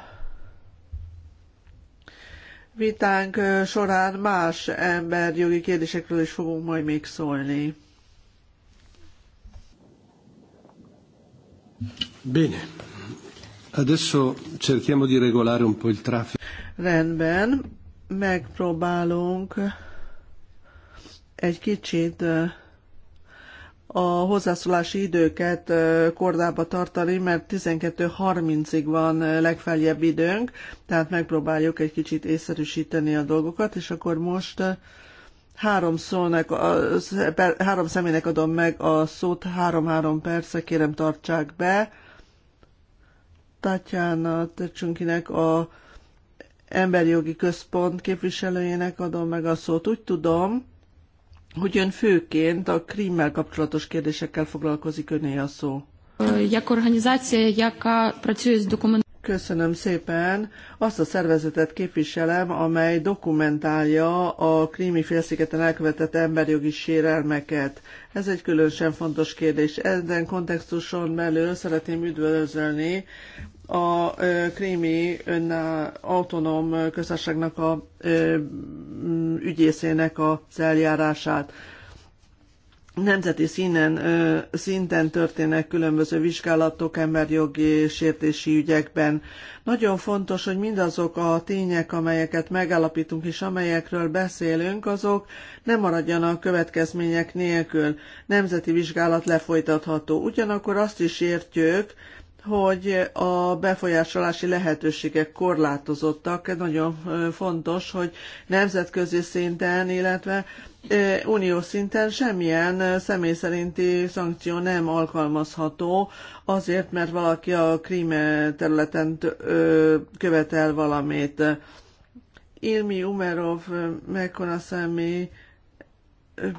vitánk során más emberjogi kérdésekről is fogunk majd még szólni. Bene. Adesso cerchiamo di regolare un po' il traffico. Rendben, megpróbálunk egy kicsit a hozzászólási időket kordába tartani, mert 12.30-ig van legfeljebb időnk, tehát megpróbáljuk egy kicsit észszerűsíteni a dolgokat, és akkor most három, szónak, három személynek adom meg a szót, három-három perce, kérem tartsák be Tatjana Tecsunkinek a Emberi Jogi Központ képviselőjének adom meg a szót. Úgy tudom, hogy ön főként a krímmel kapcsolatos kérdésekkel foglalkozik öné a szó. Jak organizácia, яка працює з документ... Köszönöm szépen. Azt a szervezetet képviselem, amely dokumentálja a Krími félszigeten elkövetett emberjogi sérelmeket. Ez egy különösen fontos kérdés. Ezen kontextuson belül szeretném üdvözölni a krími önná, autonóm közösségnek a ügyészének az eljárását nemzeti színen, szinten történnek különböző vizsgálatok emberjogi sértési ügyekben. Nagyon fontos, hogy mindazok a tények, amelyeket megállapítunk és amelyekről beszélünk, azok nem maradjanak következmények nélkül. Nemzeti vizsgálat lefolytatható. Ugyanakkor azt is értjük, hogy a befolyásolási lehetőségek korlátozottak. Nagyon fontos, hogy nemzetközi szinten, illetve uniós szinten semmilyen személy szerinti szankció nem alkalmazható, azért, mert valaki a krím területen követel valamit. Ilmi Umerov, mekkora személy,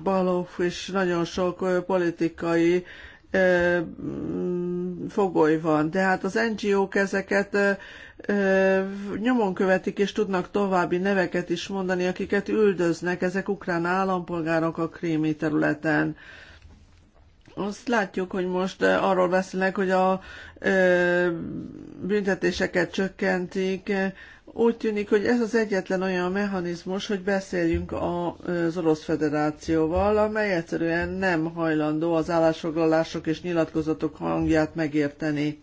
Balogh és nagyon sok politikai Mm, fogoly van. De hát az NGO-k ezeket nyomon követik, és tudnak további neveket is mondani, akiket üldöznek. Ezek ukrán állampolgárok a krími területen. Ö, azt látjuk, hogy most eh, arról beszélnek, hogy a eh, büntetéseket csökkentik. Úgy tűnik, hogy ez az egyetlen olyan mechanizmus, hogy beszéljünk eh, az Orosz Federációval, amely egyszerűen nem hajlandó az állásfoglalások és nyilatkozatok hangját megérteni.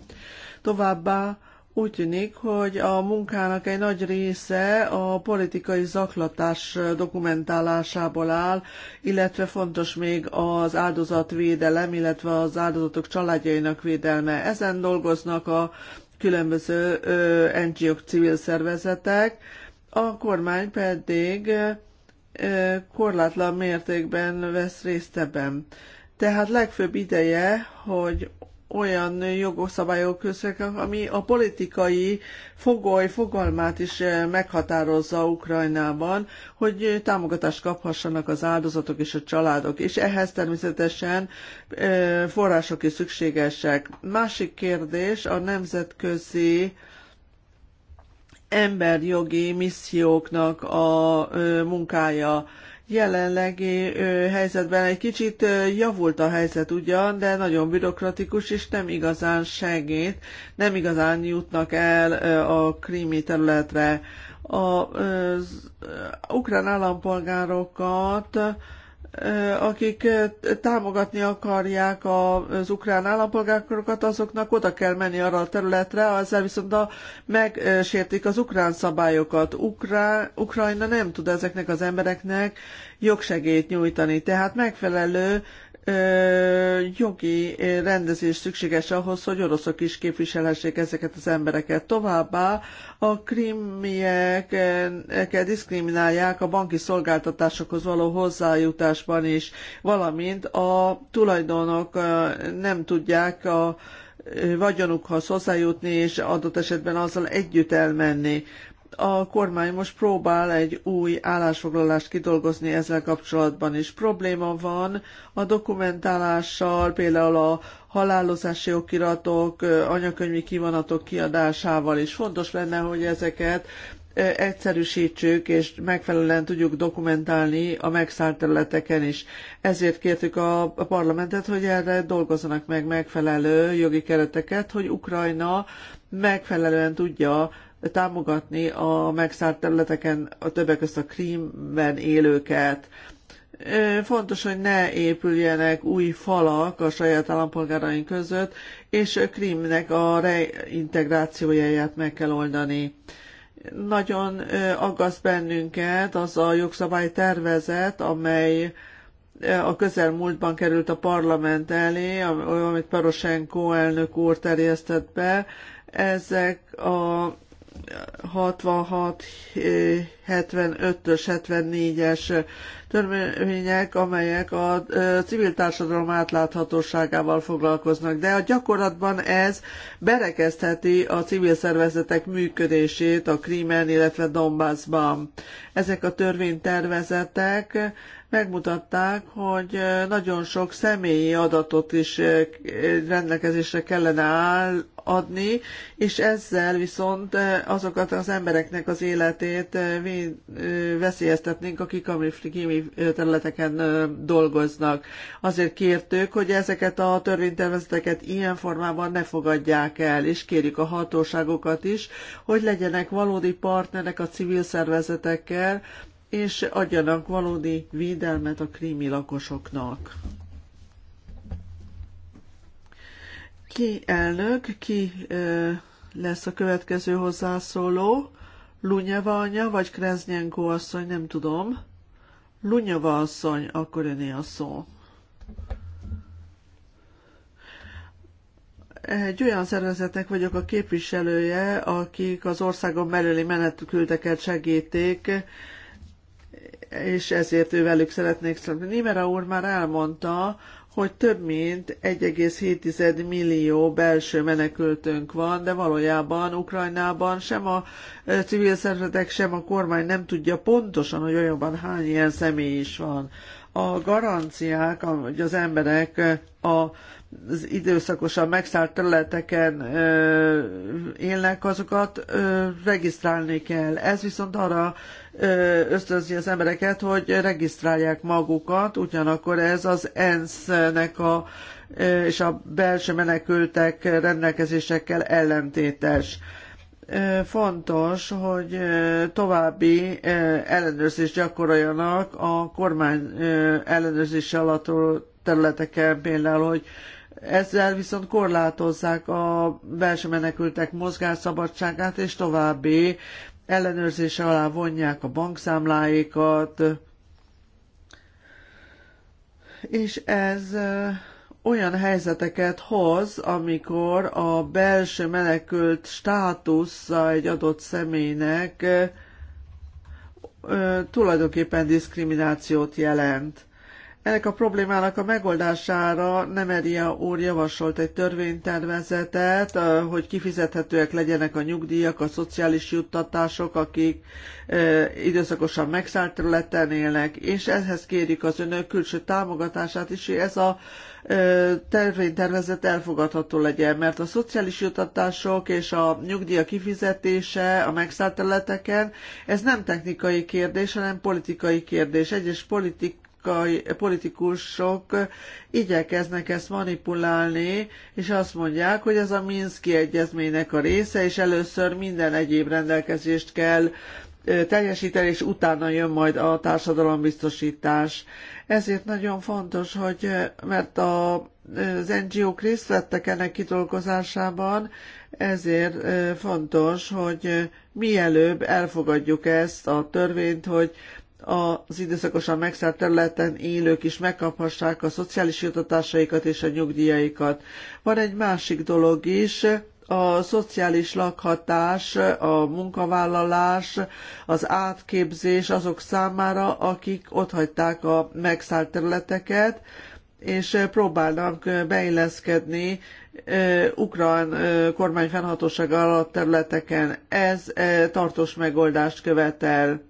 Továbbá úgy tűnik, hogy a munkának egy nagy része a politikai zaklatás dokumentálásából áll, illetve fontos még az áldozatvédelem, illetve az áldozatok családjainak védelme. Ezen dolgoznak a különböző NGO-k, civil szervezetek, a kormány pedig korlátlan mértékben vesz részt ebben. Tehát legfőbb ideje, hogy olyan szabályok közök, ami a politikai fogoly fogalmát is eh, meghatározza Ukrajnában, hogy támogatást kaphassanak az áldozatok és a családok, és ehhez természetesen eh, források is szükségesek. Másik kérdés a nemzetközi emberjogi misszióknak a eh, munkája jelenlegi helyzetben egy kicsit javult a helyzet ugyan, de nagyon bürokratikus, és nem igazán segít, nem igazán jutnak el a krími területre. A, az ukrán állampolgárokat akik támogatni akarják az ukrán állampolgárokat, azoknak oda kell menni arra a területre, ezzel viszont a, megsértik az ukrán szabályokat. Ukrán, Ukrajna nem tud ezeknek az embereknek jogsegélyt nyújtani, tehát megfelelő jogi rendezés szükséges ahhoz, hogy oroszok is képviselhessék ezeket az embereket. Továbbá a krimieket diszkriminálják a banki szolgáltatásokhoz való hozzájutásban is, valamint a tulajdonok nem tudják a vagyonukhoz hozzájutni, és adott esetben azzal együtt elmenni a kormány most próbál egy új állásfoglalást kidolgozni ezzel kapcsolatban is. Probléma van a dokumentálással, például a halálozási okiratok, anyakönyvi kivonatok kiadásával is. Fontos lenne, hogy ezeket e, egyszerűsítsük és megfelelően tudjuk dokumentálni a megszállt területeken is. Ezért kértük a parlamentet, hogy erre dolgozzanak meg megfelelő jogi kereteket, hogy Ukrajna megfelelően tudja támogatni a megszállt területeken, a többek között a Krímben élőket. Fontos, hogy ne épüljenek új falak a saját állampolgáraink között, és a Krímnek a reintegrációját meg kell oldani. Nagyon aggaszt bennünket az a jogszabálytervezet, amely a közelmúltban került a parlament elé, amit Parosenko elnök úr terjesztett be, ezek a 66, 75-ös, 74-es törvények, amelyek a eh, civil társadalom átláthatóságával foglalkoznak. De a gyakorlatban ez berekeztheti a civil szervezetek működését a Krímen, illetve Donbassban. Ezek a törvénytervezetek megmutatták, hogy nagyon sok személyi adatot is rendelkezésre kellene áll, adni, és ezzel viszont azokat az embereknek az életét veszélyeztetnénk, akik a kémiai területeken dolgoznak. Azért kértük, hogy ezeket a törvénytervezeteket ilyen formában ne fogadják el, és kérjük a hatóságokat is, hogy legyenek valódi partnerek a civil szervezetekkel, és adjanak valódi védelmet a krími lakosoknak. Ki elnök, ki ö, lesz a következő hozzászóló? Lunyava anya, vagy Kreznyenko asszony, nem tudom. Lunyava asszony, akkor öné a szó. Egy olyan szervezetnek vagyok a képviselője, akik az országon belüli menekülteket segíték és ezért ő velük szeretnék szólni. Nimera úr már elmondta, hogy több mint 1,7 millió belső menekültünk van, de valójában Ukrajnában sem a civil szervezetek, sem a kormány nem tudja pontosan, hogy olyanban hány ilyen személy is van. A garanciák, hogy az emberek a az időszakosan megszállt területeken ö, élnek, azokat ö, regisztrálni kell. Ez viszont arra ö, ösztönzi az embereket, hogy regisztrálják magukat, ugyanakkor ez az ENSZ-nek a, ö, és a belső menekültek rendelkezésekkel ellentétes. Fontos, hogy további ellenőrzést gyakoroljanak a kormány ellenőrzése alatt területeken, például, hogy ezzel viszont korlátozzák a belső menekültek mozgásszabadságát, és további ellenőrzése alá vonják a bankszámláikat, és ez olyan helyzeteket hoz, amikor a belső menekült státusza egy adott személynek tulajdonképpen diszkriminációt jelent. Ennek a problémának a megoldására Nemeria úr javasolt egy törvénytervezetet, hogy kifizethetőek legyenek a nyugdíjak, a szociális juttatások, akik időszakosan megszállt területen élnek, és ehhez kérik az önök külső támogatását is, hogy ez a törvénytervezet elfogadható legyen, mert a szociális jutatások és a nyugdíja kifizetése a megszállt területeken, ez nem technikai kérdés, hanem politikai kérdés. Egyes politik politikai, politikusok igyekeznek ezt manipulálni, és azt mondják, hogy ez a Minszki egyezménynek a része, és először minden egyéb rendelkezést kell teljesíteni, és utána jön majd a társadalombiztosítás. Ezért nagyon fontos, hogy mert a, az NGO-k részt vettek ennek kidolgozásában, ezért fontos, hogy mielőbb elfogadjuk ezt a törvényt, hogy az időszakosan megszállt területen élők is megkaphassák a szociális jutatásaikat és a nyugdíjaikat. Van egy másik dolog is, a szociális lakhatás, a munkavállalás, az átképzés azok számára, akik otthagyták a megszállt területeket, és próbálnak beilleszkedni ukrán kormány fennhatósága alatt területeken. Ez tartós megoldást követel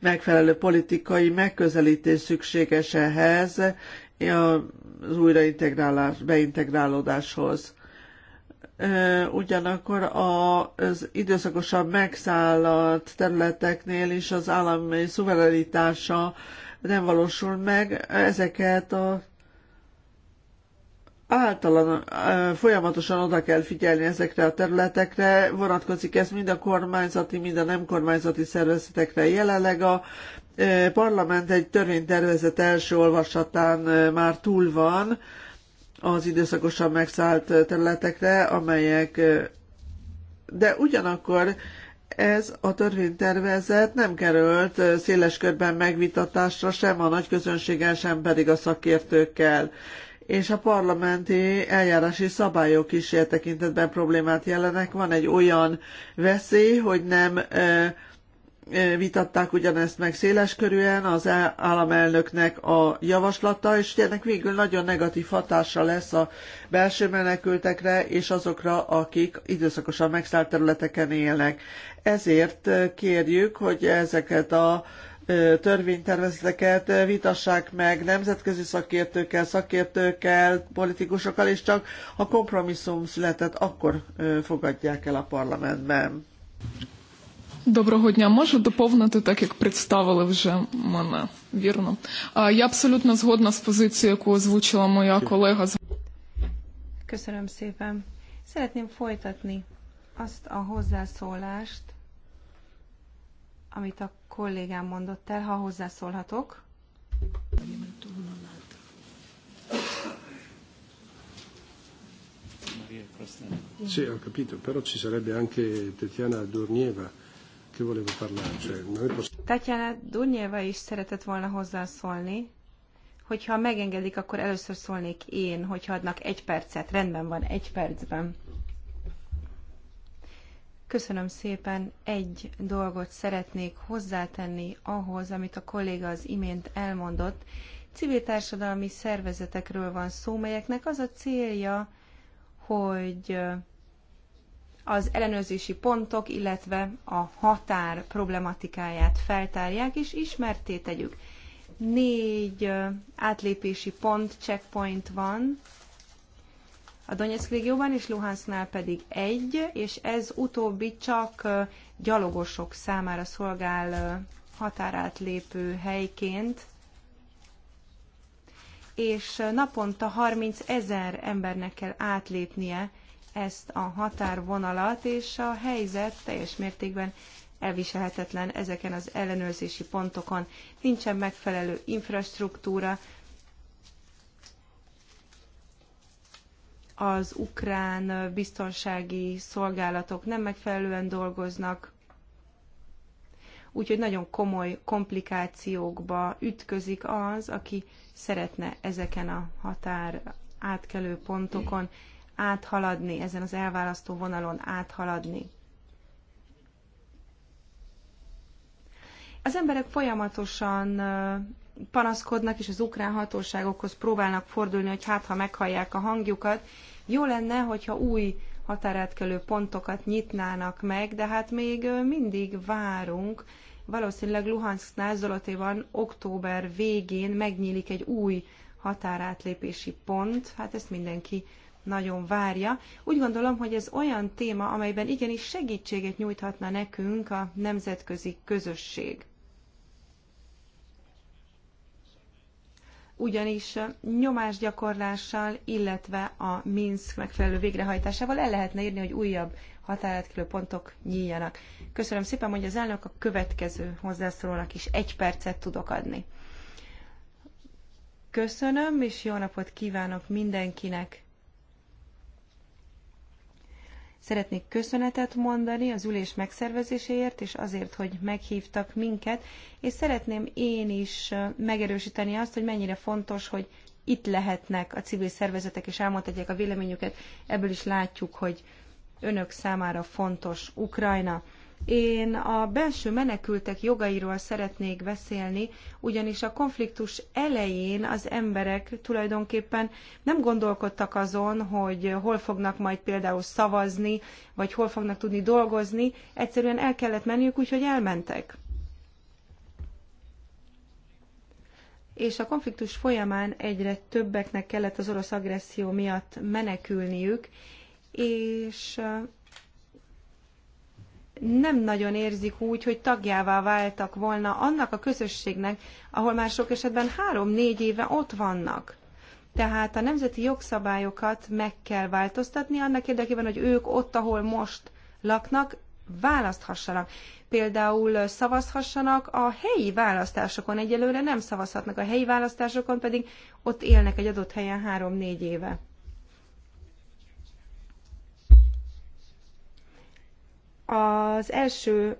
megfelelő politikai megközelítés szükséges ehhez az újraintegrálás, beintegrálódáshoz ugyanakkor az időszakosabb megszállott területeknél is az állami szuverenitása nem valósul meg, ezeket a általán folyamatosan oda kell figyelni ezekre a területekre, vonatkozik ez mind a kormányzati, mind a nem kormányzati szervezetekre. Jelenleg a parlament egy törvénytervezet első olvasatán már túl van az időszakosan megszállt területekre, amelyek de ugyanakkor ez a törvénytervezet nem került széles körben megvitatásra sem a nagy közönséggel, sem pedig a szakértőkkel és a parlamenti eljárási szabályok is ilyen tekintetben problémát jelenek. Van egy olyan veszély, hogy nem vitatták ugyanezt meg széleskörűen az államelnöknek a javaslata, és ennek végül nagyon negatív hatása lesz a belső menekültekre és azokra, akik időszakosan megszállt területeken élnek. Ezért kérjük, hogy ezeket a törvénytervezeteket vitassák meg nemzetközi szakértőkkel, szakértőkkel, politikusokkal, és csak ha kompromisszum született, akkor fogadják el a parlamentben. Доброго дня. Можу доповнити так, як представили вже мене. Вірно. Я абсолютно згодна з позицією, яку озвучила моя колега. Köszönöm szépen. Szeretném folytatni azt a hozzászólást, amit a kollégám mondott el, ha hozzászólhatok. Sì, ho capito, però ci sarebbe anche Tetiana Dornieva che voleva parlare. Cioè, noi possiamo... Tatjana Durnyeva is szeretett volna hozzászólni. Hogyha megengedik, akkor először szólnék én, hogyha adnak egy percet. Rendben van, egy percben. Köszönöm szépen. Egy dolgot szeretnék hozzátenni ahhoz, amit a kolléga az imént elmondott. Civil társadalmi szervezetekről van szó, melyeknek az a célja, hogy az ellenőrzési pontok, illetve a határ problematikáját feltárják és ismerté tegyük. Négy átlépési pont, checkpoint van, a Donetsk régióban, és Luhansknál pedig egy, és ez utóbbi csak gyalogosok számára szolgál határátlépő helyként, és naponta 30 ezer embernek kell átlépnie ezt a határvonalat, és a helyzet teljes mértékben elviselhetetlen ezeken az ellenőrzési pontokon. Nincsen megfelelő infrastruktúra, az ukrán biztonsági szolgálatok nem megfelelően dolgoznak, úgyhogy nagyon komoly komplikációkba ütközik az, aki szeretne ezeken a határ átkelő pontokon áthaladni, ezen az elválasztó vonalon áthaladni. Az emberek folyamatosan panaszkodnak, és az ukrán hatóságokhoz próbálnak fordulni, hogy hát ha meghallják a hangjukat, jó lenne, hogyha új határátkelő pontokat nyitnának meg, de hát még mindig várunk. Valószínűleg Luhansknál Zolotéban október végén megnyílik egy új határátlépési pont, hát ezt mindenki nagyon várja. Úgy gondolom, hogy ez olyan téma, amelyben igenis segítséget nyújthatna nekünk a nemzetközi közösség. ugyanis nyomásgyakorlással, illetve a Minsk megfelelő végrehajtásával el lehetne írni, hogy újabb határátkelő pontok nyíljanak. Köszönöm szépen, hogy az elnök a következő hozzászólónak is egy percet tudok adni. Köszönöm, és jó napot kívánok mindenkinek! Szeretnék köszönetet mondani az ülés megszervezéséért, és azért, hogy meghívtak minket, és szeretném én is megerősíteni azt, hogy mennyire fontos, hogy itt lehetnek a civil szervezetek, és elmondhatják a véleményüket. Ebből is látjuk, hogy önök számára fontos Ukrajna. Én a belső menekültek jogairól szeretnék beszélni, ugyanis a konfliktus elején az emberek tulajdonképpen nem gondolkodtak azon, hogy hol fognak majd például szavazni, vagy hol fognak tudni dolgozni. Egyszerűen el kellett menniük, úgyhogy elmentek. és a konfliktus folyamán egyre többeknek kellett az orosz agresszió miatt menekülniük, és nem nagyon érzik úgy, hogy tagjává váltak volna annak a közösségnek, ahol már sok esetben három-négy éve ott vannak. Tehát a nemzeti jogszabályokat meg kell változtatni annak érdekében, hogy ők ott, ahol most laknak, választhassanak. Például szavazhassanak a helyi választásokon, egyelőre nem szavazhatnak a helyi választásokon, pedig ott élnek egy adott helyen három-négy éve. Az első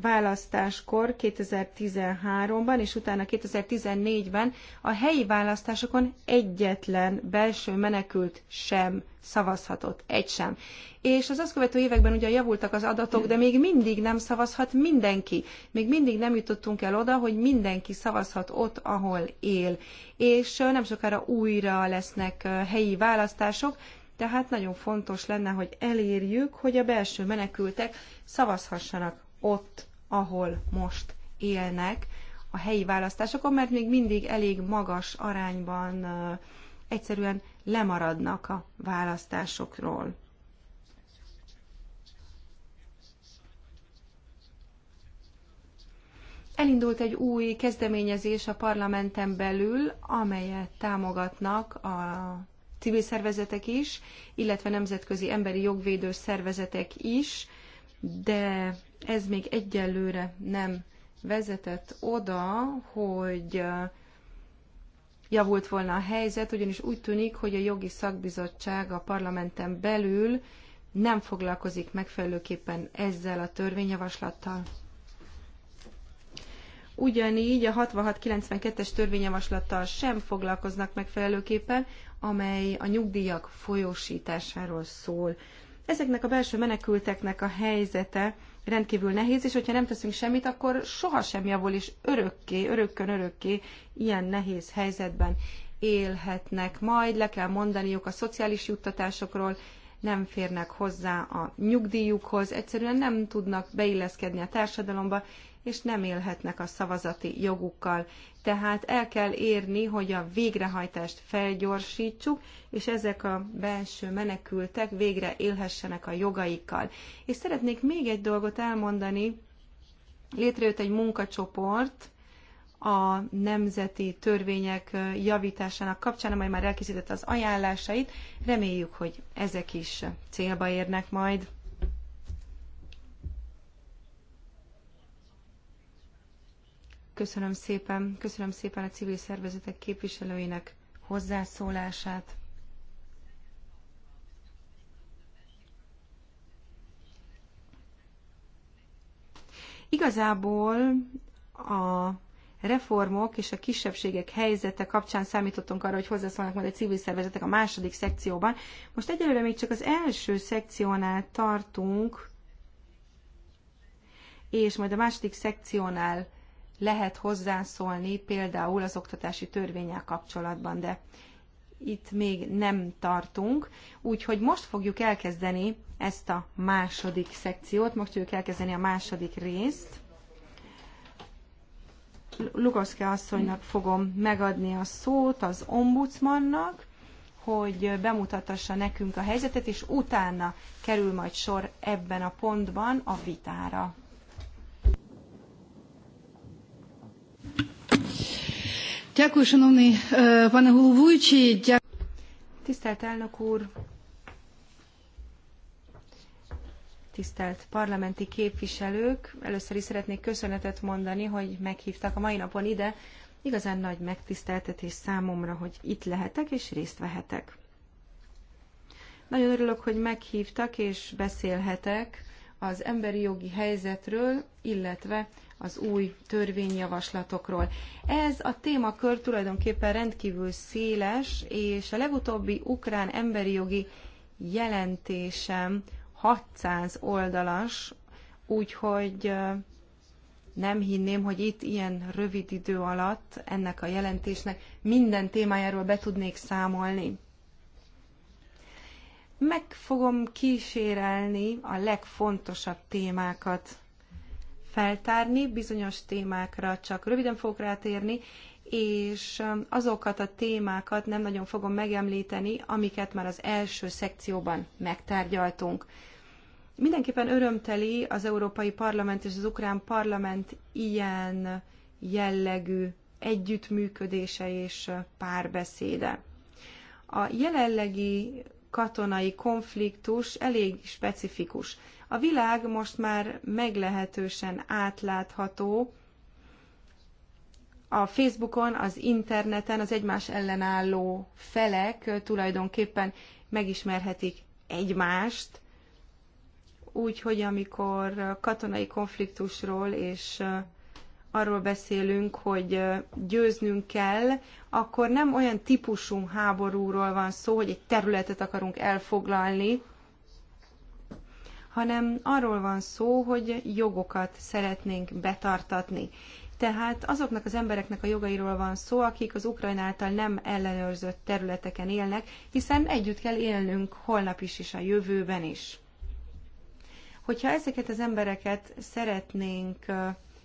választáskor 2013-ban és utána 2014-ben a helyi választásokon egyetlen belső menekült sem szavazhatott, egy sem. És az azt követő években ugye javultak az adatok, de még mindig nem szavazhat mindenki. Még mindig nem jutottunk el oda, hogy mindenki szavazhat ott, ahol él. És nem sokára újra lesznek helyi választások, tehát nagyon fontos lenne, hogy elérjük, hogy a belső menekültek szavazhassanak ott, ahol most élnek a helyi választásokon, mert még mindig elég magas arányban egyszerűen lemaradnak a választásokról. Elindult egy új kezdeményezés a parlamenten belül, amelyet támogatnak a civil szervezetek is, illetve nemzetközi emberi jogvédő szervezetek is, de ez még egyelőre nem vezetett oda, hogy javult volna a helyzet, ugyanis úgy tűnik, hogy a jogi szakbizottság a parlamenten belül nem foglalkozik megfelelőképpen ezzel a törvényjavaslattal. Ugyanígy a 66-92-es törvényjavaslattal sem foglalkoznak megfelelőképpen, amely a nyugdíjak folyósításáról szól. Ezeknek a belső menekülteknek a helyzete rendkívül nehéz, és hogyha nem teszünk semmit, akkor sohasem javul, és örökké, örökkön örökké ilyen nehéz helyzetben élhetnek. Majd le kell mondaniuk a szociális juttatásokról, nem férnek hozzá a nyugdíjukhoz, egyszerűen nem tudnak beilleszkedni a társadalomba, és nem élhetnek a szavazati jogukkal. Tehát el kell érni, hogy a végrehajtást felgyorsítsuk, és ezek a belső menekültek végre élhessenek a jogaikkal. És szeretnék még egy dolgot elmondani. Létrejött egy munkacsoport, a nemzeti törvények javításának kapcsán, amely már elkészített az ajánlásait. Reméljük, hogy ezek is célba érnek majd. Köszönöm szépen, köszönöm szépen a civil szervezetek képviselőinek hozzászólását. Igazából a reformok és a kisebbségek helyzete kapcsán számítottunk arra, hogy hozzászólnak majd a civil szervezetek a második szekcióban. Most egyelőre még csak az első szekciónál tartunk, és majd a második szekciónál lehet hozzászólni például az oktatási törvényel kapcsolatban, de itt még nem tartunk, úgyhogy most fogjuk elkezdeni ezt a második szekciót, most fogjuk elkezdeni a második részt. Lukaszke asszonynak fogom megadni a szót az ombudsmannak, hogy bemutatassa nekünk a helyzetet, és utána kerül majd sor ebben a pontban a vitára. Дякую, шановний пане головуючий. Tisztelt elnök úr, tisztelt parlamenti képviselők! Először is szeretnék köszönetet mondani, hogy meghívtak a mai napon ide. Igazán nagy megtiszteltetés számomra, hogy itt lehetek és részt vehetek. Nagyon örülök, hogy meghívtak és beszélhetek az emberi jogi helyzetről, illetve az új törvényjavaslatokról. Ez a témakör tulajdonképpen rendkívül széles, és a legutóbbi ukrán emberi jogi jelentésem 600 oldalas, úgyhogy nem hinném, hogy itt ilyen rövid idő alatt ennek a jelentésnek minden témájáról be tudnék számolni. Meg fogom kísérelni a legfontosabb témákat feltárni, bizonyos témákra csak röviden fogok rátérni, és um, azokat a témákat nem nagyon fogom megemlíteni, amiket már az első szekcióban megtárgyaltunk. Mindenképpen örömteli az Európai Parlament és az Ukrán Parlament ilyen jellegű együttműködése és párbeszéde. A jelenlegi katonai konfliktus elég specifikus. A világ most már meglehetősen átlátható, a Facebookon, az interneten az egymás ellenálló felek tulajdonképpen megismerhetik egymást, úgyhogy amikor katonai konfliktusról és arról beszélünk, hogy győznünk kell, akkor nem olyan típusú háborúról van szó, hogy egy területet akarunk elfoglalni, hanem arról van szó, hogy jogokat szeretnénk betartatni. Tehát azoknak az embereknek a jogairól van szó, akik az Ukrajna által nem ellenőrzött területeken élnek, hiszen együtt kell élnünk holnap is és a jövőben is. Hogyha ezeket az embereket szeretnénk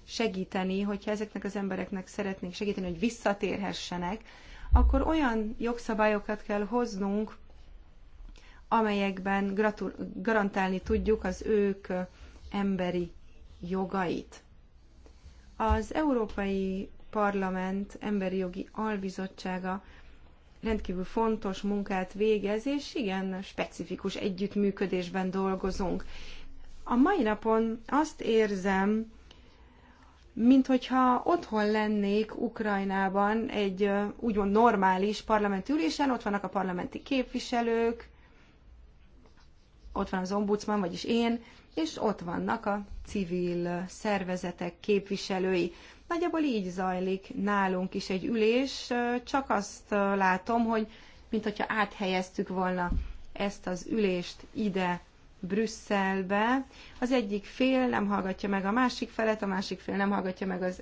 segíteni, hogyha ezeknek az embereknek szeretnénk segíteni, hogy visszatérhessenek, akkor olyan jogszabályokat kell hoznunk, amelyekben garantálni tudjuk az ők emberi jogait. Az Európai Parlament Emberi Jogi Albizottsága rendkívül fontos munkát végez, és igen, specifikus együttműködésben dolgozunk. A mai napon azt érzem, mint hogyha otthon lennék Ukrajnában egy úgymond normális parlamenti ülésen, ott vannak a parlamenti képviselők, ott van az ombudsman, vagyis én, és ott vannak a civil szervezetek képviselői. Nagyjából így zajlik nálunk is egy ülés, csak azt látom, hogy mint hogyha áthelyeztük volna ezt az ülést ide Brüsszelbe. Az egyik fél nem hallgatja meg a másik felet, a másik fél nem hallgatja meg az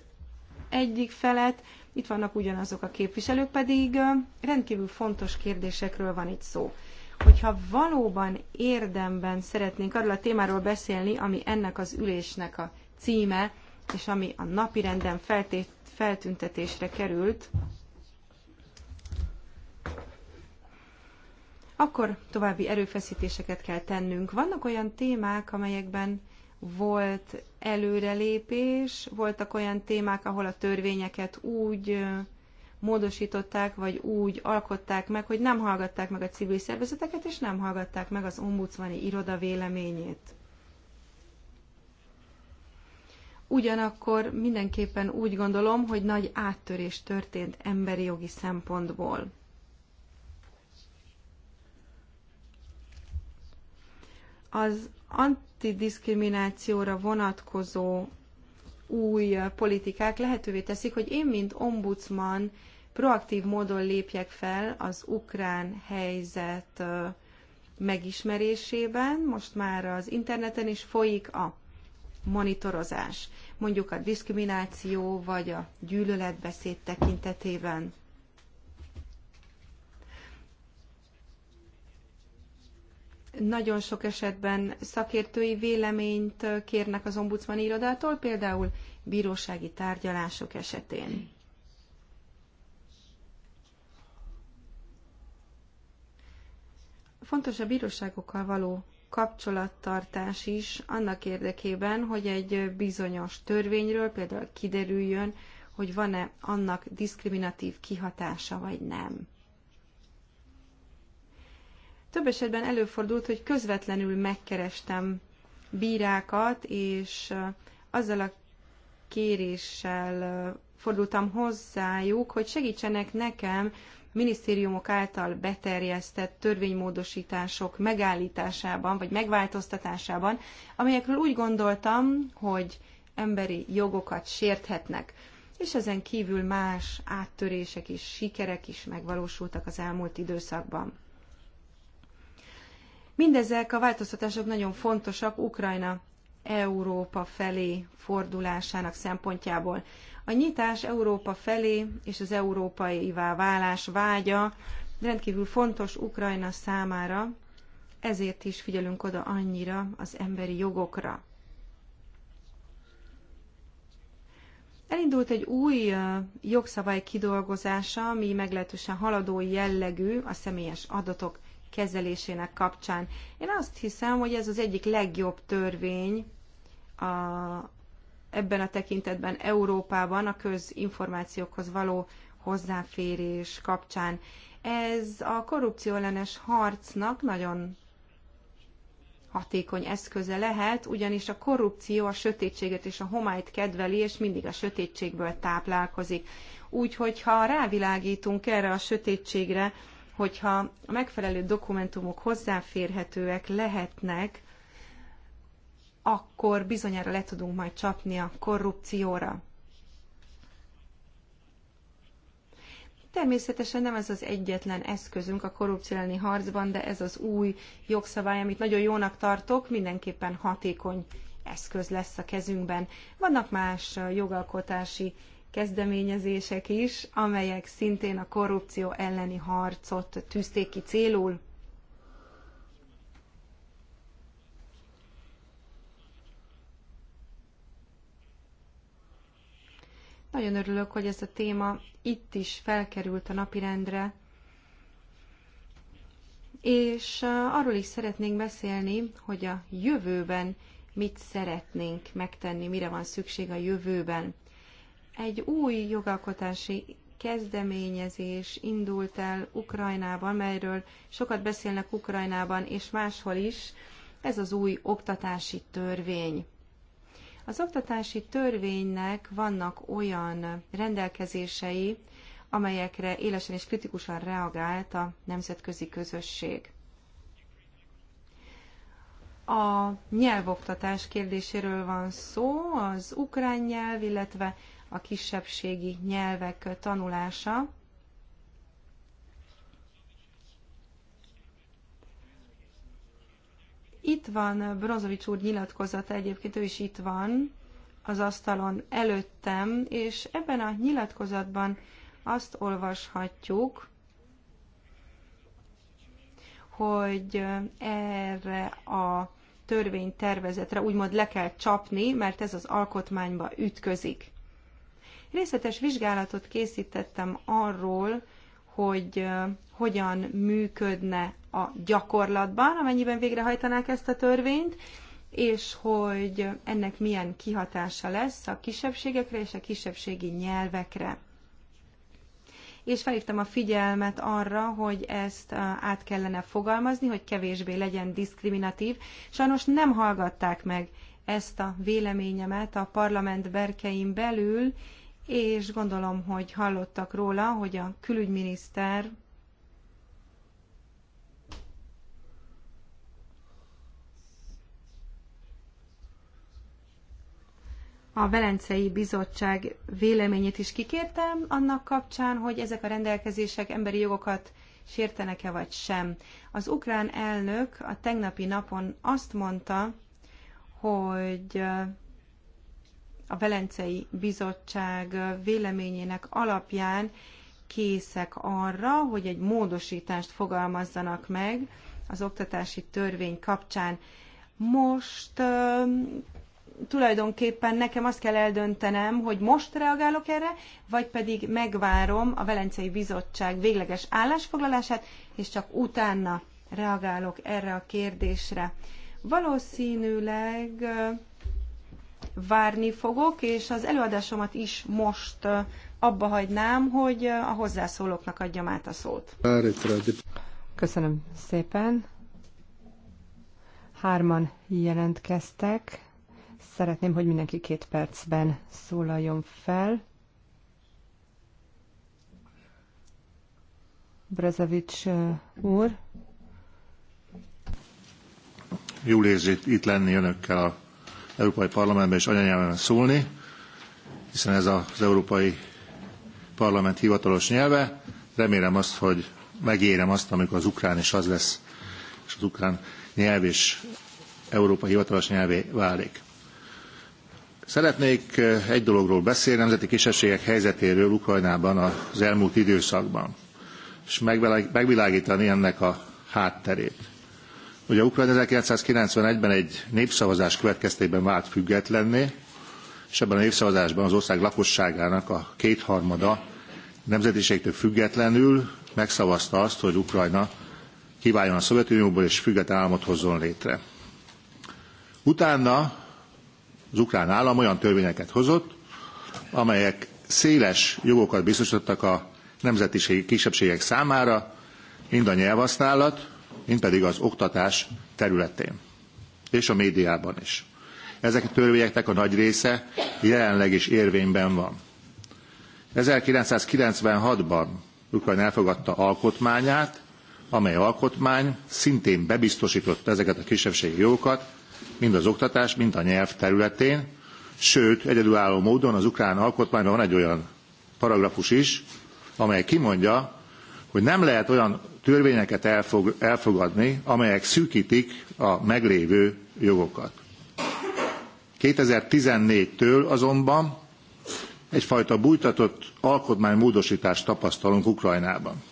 egyik felet. Itt vannak ugyanazok a képviselők, pedig rendkívül fontos kérdésekről van itt szó hogyha valóban érdemben szeretnénk arról a témáról beszélni, ami ennek az ülésnek a címe, és ami a napirenden renden feltüntetésre került, akkor további erőfeszítéseket kell tennünk. Vannak olyan témák, amelyekben volt előrelépés, voltak olyan témák, ahol a törvényeket úgy módosították, vagy úgy alkották meg, hogy nem hallgatták meg a civil szervezeteket, és nem hallgatták meg az ombudsmani iroda véleményét. Ugyanakkor mindenképpen úgy gondolom, hogy nagy áttörés történt emberi jogi szempontból. Az antidiskriminációra vonatkozó új politikák lehetővé teszik, hogy én, mint ombudsman proaktív módon lépjek fel az ukrán helyzet megismerésében. Most már az interneten is folyik a monitorozás, mondjuk a diszkrimináció vagy a gyűlöletbeszéd tekintetében. Nagyon sok esetben szakértői véleményt kérnek az ombudsman irodától, például bírósági tárgyalások esetén. Fontos a bíróságokkal való kapcsolattartás is annak érdekében, hogy egy bizonyos törvényről például kiderüljön, hogy van-e annak diszkriminatív kihatása, vagy nem. Több esetben előfordult, hogy közvetlenül megkerestem bírákat, és uh, azzal a kéréssel uh, fordultam hozzájuk, hogy segítsenek nekem minisztériumok által beterjesztett törvénymódosítások megállításában vagy megváltoztatásában, amelyekről úgy gondoltam, hogy emberi jogokat sérthetnek. És ezen kívül más áttörések és sikerek is megvalósultak az elmúlt időszakban. Mindezek a változtatások nagyon fontosak Ukrajna Európa felé fordulásának szempontjából. A nyitás Európa felé és az európaivá válás vágya rendkívül fontos Ukrajna számára, ezért is figyelünk oda annyira az emberi jogokra. Elindult egy új jogszabály kidolgozása, ami meglehetősen haladó jellegű a személyes adatok kezelésének kapcsán. Én azt hiszem, hogy ez az egyik legjobb törvény a, ebben a tekintetben Európában a közinformációkhoz való hozzáférés kapcsán. Ez a korrupció ellenes harcnak nagyon hatékony eszköze lehet, ugyanis a korrupció a sötétséget és a homályt kedveli, és mindig a sötétségből táplálkozik. Úgyhogy ha rávilágítunk erre a sötétségre, hogyha a megfelelő dokumentumok hozzáférhetőek lehetnek, akkor bizonyára le tudunk majd csapni a korrupcióra. Természetesen nem ez az egyetlen eszközünk a korrupció harcban, de ez az új jogszabály, amit nagyon jónak tartok, mindenképpen hatékony eszköz lesz a kezünkben. Vannak más jogalkotási kezdeményezések is, amelyek szintén a korrupció elleni harcot tűzték ki célul. Nagyon örülök, hogy ez a téma itt is felkerült a napirendre, és arról is szeretnénk beszélni, hogy a jövőben mit szeretnénk megtenni, mire van szükség a jövőben. Egy új jogalkotási kezdeményezés indult el Ukrajnában, melyről sokat beszélnek Ukrajnában és máshol is, ez az új oktatási törvény. Az oktatási törvénynek vannak olyan rendelkezései, amelyekre élesen és kritikusan reagált a nemzetközi közösség. A nyelvoktatás kérdéséről van szó, az ukrán nyelv, illetve a kisebbségi nyelvek tanulása Itt van Brozovics úr nyilatkozata, egyébként ő is itt van az asztalon előttem, és ebben a nyilatkozatban azt olvashatjuk, hogy erre a törvénytervezetre úgymond le kell csapni, mert ez az alkotmányba ütközik. Részletes vizsgálatot készítettem arról, hogy hogyan működne a gyakorlatban, amennyiben végrehajtanák ezt a törvényt, és hogy ennek milyen kihatása lesz a kisebbségekre és a kisebbségi nyelvekre. És felhívtam a figyelmet arra, hogy ezt át kellene fogalmazni, hogy kevésbé legyen diszkriminatív. Sajnos nem hallgatták meg ezt a véleményemet a parlament berkein belül, és gondolom, hogy hallottak róla, hogy a külügyminiszter a Velencei Bizottság véleményét is kikértem annak kapcsán, hogy ezek a rendelkezések emberi jogokat sértenek-e vagy sem. Az ukrán elnök a tegnapi napon azt mondta, hogy a Velencei Bizottság véleményének alapján készek arra, hogy egy módosítást fogalmazzanak meg az oktatási törvény kapcsán. Most tulajdonképpen nekem azt kell eldöntenem, hogy most reagálok erre, vagy pedig megvárom a Velencei Bizottság végleges állásfoglalását, és csak utána reagálok erre a kérdésre. Valószínűleg várni fogok, és az előadásomat is most abba hagynám, hogy a hozzászólóknak adjam át a szót. Köszönöm szépen. Hárman jelentkeztek. Szeretném, hogy mindenki két percben szólaljon fel. Brezevics úr. Jól érzi itt lenni önökkel a Európai Parlamentben és anyanyelven szólni, hiszen ez az Európai Parlament hivatalos nyelve. Remélem azt, hogy megérem azt, amikor az ukrán is az lesz, és az ukrán nyelv is Európa hivatalos nyelvé válik. Szeretnék egy dologról beszélni, nemzeti kisebbségek helyzetéről Ukrajnában az elmúlt időszakban, és megvilágítani ennek a hátterét. Ugye Ukrajna 1991-ben egy népszavazás következtében vált függetlenné, és ebben a népszavazásban az ország lakosságának a kétharmada nemzetiségtől függetlenül megszavazta azt, hogy Ukrajna kiváljon a Szovjetunióból és független államot hozzon létre. Utána az ukrán állam olyan törvényeket hozott, amelyek széles jogokat biztosítottak a nemzetiségi kisebbségek számára, mind a nyelvhasználat, mind pedig az oktatás területén, és a médiában is. Ezek a törvényeknek a nagy része jelenleg is érvényben van. 1996-ban Ukrajna elfogadta alkotmányát, amely alkotmány szintén bebiztosította ezeket a kisebbségi jogokat, mind az oktatás, mind a nyelv területén, sőt, egyedülálló módon az ukrán alkotmányban van egy olyan paragrafus is, amely kimondja, hogy nem lehet olyan törvényeket elfog, elfogadni, amelyek szűkítik a meglévő jogokat. 2014-től azonban egyfajta bújtatott alkotmánymódosítást tapasztalunk Ukrajnában.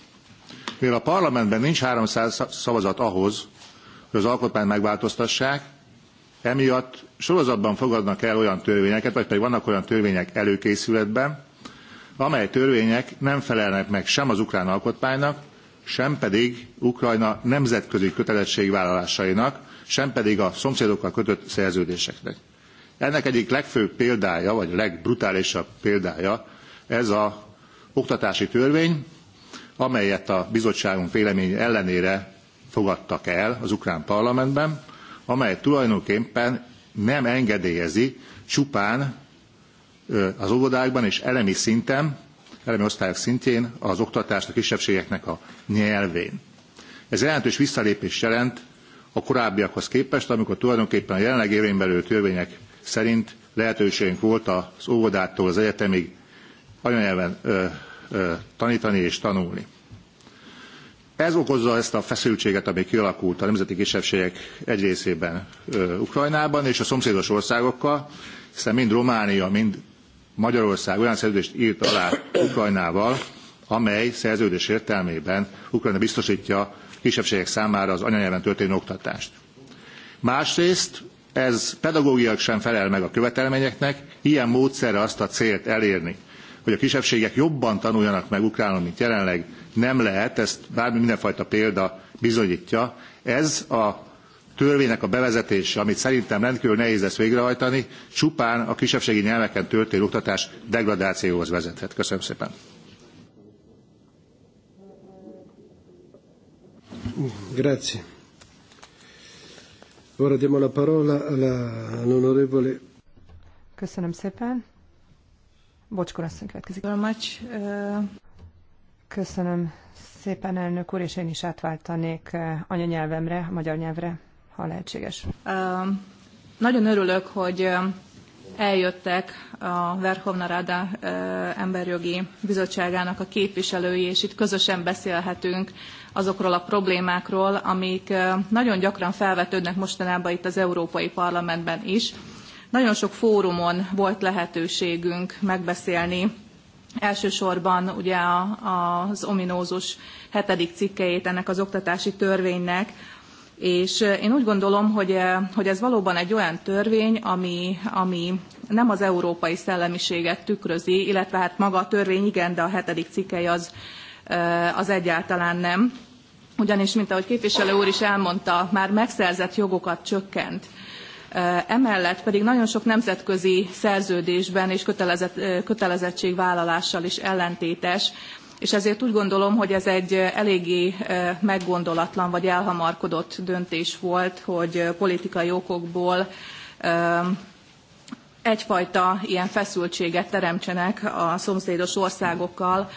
Mivel a parlamentben nincs 300 szavazat ahhoz, hogy az alkotmányt megváltoztassák, Emiatt sorozatban fogadnak el olyan törvényeket, vagy pedig vannak olyan törvények előkészületben, amely törvények nem felelnek meg sem az ukrán alkotmánynak, sem pedig Ukrajna nemzetközi kötelezettségvállalásainak, sem pedig a szomszédokkal kötött szerződéseknek. Ennek egyik legfőbb példája, vagy a legbrutálisabb példája ez a oktatási törvény, amelyet a bizottságunk véleménye ellenére fogadtak el az ukrán parlamentben, amely tulajdonképpen nem engedélyezi csupán az óvodákban és elemi szinten, elemi osztályok szintjén az oktatást a kisebbségeknek a nyelvén. Ez jelentős visszalépés jelent a korábbiakhoz képest, amikor tulajdonképpen a jelenleg érvényben törvények szerint lehetőségünk volt az óvodától az egyetemig anyanyelven ö, ö, tanítani és tanulni. Ez okozza ezt a feszültséget, ami kialakult a nemzeti kisebbségek egy részében Ukrajnában és a szomszédos országokkal, hiszen mind Románia, mind Magyarország olyan szerződést írt alá Ukrajnával, amely szerződés értelmében Ukrajna biztosítja kisebbségek számára az anyanyelven történő oktatást. Másrészt ez pedagógiak sem felel meg a követelményeknek, ilyen módszerre azt a célt elérni, hogy a kisebbségek jobban tanuljanak meg ukránul, mint jelenleg, nem lehet, ezt bármi mindenfajta példa bizonyítja. Ez a törvénynek a bevezetése, amit szerintem rendkívül nehéz lesz végrehajtani, csupán a kisebbségi nyelveken történő oktatás degradációhoz vezethet. Köszönöm szépen. Grazie. Ora diamo la parola all'onorevole. Köszönöm szépen. Bocskor asszony következik. Uh, Köszönöm szépen, elnök úr, és én is átváltanék uh, anyanyelvemre, magyar nyelvre, ha lehetséges. Um, nagyon örülök, hogy um, eljöttek a Verhovna Rada uh, emberjogi bizottságának a képviselői, és itt közösen beszélhetünk azokról a problémákról, amik nagyon gyakran felvetődnek mostanában itt az Európai Parlamentben is nagyon sok fórumon volt lehetőségünk megbeszélni elsősorban ugye az ominózus hetedik cikkejét ennek az oktatási törvénynek, és eh, én úgy gondolom, hogy, eh, hogy ez valóban egy olyan törvény, ami, ami nem az európai szellemiséget tükrözi, illetve hát maga a törvény igen, de a hetedik cikkely az, eh, az egyáltalán nem. Ugyanis, mint ahogy képviselő úr is elmondta, már megszerzett jogokat csökkent Emellett pedig nagyon sok nemzetközi szerződésben és kötelezettségvállalással is ellentétes, és ezért úgy gondolom, hogy ez egy eléggé meggondolatlan vagy elhamarkodott döntés volt, hogy politikai okokból egyfajta ilyen feszültséget teremtsenek a szomszédos országokkal,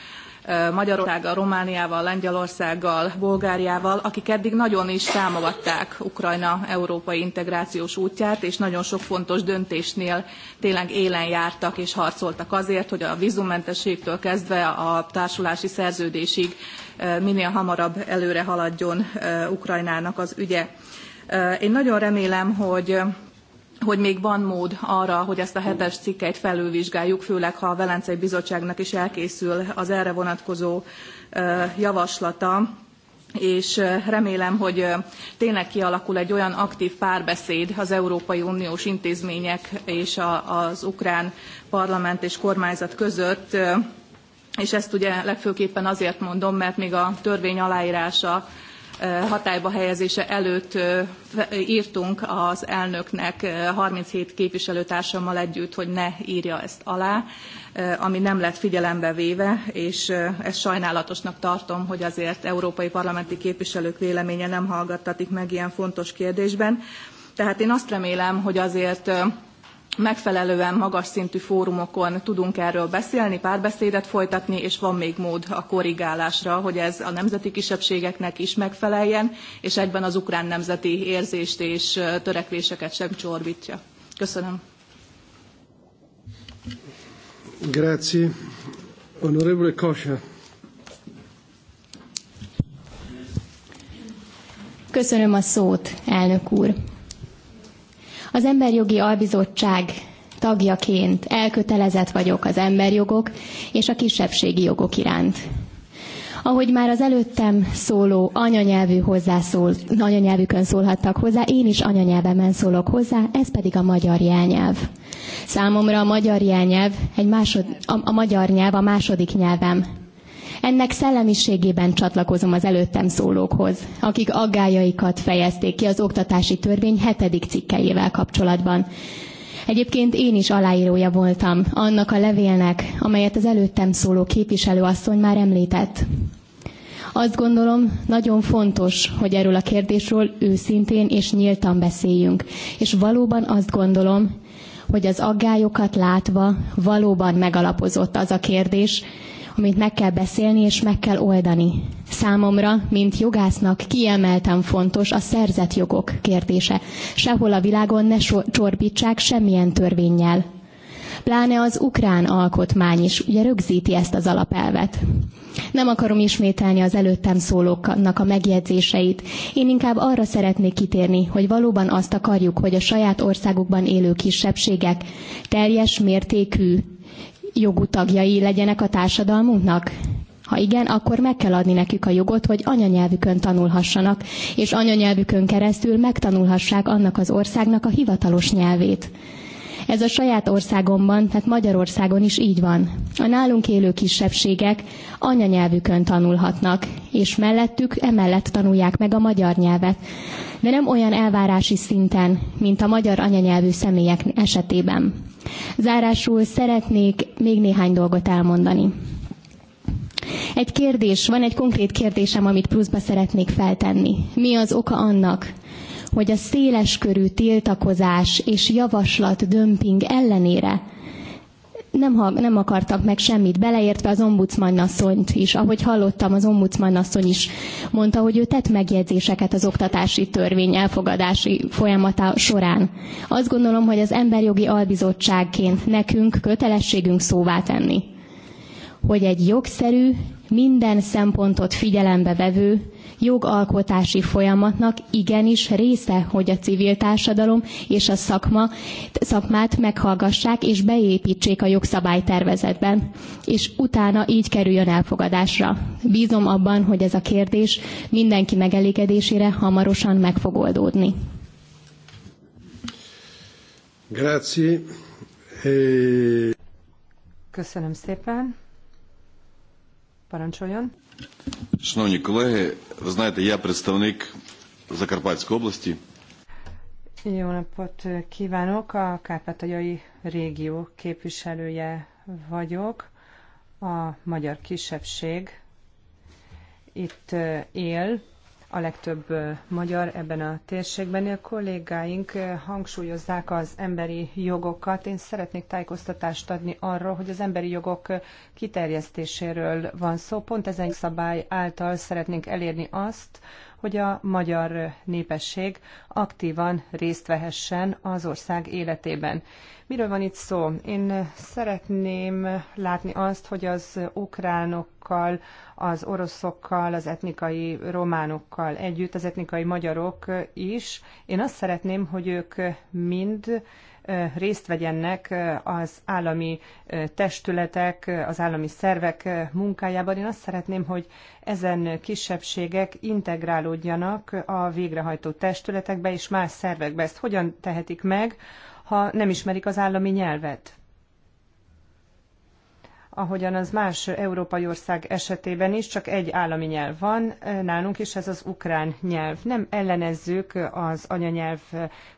Magyarországgal, Romániával, Lengyelországgal, Bulgáriával, akik eddig nagyon is támogatták Ukrajna európai integrációs útját, és nagyon sok fontos döntésnél tényleg élen jártak és harcoltak azért, hogy a vízummentességtől kezdve a társulási szerződésig minél hamarabb előre haladjon Ukrajnának az ügye. Én nagyon remélem, hogy hogy még van mód arra, hogy ezt a hetes cikket felülvizsgáljuk, főleg ha a Velencei Bizottságnak is elkészül az erre vonatkozó javaslata és remélem, hogy tényleg kialakul egy olyan aktív párbeszéd az Európai Uniós intézmények és az ukrán parlament és kormányzat között, és ezt ugye legfőképpen azért mondom, mert még a törvény aláírása hatályba helyezése előtt írtunk az elnöknek 37 képviselőtársammal együtt, hogy ne írja ezt alá, ami nem lett figyelembe véve, és ezt sajnálatosnak tartom, hogy azért európai parlamenti képviselők véleménye nem hallgattatik meg ilyen fontos kérdésben. Tehát én azt remélem, hogy azért megfelelően magas szintű fórumokon tudunk erről beszélni, párbeszédet folytatni, és van még mód a korrigálásra, hogy ez a nemzeti kisebbségeknek is megfeleljen, és egyben az ukrán nemzeti érzést és törekvéseket sem csorbítja. Köszönöm. Grazie. Onorevole Kosha. Köszönöm a szót, elnök úr. Az Emberjogi Albizottság tagjaként elkötelezett vagyok az emberjogok és a kisebbségi jogok iránt. Ahogy már az előttem szóló anyanyelvű hozzászól, anyanyelvükön szólhattak hozzá, én is anyanyelvemen szólok hozzá, ez pedig a magyar jelnyelv. Számomra a magyar jelnyelv, egy másod, a, a magyar nyelv a második nyelvem, ennek szellemiségében csatlakozom az előttem szólókhoz, akik aggájaikat fejezték ki az oktatási törvény hetedik cikkeivel kapcsolatban. Egyébként én is aláírója voltam annak a levélnek, amelyet az előttem szóló képviselőasszony már említett. Azt gondolom, nagyon fontos, hogy erről a kérdésről őszintén és nyíltan beszéljünk. És valóban azt gondolom, hogy az aggályokat látva valóban megalapozott az a kérdés, amit meg kell beszélni és meg kell oldani. Számomra, mint jogásznak kiemelten fontos a szerzett jogok kérdése. Sehol a világon ne so- csorbítsák semmilyen törvényjel. Pláne az ukrán alkotmány is ugye rögzíti ezt az alapelvet. Nem akarom ismételni az előttem szólóknak a megjegyzéseit. Én inkább arra szeretnék kitérni, hogy valóban azt akarjuk, hogy a saját országukban élő kisebbségek teljes mértékű jogú tagjai legyenek a társadalmunknak? Ha igen, akkor meg kell adni nekik a jogot, hogy anyanyelvükön tanulhassanak, és anyanyelvükön keresztül megtanulhassák annak az országnak a hivatalos nyelvét. Ez a saját országomban, tehát Magyarországon is így van. A nálunk élő kisebbségek anyanyelvükön tanulhatnak, és mellettük emellett tanulják meg a magyar nyelvet de nem olyan elvárási szinten, mint a magyar anyanyelvű személyek esetében. Zárásul szeretnék még néhány dolgot elmondani. Egy kérdés, van egy konkrét kérdésem, amit pluszba szeretnék feltenni. Mi az oka annak, hogy a széleskörű tiltakozás és javaslat dömping ellenére nem, nem akartak meg semmit, beleértve az ombudsman asszonyt is. Ahogy hallottam, az ombudsman asszony is mondta, hogy ő tett megjegyzéseket az oktatási törvény elfogadási folyamata során. Azt gondolom, hogy az Emberjogi Albizottságként nekünk kötelességünk szóvá tenni, hogy egy jogszerű, minden szempontot figyelembe vevő jogalkotási folyamatnak igenis része, hogy a civil társadalom és a szakma, szakmát meghallgassák és beépítsék a jogszabálytervezetben, és utána így kerüljön elfogadásra. Bízom abban, hogy ez a kérdés mindenki megelégedésére hamarosan meg fog oldódni. Grazie. E- Köszönöm szépen. Parancsoljon. Шановні колеги, ви знаєте, я представник Закарпатської області. Jó napot kívánok! A Kárpátaljai régió képviselője vagyok. A magyar kisebbség itt eh, él, a legtöbb magyar ebben a térségben A Kollégáink hangsúlyozzák az emberi jogokat. Én szeretnék tájékoztatást adni arról, hogy az emberi jogok kiterjesztéséről van szó. Pont ezen szabály által szeretnénk elérni azt, hogy a magyar népesség aktívan részt vehessen az ország életében. Miről van itt szó? Én szeretném látni azt, hogy az ukránokkal, az oroszokkal, az etnikai románokkal együtt, az etnikai magyarok is. Én azt szeretném, hogy ők mind részt vegyenek az állami testületek, az állami szervek munkájában. Én azt szeretném, hogy ezen kisebbségek integrálódjanak a végrehajtó testületekbe és más szervekbe. Ezt hogyan tehetik meg, ha nem ismerik az állami nyelvet? ahogyan az más európai ország esetében is, csak egy állami nyelv van eh, nálunk is, ez az ukrán nyelv. Nem ellenezzük az anyanyelv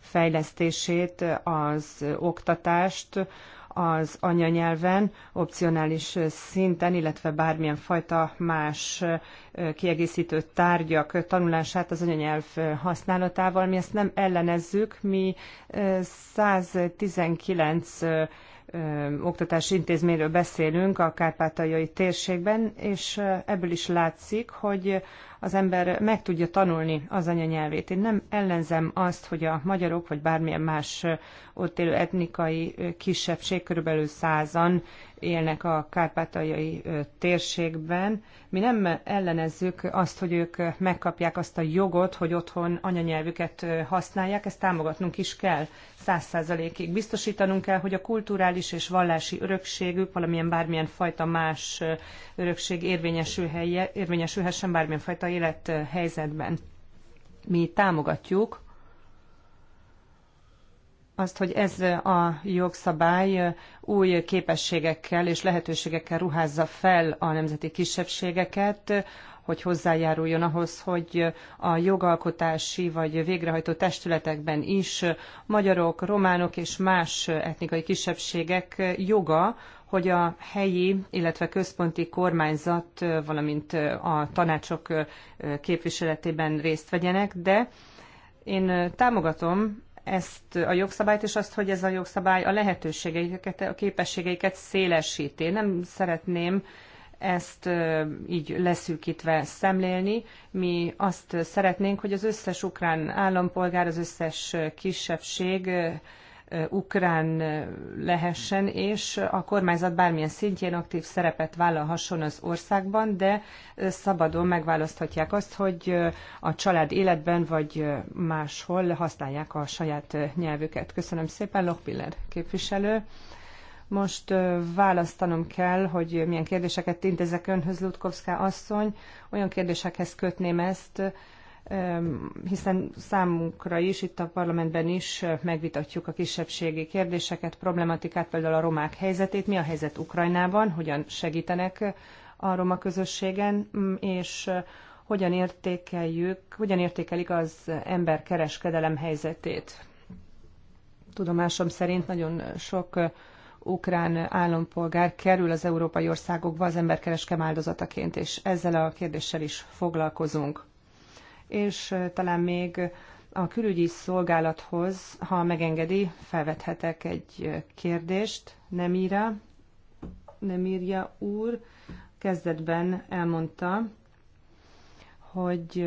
fejlesztését, az oktatást, az anyanyelven, opcionális szinten, illetve bármilyen fajta más eh, kiegészítő tárgyak tanulását az anyanyelv használatával. Mi ezt nem ellenezzük, mi 119 eh, oktatási intézményről beszélünk a kárpátaljai térségben, és ebből is látszik, hogy az ember meg tudja tanulni az anyanyelvét. Én nem ellenzem azt, hogy a magyarok vagy bármilyen más ott élő etnikai kisebbség körülbelül százan élnek a kárpátaljai térségben. Mi nem ellenezzük azt, hogy ők megkapják azt a jogot, hogy otthon anyanyelvüket használják, ezt támogatnunk is kell száz százalékig. Biztosítanunk kell, hogy a kulturális és vallási örökségük valamilyen bármilyen fajta más örökség érvényesülhessen bármilyen fajta élethelyzetben. Mi támogatjuk azt, hogy ez a jogszabály új képességekkel és lehetőségekkel ruházza fel a nemzeti kisebbségeket hogy hozzájáruljon ahhoz, hogy a jogalkotási vagy végrehajtó testületekben is magyarok, románok és más etnikai kisebbségek joga, hogy a helyi, illetve központi kormányzat, valamint a tanácsok képviseletében részt vegyenek, de én támogatom ezt a jogszabályt, és azt, hogy ez a jogszabály a lehetőségeiket, a képességeiket szélesíti. Nem szeretném ezt így leszűkítve szemlélni. Mi azt szeretnénk, hogy az összes ukrán állampolgár, az összes kisebbség ukrán lehessen, és a kormányzat bármilyen szintjén aktív szerepet vállalhasson az országban, de szabadon megválaszthatják azt, hogy a család életben vagy máshol használják a saját nyelvüket. Köszönöm szépen, Lochbiller képviselő. Most választanom kell, hogy milyen kérdéseket intézek önhöz, Lutkovská asszony. Olyan kérdésekhez kötném ezt, hiszen számunkra is, itt a parlamentben is megvitatjuk a kisebbségi kérdéseket, problematikát, például a romák helyzetét, mi a helyzet Ukrajnában, hogyan segítenek a roma közösségen, mm, és hogyan értékeljük, hogyan értékelik az ember kereskedelem helyzetét. Tudomásom szerint nagyon sok ukrán állampolgár kerül az európai országokba az emberkereskem áldozataként, és ezzel a kérdéssel is foglalkozunk. És talán még a külügyi szolgálathoz, ha megengedi, felvethetek egy kérdést. Nem írja, nem írja úr. Kezdetben elmondta, hogy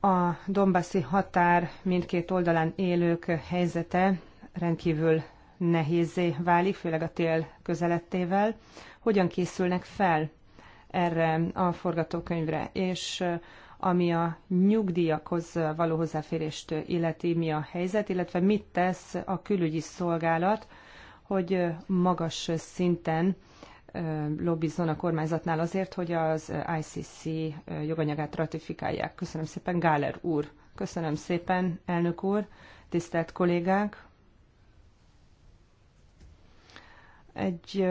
a Dombaszi határ mindkét oldalán élők helyzete rendkívül nehézé válik, főleg a tél közelettével. Hogyan készülnek fel erre a forgatókönyvre, és eh, ami a nyugdíjakhoz való hozzáférést illeti, mi a helyzet, illetve mit tesz a külügyi szolgálat, hogy eh, magas szinten lobbizzon a kormányzatnál azért, hogy az ICC joganyagát ratifikálják. Köszönöm szépen, Gáler úr. Köszönöm szépen, elnök úr, tisztelt kollégák. Egy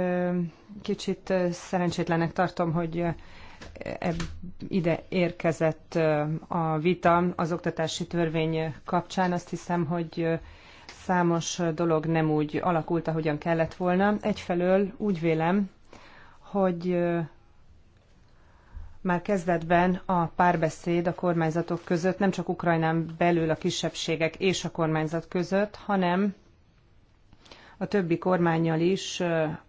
kicsit szerencsétlenek tartom, hogy ide érkezett a vita az oktatási törvény kapcsán. Azt hiszem, hogy számos dolog nem úgy alakult, ahogyan kellett volna. Egyfelől úgy vélem, hogy már kezdetben a párbeszéd a kormányzatok között nem csak Ukrajnán belül a kisebbségek és a kormányzat között, hanem a többi kormányjal is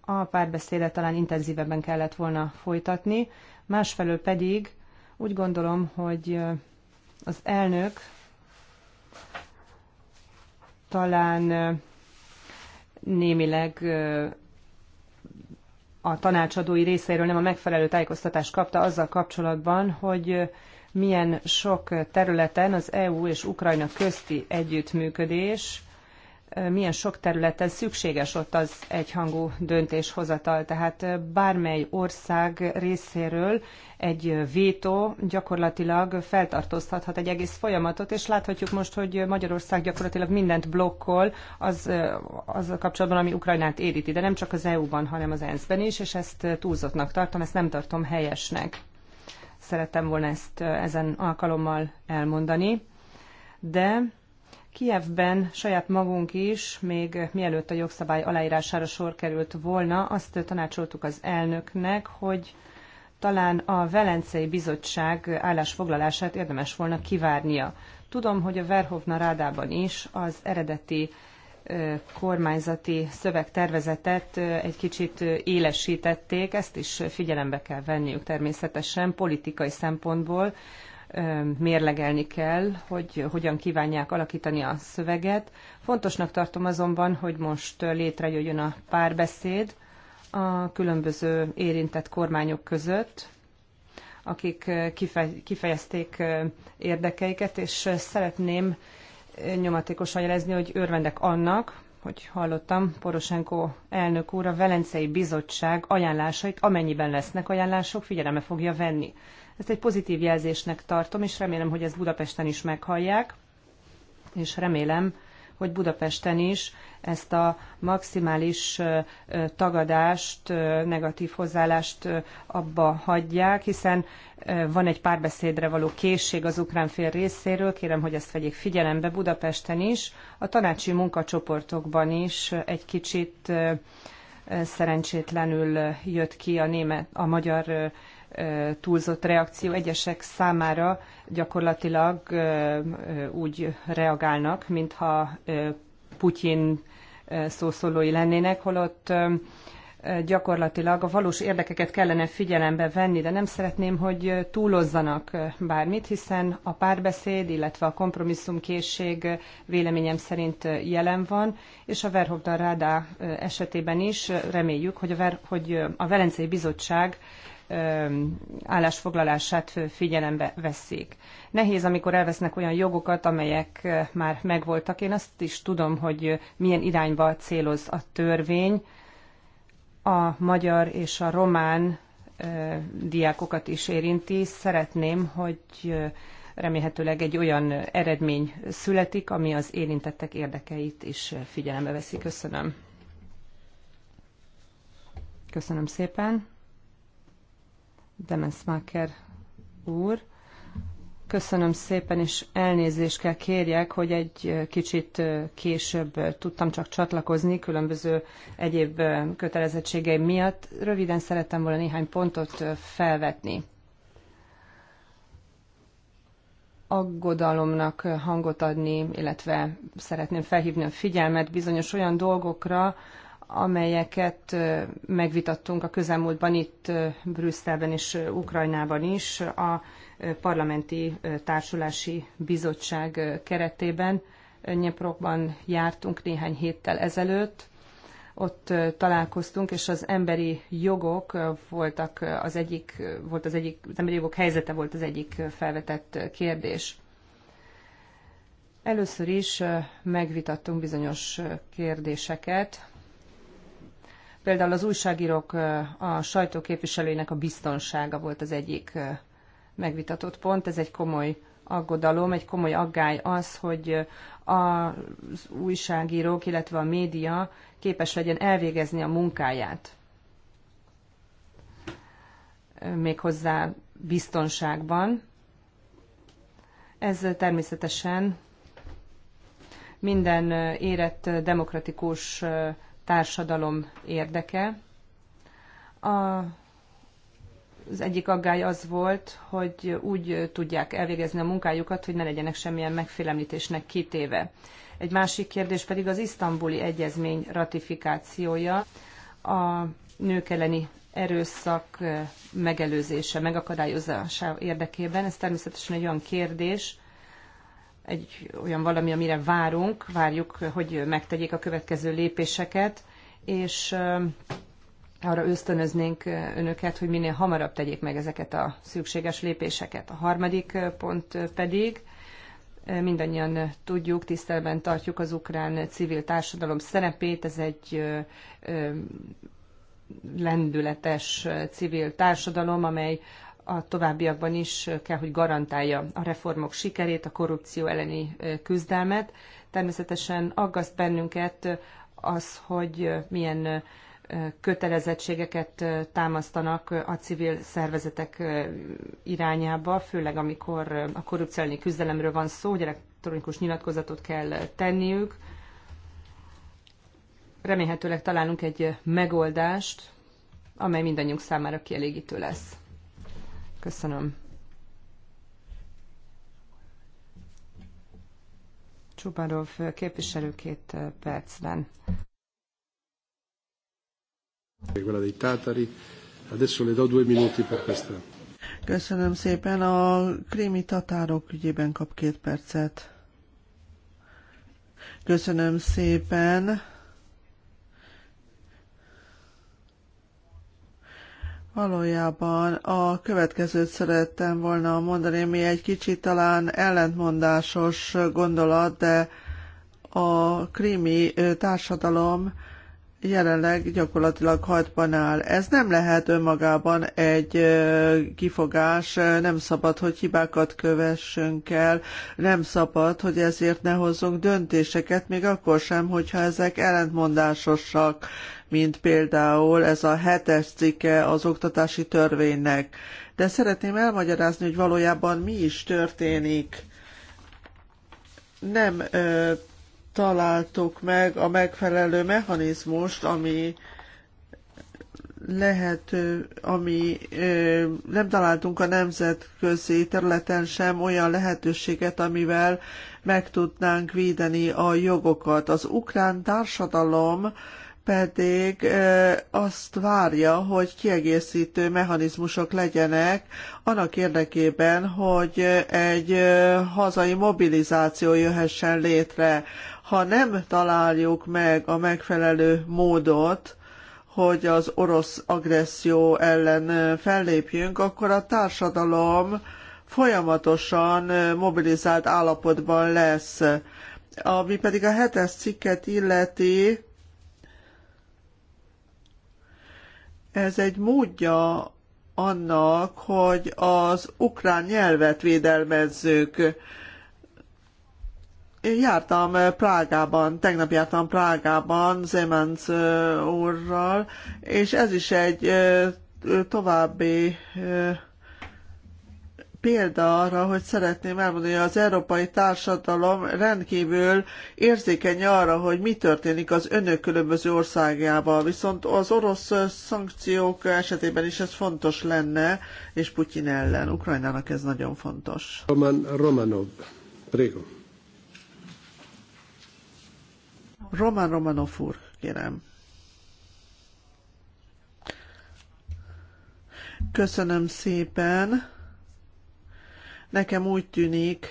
a párbeszédet talán intenzívebben kellett volna folytatni. Másfelől pedig úgy gondolom, hogy az elnök talán némileg a tanácsadói részéről nem a megfelelő tájékoztatást kapta azzal kapcsolatban, hogy milyen sok területen az EU és Ukrajna közti együttműködés milyen sok területen szükséges ott az egyhangú döntéshozatal. Tehát bármely ország részéről egy vétó gyakorlatilag feltartóztathat egy egész folyamatot, és láthatjuk most, hogy Magyarország gyakorlatilag mindent blokkol az, az kapcsolatban, ami Ukrajnát éríti, de nem csak az EU-ban, hanem az ENSZ-ben is, és ezt túlzottnak tartom, ezt nem tartom helyesnek. Szerettem volna ezt ezen alkalommal elmondani, de Kievben saját magunk is, még mielőtt a jogszabály aláírására sor került volna, azt tanácsoltuk az elnöknek, hogy talán a Velencei Bizottság állásfoglalását érdemes volna kivárnia. Tudom, hogy a Verhovna Rádában is az eredeti kormányzati szövegtervezetet egy kicsit élesítették, ezt is figyelembe kell venniük természetesen politikai szempontból, mérlegelni kell, hogy hogyan kívánják alakítani a szöveget. Fontosnak tartom azonban, hogy most létrejöjjön a párbeszéd a különböző érintett kormányok között, akik kifejezték érdekeiket, és szeretném nyomatékosan jelezni, hogy örvendek annak, hogy hallottam, Poroshenko elnök úr a Velencei Bizottság ajánlásait, amennyiben lesznek ajánlások, figyelembe fogja venni. Ezt egy pozitív jelzésnek tartom, és remélem, hogy ezt Budapesten is meghallják, és remélem, hogy Budapesten is ezt a maximális tagadást, negatív hozzáállást abba hagyják, hiszen van egy párbeszédre való készség az ukrán fél részéről, kérem, hogy ezt vegyék figyelembe Budapesten is, a tanácsi munkacsoportokban is egy kicsit szerencsétlenül jött ki a, német, a magyar túlzott reakció. Egyesek számára gyakorlatilag úgy reagálnak, mintha Putyin szószólói lennének, holott gyakorlatilag a valós érdekeket kellene figyelembe venni, de nem szeretném, hogy túlozzanak bármit, hiszen a párbeszéd, illetve a kompromisszumkészség véleményem szerint jelen van, és a Verhofdan Rádá esetében is reméljük, hogy a, Ver, hogy a Velencei Bizottság állásfoglalását figyelembe veszik. Nehéz, amikor elvesznek olyan jogokat, amelyek már megvoltak. Én azt is tudom, hogy milyen irányba céloz a törvény. A magyar és a román diákokat is érinti. Szeretném, hogy remélhetőleg egy olyan eredmény születik, ami az érintettek érdekeit is figyelembe veszi. Köszönöm. Köszönöm szépen. Demesmaker úr. Köszönöm szépen, és elnézést kell kérjek, hogy egy kicsit később tudtam csak csatlakozni különböző egyéb kötelezettségeim miatt. Röviden szerettem volna néhány pontot felvetni. aggodalomnak hangot adni, illetve szeretném felhívni a figyelmet bizonyos olyan dolgokra, amelyeket megvitattunk a közelmúltban itt Brüsszelben és Ukrajnában is a parlamenti társulási bizottság keretében. Nyeprokban jártunk néhány héttel ezelőtt, ott találkoztunk, és az emberi jogok voltak az egyik, volt az egyik, az emberi jogok helyzete volt az egyik felvetett kérdés. Először is megvitattunk bizonyos kérdéseket, Például az újságírók, a sajtóképviselőinek a biztonsága volt az egyik megvitatott pont. Ez egy komoly aggodalom, egy komoly aggály az, hogy az újságírók, illetve a média képes legyen elvégezni a munkáját. Méghozzá biztonságban. Ez természetesen minden érett demokratikus társadalom érdeke. A az egyik aggály az volt, hogy úgy tudják elvégezni a munkájukat, hogy ne legyenek semmilyen megfélemlítésnek kitéve. Egy másik kérdés pedig az isztambuli egyezmény ratifikációja, a nők elleni erőszak megelőzése, megakadályozása érdekében. Ez természetesen egy olyan kérdés, egy olyan valami, amire várunk, várjuk, hogy megtegyék a következő lépéseket, és arra ösztönöznénk önöket, hogy minél hamarabb tegyék meg ezeket a szükséges lépéseket. A harmadik pont pedig, mindannyian tudjuk, tisztelben tartjuk az ukrán civil társadalom szerepét, ez egy lendületes civil társadalom, amely a továbbiakban is kell, hogy garantálja a reformok sikerét, a korrupció elleni küzdelmet. Természetesen aggaszt bennünket az, hogy milyen kötelezettségeket támasztanak a civil szervezetek irányába, főleg amikor a korrupció elleni küzdelemről van szó, hogy elektronikus nyilatkozatot kell tenniük. Remélhetőleg találunk egy megoldást, amely mindannyiunk számára kielégítő lesz. Köszönöm. Csupadov képviselő két percben. Quella dei tatari. Adesso le do due minuti per questa. Köszönöm szépen. A krémi tatárok ügyében kap két percet. Köszönöm szépen. Valójában a következőt szerettem volna mondani, ami egy kicsit talán ellentmondásos gondolat, de a krími társadalom jelenleg gyakorlatilag hajtban áll. Ez nem lehet önmagában egy kifogás, nem szabad, hogy hibákat kövessünk el, nem szabad, hogy ezért ne hozzunk döntéseket, még akkor sem, hogyha ezek ellentmondásosak mint például ez a hetes cikke az oktatási törvénynek. De szeretném elmagyarázni, hogy valójában mi is történik. Nem ö, találtuk meg a megfelelő mechanizmust, ami lehet, ami nem találtunk a nemzetközi területen sem olyan lehetőséget, amivel meg tudnánk védeni a jogokat. Az ukrán társadalom pedig azt várja, hogy kiegészítő mechanizmusok legyenek annak érdekében, hogy egy hazai mobilizáció jöhessen létre. Ha nem találjuk meg a megfelelő módot, hogy az orosz agresszió ellen fellépjünk, akkor a társadalom folyamatosan mobilizált állapotban lesz. Ami pedig a hetes cikket illeti, Ez egy módja annak, hogy az ukrán nyelvet védelmezzük. Én jártam Prágában, tegnap jártam Prágában Zemanc úrral, és ez is egy további példa arra, hogy szeretném elmondani, hogy az európai társadalom rendkívül érzékeny arra, hogy mi történik az önök különböző országában. Viszont az orosz szankciók esetében is ez fontos lenne, és Putyin ellen. Ukrajnának ez nagyon fontos. Roman Romanov, Prego. Roman Romanov úr, kérem. Köszönöm szépen. Nekem úgy tűnik,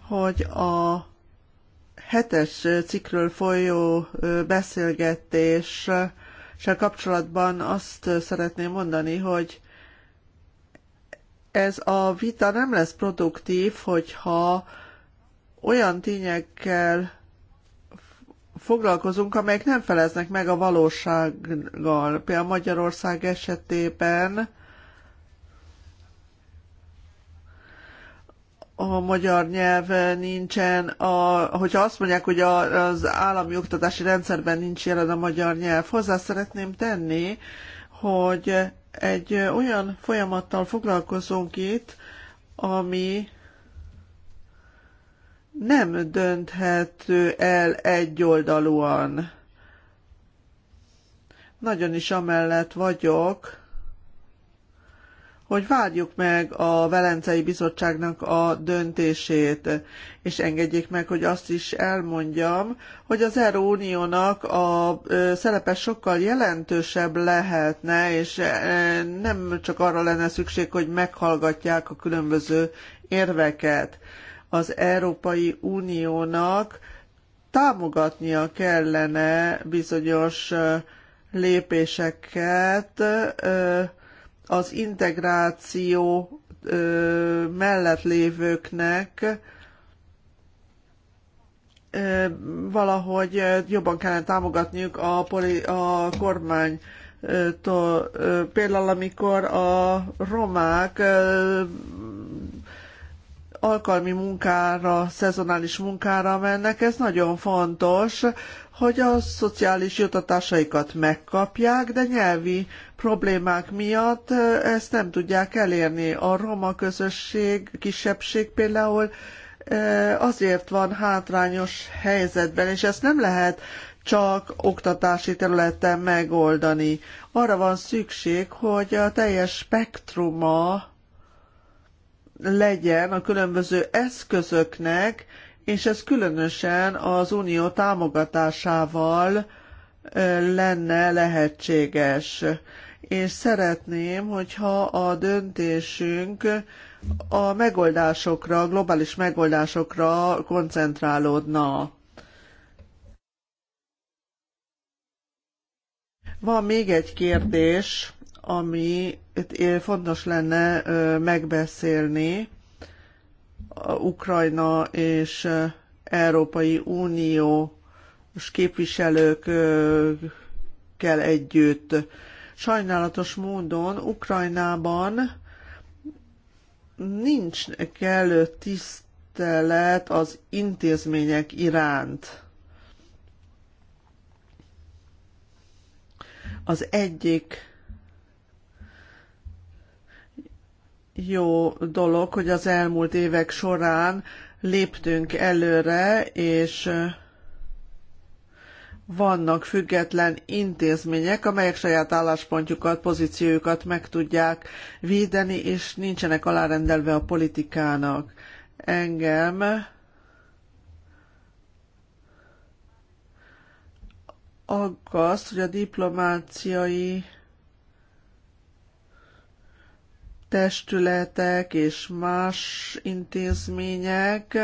hogy a hetes cikről folyó beszélgetéssel kapcsolatban azt szeretném mondani, hogy ez a vita nem lesz produktív, hogyha olyan tényekkel foglalkozunk, amelyek nem feleznek meg a valósággal. Például Magyarország esetében a magyar nyelv nincsen, a, hogyha azt mondják, hogy a, az állami oktatási rendszerben nincs jelen a magyar nyelv, hozzá szeretném tenni, hogy egy olyan folyamattal foglalkozunk itt, ami nem dönthető el egyoldalúan. Nagyon is amellett vagyok, hogy várjuk meg a Velencei Bizottságnak a döntését, és engedjék meg, hogy azt is elmondjam, hogy az Euróuniónak a szerepe sokkal jelentősebb lehetne, és nem csak arra lenne szükség, hogy meghallgatják a különböző érveket az Európai Uniónak támogatnia kellene bizonyos lépéseket az integráció mellett lévőknek, valahogy jobban kellene támogatniuk a, poli, a kormány. Például amikor a romák alkalmi munkára, szezonális munkára mennek, ez nagyon fontos, hogy a szociális jutatásaikat megkapják, de nyelvi problémák miatt ezt nem tudják elérni. A roma közösség, kisebbség például azért van hátrányos helyzetben, és ezt nem lehet csak oktatási területen megoldani. Arra van szükség, hogy a teljes spektruma legyen a különböző eszközöknek, és ez különösen az unió támogatásával lenne lehetséges. És szeretném, hogyha a döntésünk a megoldásokra, globális megoldásokra koncentrálódna. Van még egy kérdés ami eh, fontos lenne megbeszélni a Ukrajna és Európai Unió képviselők képviselőkkel együtt. Sajnálatos módon Ukrajnában nincs kellő tisztelet az intézmények iránt. Az egyik jó dolog, hogy az elmúlt évek során léptünk előre, és vannak független intézmények, amelyek saját álláspontjukat, pozíciójukat meg tudják védeni, és nincsenek alárendelve a politikának. Engem aggaszt, hogy a diplomáciai testületek és más intézmények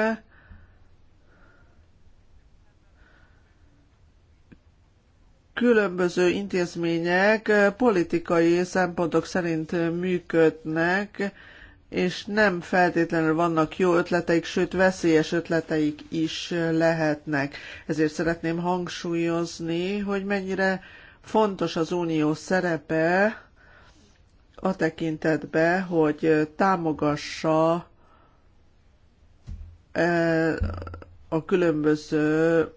különböző intézmények politikai szempontok szerint működnek, és nem feltétlenül vannak jó ötleteik, sőt veszélyes ötleteik is lehetnek. Ezért szeretném hangsúlyozni, hogy mennyire fontos az unió szerepe a tekintetbe, hogy támogassa e, a különböző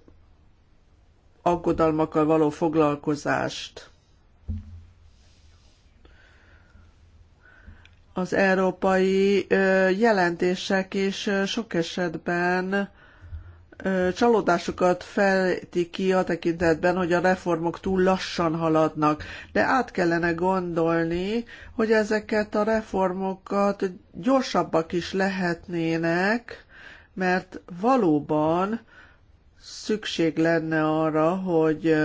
aggodalmakkal való foglalkozást. Az európai e, jelentések is e, sok esetben csalódásukat fejti ki a tekintetben, hogy a reformok túl lassan haladnak, de át kellene gondolni, hogy ezeket a reformokat gyorsabbak is lehetnének, mert valóban szükség lenne arra, hogy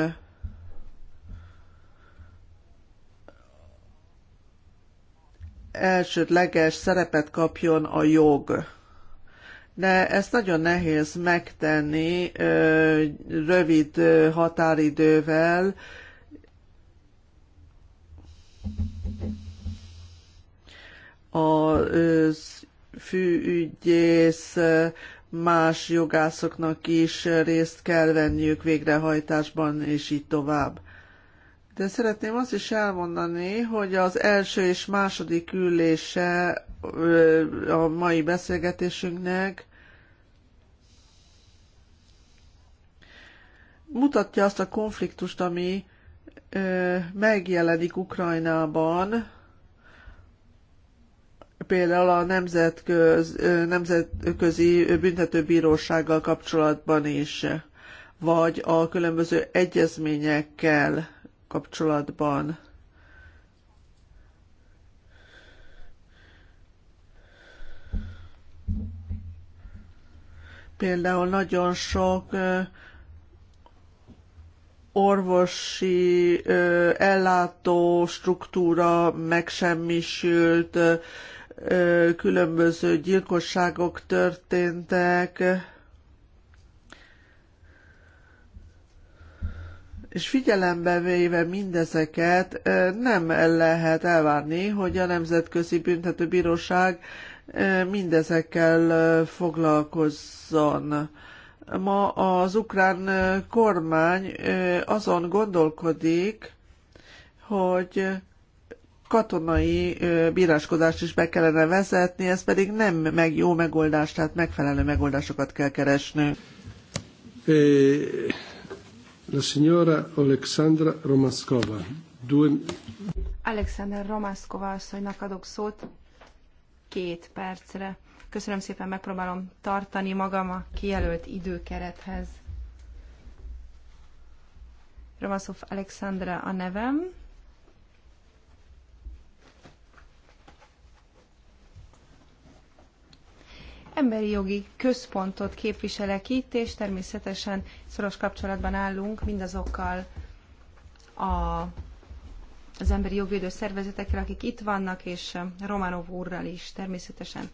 elsődleges szerepet kapjon a jog de ezt nagyon nehéz megtenni ö, rövid határidővel. A fűügyész más jogászoknak is részt kell venniük végrehajtásban, és így tovább. De szeretném azt is elmondani, hogy az első és második ülése a mai beszélgetésünknek mutatja azt a konfliktust, ami megjelenik Ukrajnában, például a nemzetköz, nemzetközi büntetőbírósággal kapcsolatban is, vagy a különböző egyezményekkel kapcsolatban. Például nagyon sok orvosi ellátó struktúra megsemmisült, különböző gyilkosságok történtek, és figyelembe véve mindezeket nem lehet elvárni, hogy a Nemzetközi Büntetőbíróság mindezekkel foglalkozzon. Ma az ukrán kormány azon gondolkodik, hogy katonai bíráskodást is be kellene vezetni, ez pedig nem meg jó megoldás, tehát megfelelő megoldásokat kell keresni. La signora Alexandra Romaskova. Due... Alexandra Romaskova asszonynak adok szót két percre. Köszönöm szépen, megpróbálom tartani magam a kijelölt időkerethez. Ravaszov Alexandra a nevem. Emberi jogi központot képviselek itt, és természetesen szoros kapcsolatban állunk mindazokkal a az emberi jogvédő szervezetekre, akik itt vannak, és um, Romanov úrral is természetesen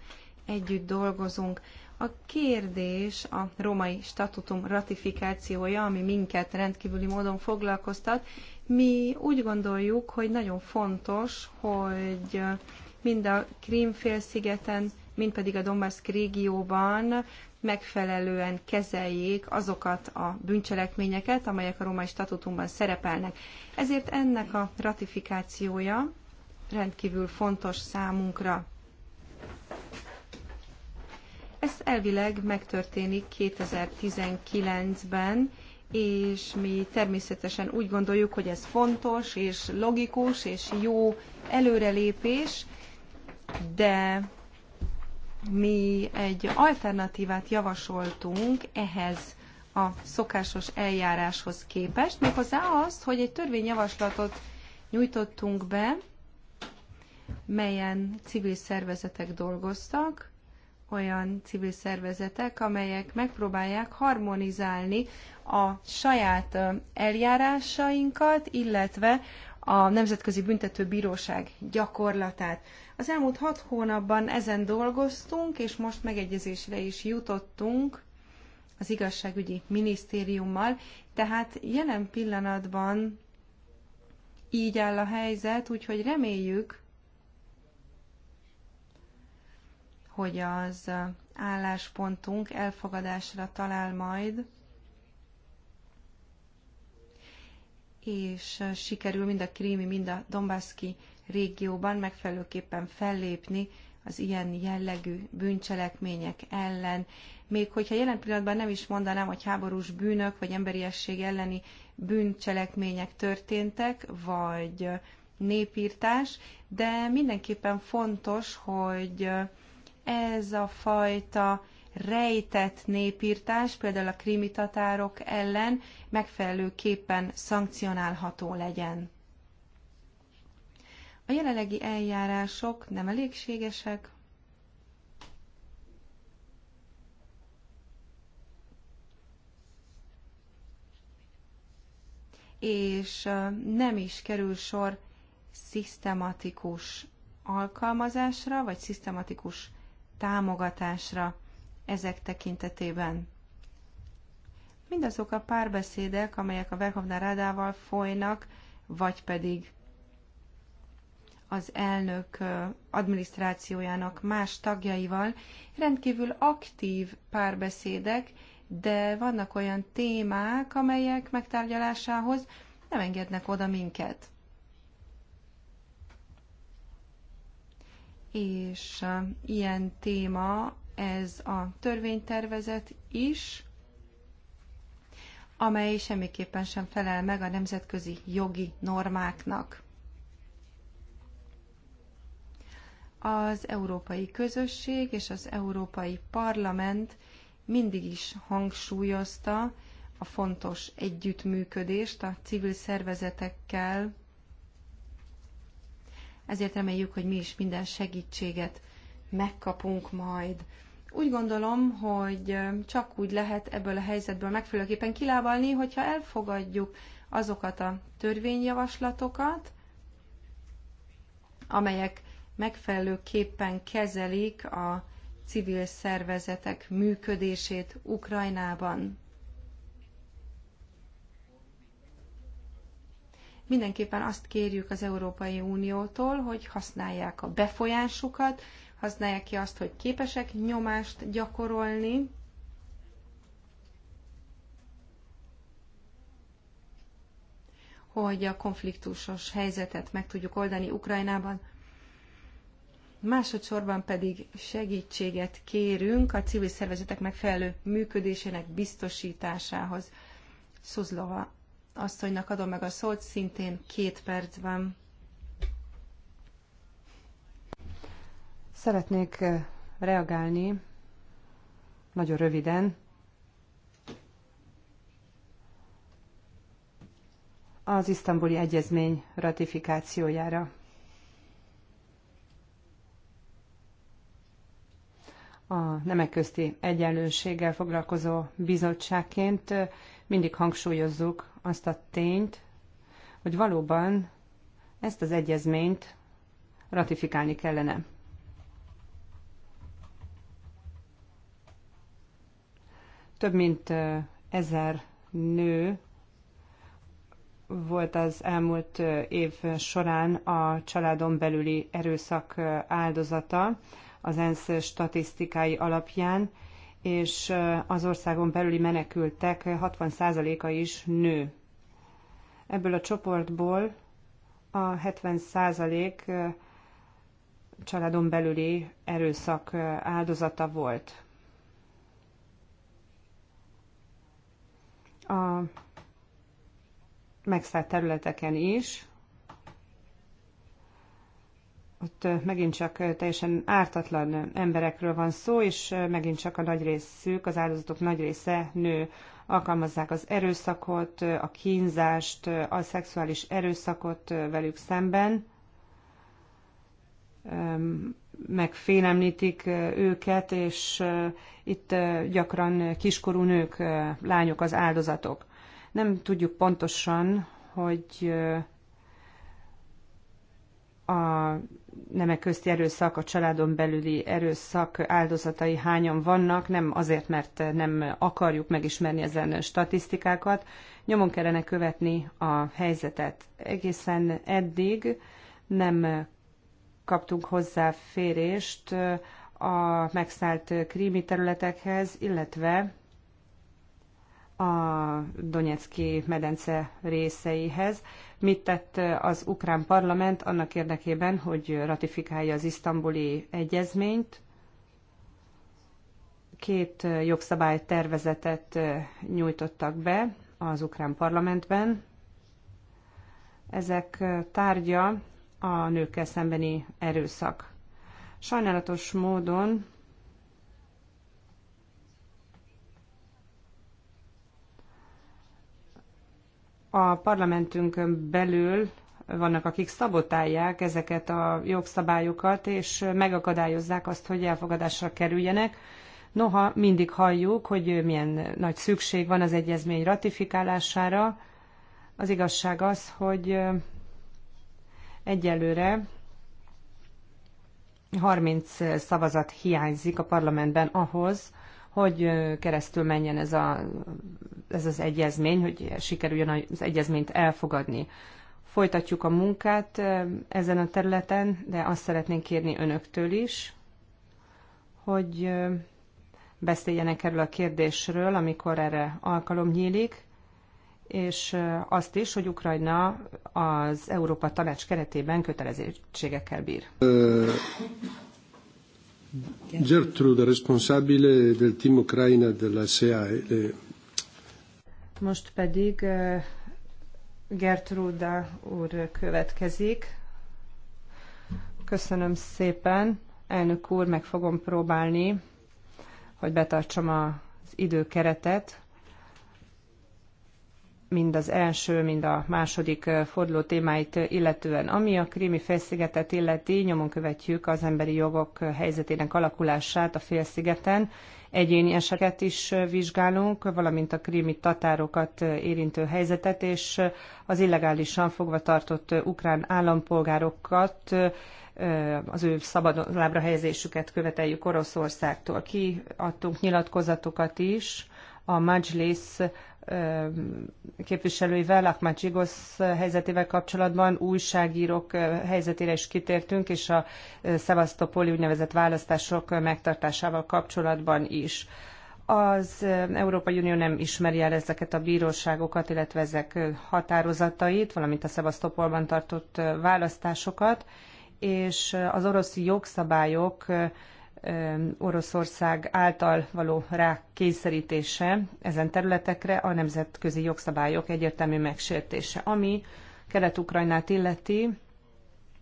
együtt dolgozunk. A kérdés a római statutum ratifikációja, ami minket rendkívüli módon foglalkoztat. Mi úgy gondoljuk, hogy nagyon fontos, hogy uh, mind a Krímfélszigeten, mind pedig a Donbass régióban megfelelően kezeljék azokat a bűncselekményeket, amelyek a római statutumban szerepelnek. Ezért ennek a ratifikációja rendkívül fontos számunkra. Ez elvileg megtörténik 2019-ben, és mi természetesen úgy gondoljuk, hogy ez fontos és logikus és jó előrelépés, de mi egy alternatívát javasoltunk ehhez a szokásos eljáráshoz képest, méghozzá azt, hogy egy törvényjavaslatot nyújtottunk be, melyen civil szervezetek dolgoztak, olyan civil szervezetek, amelyek megpróbálják harmonizálni a saját eljárásainkat, illetve a Nemzetközi Büntetőbíróság gyakorlatát. Az elmúlt hat hónapban ezen dolgoztunk, és most megegyezésre is jutottunk az igazságügyi minisztériummal, tehát jelen pillanatban így áll a helyzet, úgyhogy reméljük, hogy az álláspontunk elfogadásra talál majd, és sikerül mind a krími, mind a dombászki régióban megfelelőképpen fellépni az ilyen jellegű bűncselekmények ellen. Még hogyha jelen pillanatban nem is mondanám, hogy háborús bűnök vagy emberiesség elleni bűncselekmények történtek, vagy népírtás, de mindenképpen fontos, hogy ez a fajta rejtett népírtás, például a krimi tatárok ellen megfelelőképpen szankcionálható legyen. A jelenlegi eljárások nem elégségesek, és nem is kerül sor szisztematikus alkalmazásra, vagy szisztematikus támogatásra ezek tekintetében. Mindazok a párbeszédek, amelyek a Verhovna Rádával folynak, vagy pedig az elnök adminisztrációjának más tagjaival rendkívül aktív párbeszédek, de vannak olyan témák, amelyek megtárgyalásához nem engednek oda minket. És ilyen téma ez a törvénytervezet is, amely semmiképpen sem felel meg a nemzetközi jogi normáknak. az európai közösség és az európai parlament mindig is hangsúlyozta a fontos együttműködést a civil szervezetekkel, ezért reméljük, hogy mi is minden segítséget megkapunk majd. Úgy gondolom, hogy csak úgy lehet ebből a helyzetből megfelelőképpen kilábalni, hogyha elfogadjuk azokat a törvényjavaslatokat, amelyek megfelelőképpen kezelik a civil szervezetek működését Ukrajnában. Mindenképpen azt kérjük az Európai Uniótól, hogy használják a befolyásukat, használják ki azt, hogy képesek nyomást gyakorolni, hogy a konfliktusos helyzetet meg tudjuk oldani Ukrajnában. Másodszorban pedig segítséget kérünk a civil szervezetek megfelelő működésének biztosításához. Szuzlova asszonynak adom meg a szót, szintén két van Szeretnék eh, reagálni nagyon röviden az isztambuli egyezmény ratifikációjára. a nemek közti egyenlőséggel foglalkozó bizottságként mindig hangsúlyozzuk azt a tényt, hogy valóban ezt az egyezményt ratifikálni kellene. Több mint ezer nő volt az elmúlt év során a családon belüli erőszak áldozata az ENSZ statisztikái alapján, és az országon belüli menekültek 60%-a is nő. Ebből a csoportból a 70% családon belüli erőszak áldozata volt. A megszállt területeken is ott megint csak teljesen ártatlan emberekről van szó, és megint csak a nagy részük, az áldozatok nagy része nő. Alkalmazzák az erőszakot, a kínzást, a szexuális erőszakot velük szemben. Megfélemlítik őket, és itt gyakran kiskorú nők, lányok az áldozatok. Nem tudjuk pontosan, hogy a nemek közti erőszak, a családon belüli erőszak áldozatai hányan vannak, nem azért, mert nem akarjuk megismerni ezen statisztikákat. Nyomon kellene követni a helyzetet. Egészen eddig nem kaptunk hozzáférést a megszállt krími területekhez, illetve a Donetszki medence részeihez. Mit tett az ukrán parlament annak érdekében, hogy ratifikálja az isztambuli egyezményt? Két jogszabálytervezetet nyújtottak be az ukrán parlamentben. Ezek tárgya a nőkkel szembeni erőszak. Sajnálatos módon a parlamentünkön belül vannak, akik szabotálják ezeket a jogszabályokat, és megakadályozzák azt, hogy elfogadásra kerüljenek. Noha mindig halljuk, hogy milyen nagy szükség van az egyezmény ratifikálására, az igazság az, hogy egyelőre 30 szavazat hiányzik a parlamentben ahhoz, hogy keresztül menjen ez, a, ez az egyezmény, hogy sikerüljön az egyezményt elfogadni. Folytatjuk a munkát ezen a területen, de azt szeretnénk kérni önöktől is, hogy beszéljenek erről a kérdésről, amikor erre alkalom nyílik, és azt is, hogy Ukrajna az Európa Tanács keretében kötelezettségekkel bír. Gertrude, responsabile del team Ucraina della SEAE. Most pedig eh, Gertruda úr következik. Köszönöm szépen. Elnök úr, meg fogom próbálni, hogy betartsam az időkeretet mind az első, mind a második forduló témáit illetően. Ami a krími félszigetet illeti, nyomon követjük az emberi jogok helyzetének alakulását a félszigeten. Egyéni eseket is vizsgálunk, valamint a krími tatárokat érintő helyzetet, és az illegálisan fogva tartott ukrán állampolgárokat az ő szabad lábra helyezésüket követeljük Oroszországtól. Kiadtunk nyilatkozatokat is, a Majlis képviselőivel, Ahmad Zsigosz helyzetével kapcsolatban, újságírók helyzetére is kitértünk, és a Szevasztopoli úgynevezett választások megtartásával kapcsolatban is. Az Európai Unió nem ismeri el ezeket a bíróságokat, illetve ezek határozatait, valamint a Szevasztopolban tartott választásokat, és az orosz jogszabályok Oroszország által való rákényszerítése ezen területekre a nemzetközi jogszabályok egyértelmű megsértése. Ami Kelet-Ukrajnát illeti,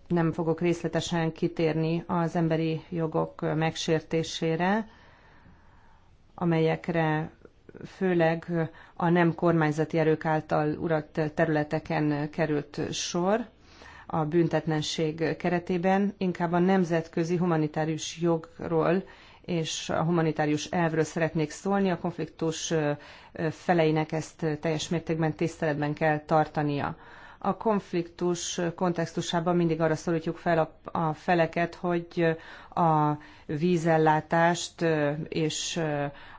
nem fogok részletesen kitérni az emberi jogok megsértésére, amelyekre főleg a nem kormányzati erők által uralt területeken került sor a büntetlenség keretében, inkább a nemzetközi humanitárius jogról és a humanitárius elvről szeretnék szólni. A konfliktus feleinek ezt teljes mértékben tiszteletben kell tartania a konfliktus kontextusában mindig arra szólítjuk fel a, a feleket, hogy a vízellátást és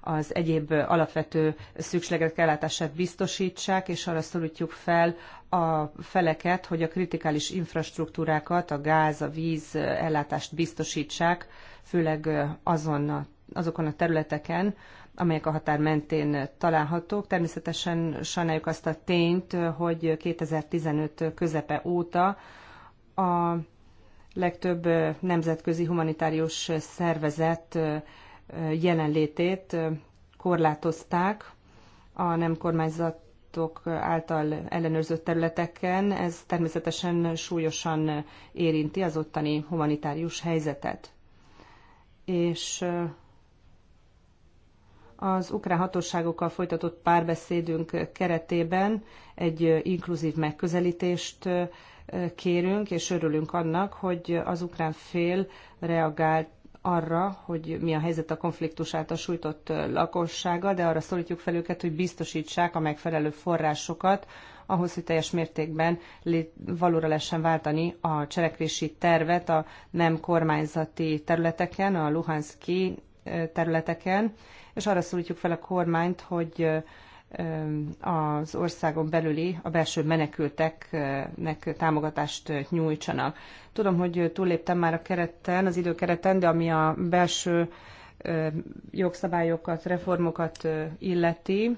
az egyéb alapvető szükségletek ellátását biztosítsák, és arra szólítjuk fel a feleket, hogy a kritikális infrastruktúrákat, a gáz, a víz ellátást biztosítsák, főleg azon a, azokon a területeken, amelyek a határ mentén találhatók. Természetesen sajnáljuk azt a tényt, hogy 2015 közepe óta a legtöbb nemzetközi humanitárius szervezet jelenlétét korlátozták a nem kormányzatok által ellenőrzött területeken. Ez természetesen súlyosan érinti az ottani humanitárius helyzetet. És az ukrán hatóságokkal folytatott párbeszédünk keretében egy inkluzív megközelítést kérünk, és örülünk annak, hogy az ukrán fél reagált arra, hogy mi a helyzet a konfliktus által sújtott lakossága, de arra szólítjuk fel őket, hogy biztosítsák a megfelelő forrásokat ahhoz, hogy teljes mértékben valóra lehessen váltani a cselekvési tervet a nem kormányzati területeken, a Luhanszki területeken, és arra szólítjuk fel a kormányt, hogy az országon belüli, a belső menekülteknek támogatást nyújtsanak. Tudom, hogy túlléptem már a kereten, az időkereten, de ami a belső jogszabályokat, reformokat illeti,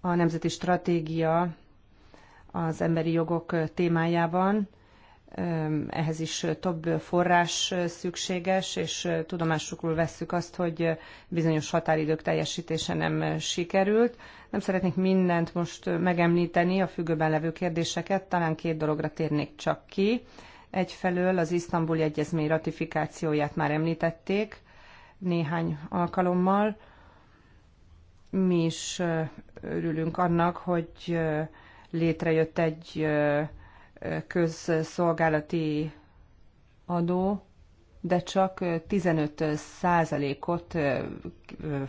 a nemzeti stratégia az emberi jogok témájában ehhez is több forrás szükséges, és tudomásukról vesszük azt, hogy bizonyos határidők teljesítése nem sikerült. Nem szeretnék mindent most megemlíteni, a függőben levő kérdéseket, talán két dologra térnék csak ki. Egyfelől az isztambuli egyezmény ratifikációját már említették néhány alkalommal. Mi is örülünk annak, hogy létrejött egy közszolgálati adó, de csak 15 százalékot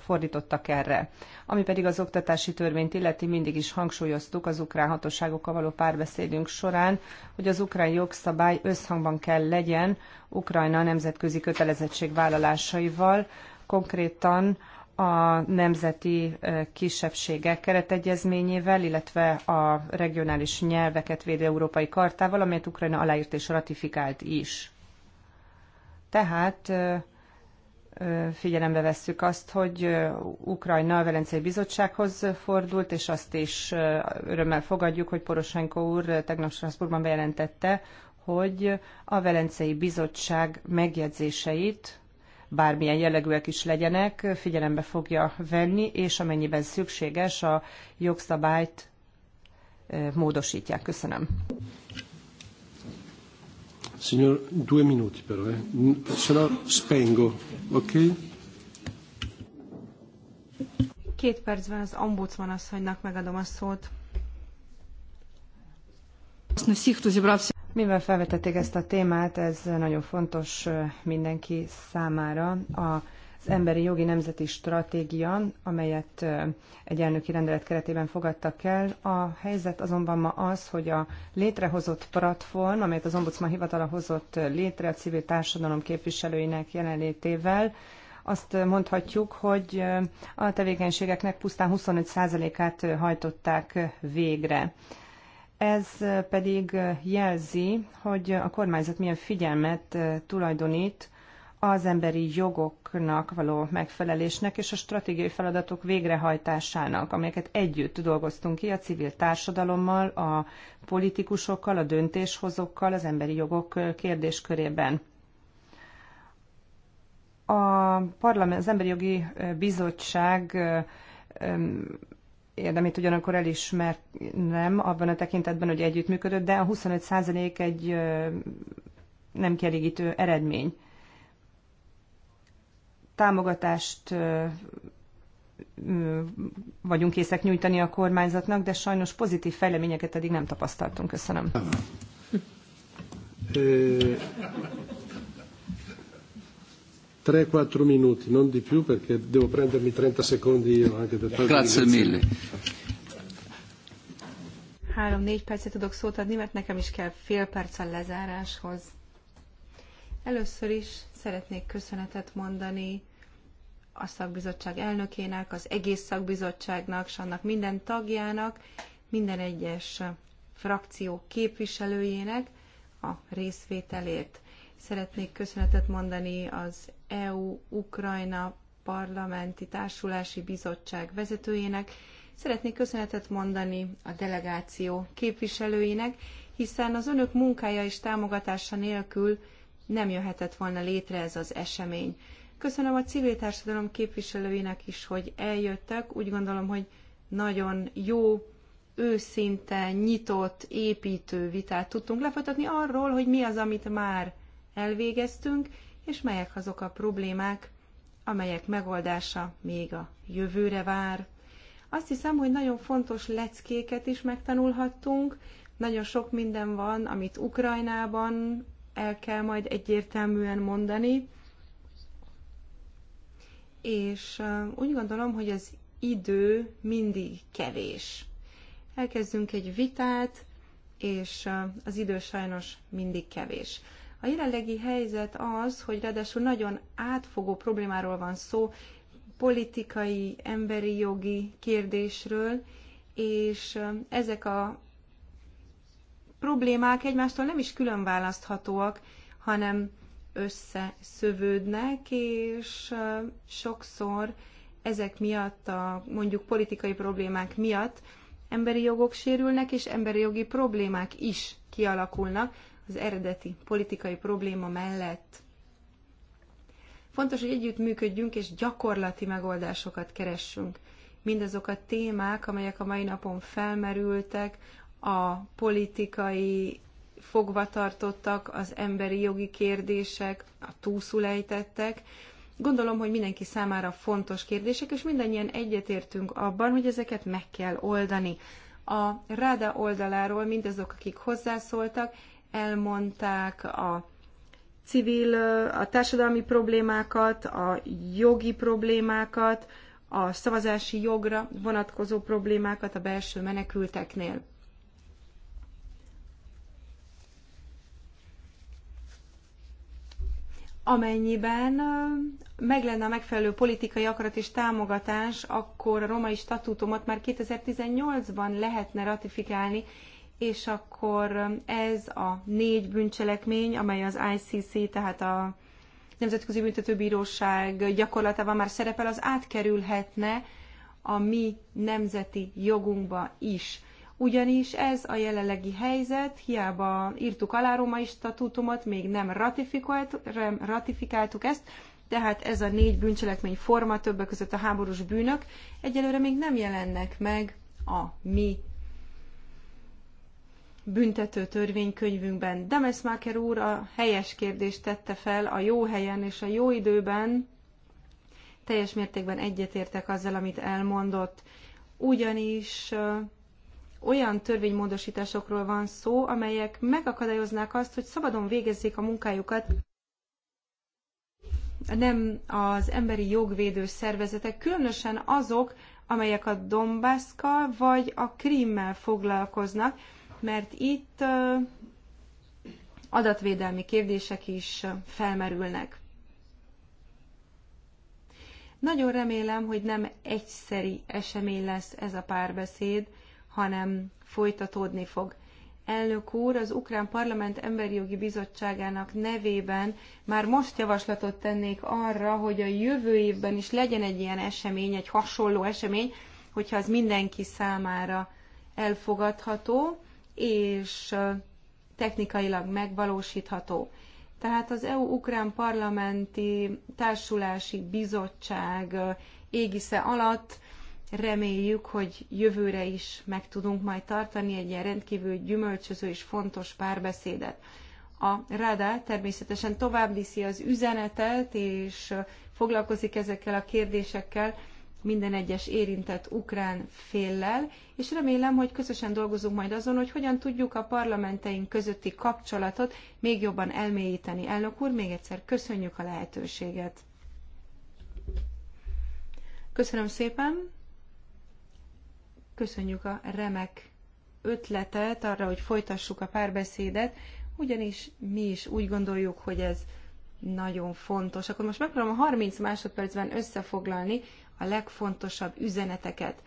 fordítottak erre. Ami pedig az oktatási törvényt illeti, mindig is hangsúlyoztuk az ukrán hatóságokkal való párbeszédünk során, hogy az ukrán jogszabály összhangban kell legyen Ukrajna nemzetközi kötelezettség vállalásaival, konkrétan a nemzeti kisebbségek keretegyezményével, illetve a regionális nyelveket védő európai kartával, amelyet Ukrajna aláírt és ratifikált is. Tehát figyelembe vesszük azt, hogy Ukrajna a Velencei Bizottsághoz fordult, és azt is örömmel fogadjuk, hogy Poroshenko úr tegnap Strasbourgban bejelentette, hogy a Velencei Bizottság megjegyzéseit bármilyen jellegűek is legyenek, figyelembe fogja venni, és amennyiben szükséges, a jogszabályt módosítják. Köszönöm. Signor, due minuti però, eh? se no spengo, ok? Két percben az ombudsman asszonynak megadom a szót. Всіх, хто зібрався. Mivel felvetették ezt a témát, ez nagyon fontos mindenki számára. A az emberi jogi nemzeti stratégia, amelyet egy elnöki rendelet keretében fogadtak el. A helyzet azonban ma az, hogy a létrehozott platform, amelyet az Ombudsman Hivatala hozott létre a civil társadalom képviselőinek jelenlétével, azt mondhatjuk, hogy a tevékenységeknek pusztán 25%-át hajtották végre. Ez pedig jelzi, hogy a kormányzat milyen figyelmet eh, tulajdonít az emberi jogoknak való megfelelésnek és a stratégiai feladatok végrehajtásának, amelyeket együtt dolgoztunk ki a civil társadalommal, a politikusokkal, a döntéshozókkal az emberi jogok eh, kérdéskörében. A parlament, az Emberi Jogi eh, Bizottság érdemét ugyanakkor elismernem abban a tekintetben, hogy együttműködött, de a 25% egy nem kielégítő eredmény. Támogatást vagyunk készek nyújtani a kormányzatnak, de sajnos pozitív fejleményeket eddig nem tapasztaltunk. Köszönöm. 3-4 minuti, non di più perché devo prendermi 30 secondi io anche per fare Grazie mille. 3-4 percet tudok szót adni, mert nekem is kell fél perc a lezáráshoz. Először is szeretnék köszönetet mondani a szakbizottság elnökének, az egész szakbizottságnak, és annak minden tagjának, minden egyes frakció képviselőjének a részvételét. Szeretnék köszönetet mondani az EU-Ukrajna parlamenti társulási bizottság vezetőjének. Szeretnék köszönetet mondani a delegáció képviselőinek, hiszen az önök munkája és támogatása nélkül nem jöhetett volna létre ez az esemény. Köszönöm a civil társadalom képviselőinek is, hogy eljöttek. Úgy gondolom, hogy nagyon jó, őszinte, nyitott, építő vitát tudtunk lefolytatni arról, hogy mi az, amit már elvégeztünk, és melyek azok a problémák, amelyek megoldása még a jövőre vár. Azt hiszem, hogy nagyon fontos leckéket is megtanulhattunk, nagyon sok minden van, amit Ukrajnában el kell majd egyértelműen mondani, és uh, úgy gondolom, hogy az idő mindig kevés. Elkezdünk egy vitát, és uh, az idő sajnos mindig kevés. A jelenlegi helyzet az, hogy ráadásul nagyon átfogó problémáról van szó, politikai, emberi jogi kérdésről, és ezek a problémák egymástól nem is külön választhatóak, hanem összeszövődnek, és sokszor ezek miatt, a mondjuk politikai problémák miatt emberi jogok sérülnek, és emberi jogi problémák is kialakulnak, az eredeti politikai probléma mellett. Fontos, hogy együttműködjünk és gyakorlati megoldásokat keressünk. Mindazok a témák, amelyek a mai napon felmerültek, a politikai fogvatartottak, az emberi jogi kérdések, a túlszulejtettek. Gondolom, hogy mindenki számára fontos kérdések, és mindannyian egyetértünk abban, hogy ezeket meg kell oldani. A Ráda oldaláról mindazok, akik hozzászóltak, elmondták a civil, a társadalmi problémákat, a jogi problémákat, a szavazási jogra vonatkozó problémákat a belső menekülteknél. Amennyiben meg lenne a megfelelő politikai akarat és támogatás, akkor a romai statútumot már 2018-ban lehetne ratifikálni, és akkor um, ez a négy bűncselekmény, amely az ICC, tehát a Nemzetközi Büntetőbíróság gyakorlatában már szerepel, az átkerülhetne a mi nemzeti jogunkba is. Ugyanis ez a jelenlegi helyzet, hiába írtuk alá római statútumot, még nem ratifikáltuk ezt, tehát ez a négy bűncselekmény forma, többek között a háborús bűnök, egyelőre még nem jelennek meg a mi büntető törvénykönyvünkben. Demesmaker úr a helyes kérdést tette fel a jó helyen és a jó időben. Teljes mértékben egyetértek azzal, amit elmondott. Ugyanis olyan törvénymódosításokról van szó, amelyek megakadályoznák azt, hogy szabadon végezzék a munkájukat nem az emberi jogvédő szervezetek, különösen azok, amelyek a Dombászkal vagy a krimmel foglalkoznak, mert itt adatvédelmi kérdések is felmerülnek. Nagyon remélem, hogy nem egyszeri esemény lesz ez a párbeszéd, hanem folytatódni fog. Elnök úr, az Ukrán Parlament Emberi Jogi Bizottságának nevében már most javaslatot tennék arra, hogy a jövő évben is legyen egy ilyen esemény, egy hasonló esemény, hogyha az mindenki számára elfogadható és technikailag megvalósítható. Tehát az EU-Ukrán Parlamenti Társulási Bizottság égisze alatt reméljük, hogy jövőre is meg tudunk majd tartani egy ilyen rendkívül gyümölcsöző és fontos párbeszédet. A Rada természetesen tovább viszi az üzenetet, és foglalkozik ezekkel a kérdésekkel, minden egyes érintett ukrán féllel, és remélem, hogy közösen dolgozunk majd azon, hogy hogyan tudjuk a parlamenteink közötti kapcsolatot még jobban elmélyíteni. Elnök úr, még egyszer köszönjük a lehetőséget. Köszönöm szépen, köszönjük a remek ötletet arra, hogy folytassuk a párbeszédet, ugyanis mi is úgy gondoljuk, hogy ez nagyon fontos. Akkor most megpróbálom a 30 másodpercben összefoglalni a legfontosabb üzeneteket.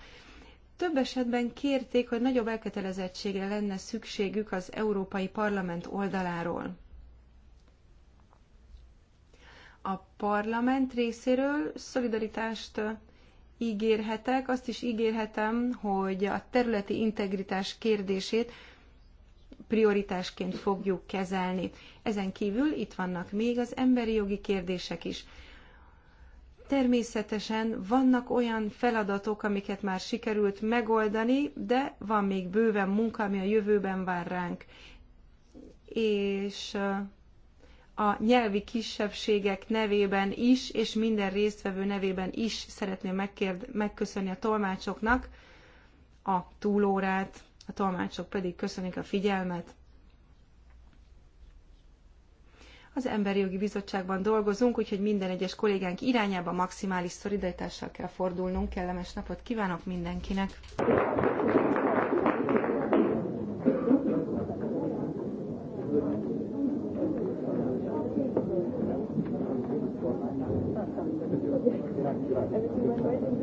Több esetben kérték, hogy nagyobb elkötelezettségre lenne szükségük az Európai Parlament oldaláról. A parlament részéről szolidaritást ígérhetek, azt is ígérhetem, hogy a területi integritás kérdését prioritásként fogjuk kezelni. Ezen kívül itt vannak még az emberi jogi kérdések is. Természetesen vannak olyan feladatok, amiket már sikerült megoldani, de van még bőven munka, ami a jövőben vár ránk. És a nyelvi kisebbségek nevében is, és minden résztvevő nevében is szeretném megkérd, megköszönni a tolmácsoknak a túlórát, a tolmácsok pedig köszönik a figyelmet. Az Emberi Jogi Bizottságban dolgozunk, úgyhogy minden egyes kollégánk irányába maximális szolidaritással kell fordulnunk. Kellemes napot kívánok mindenkinek!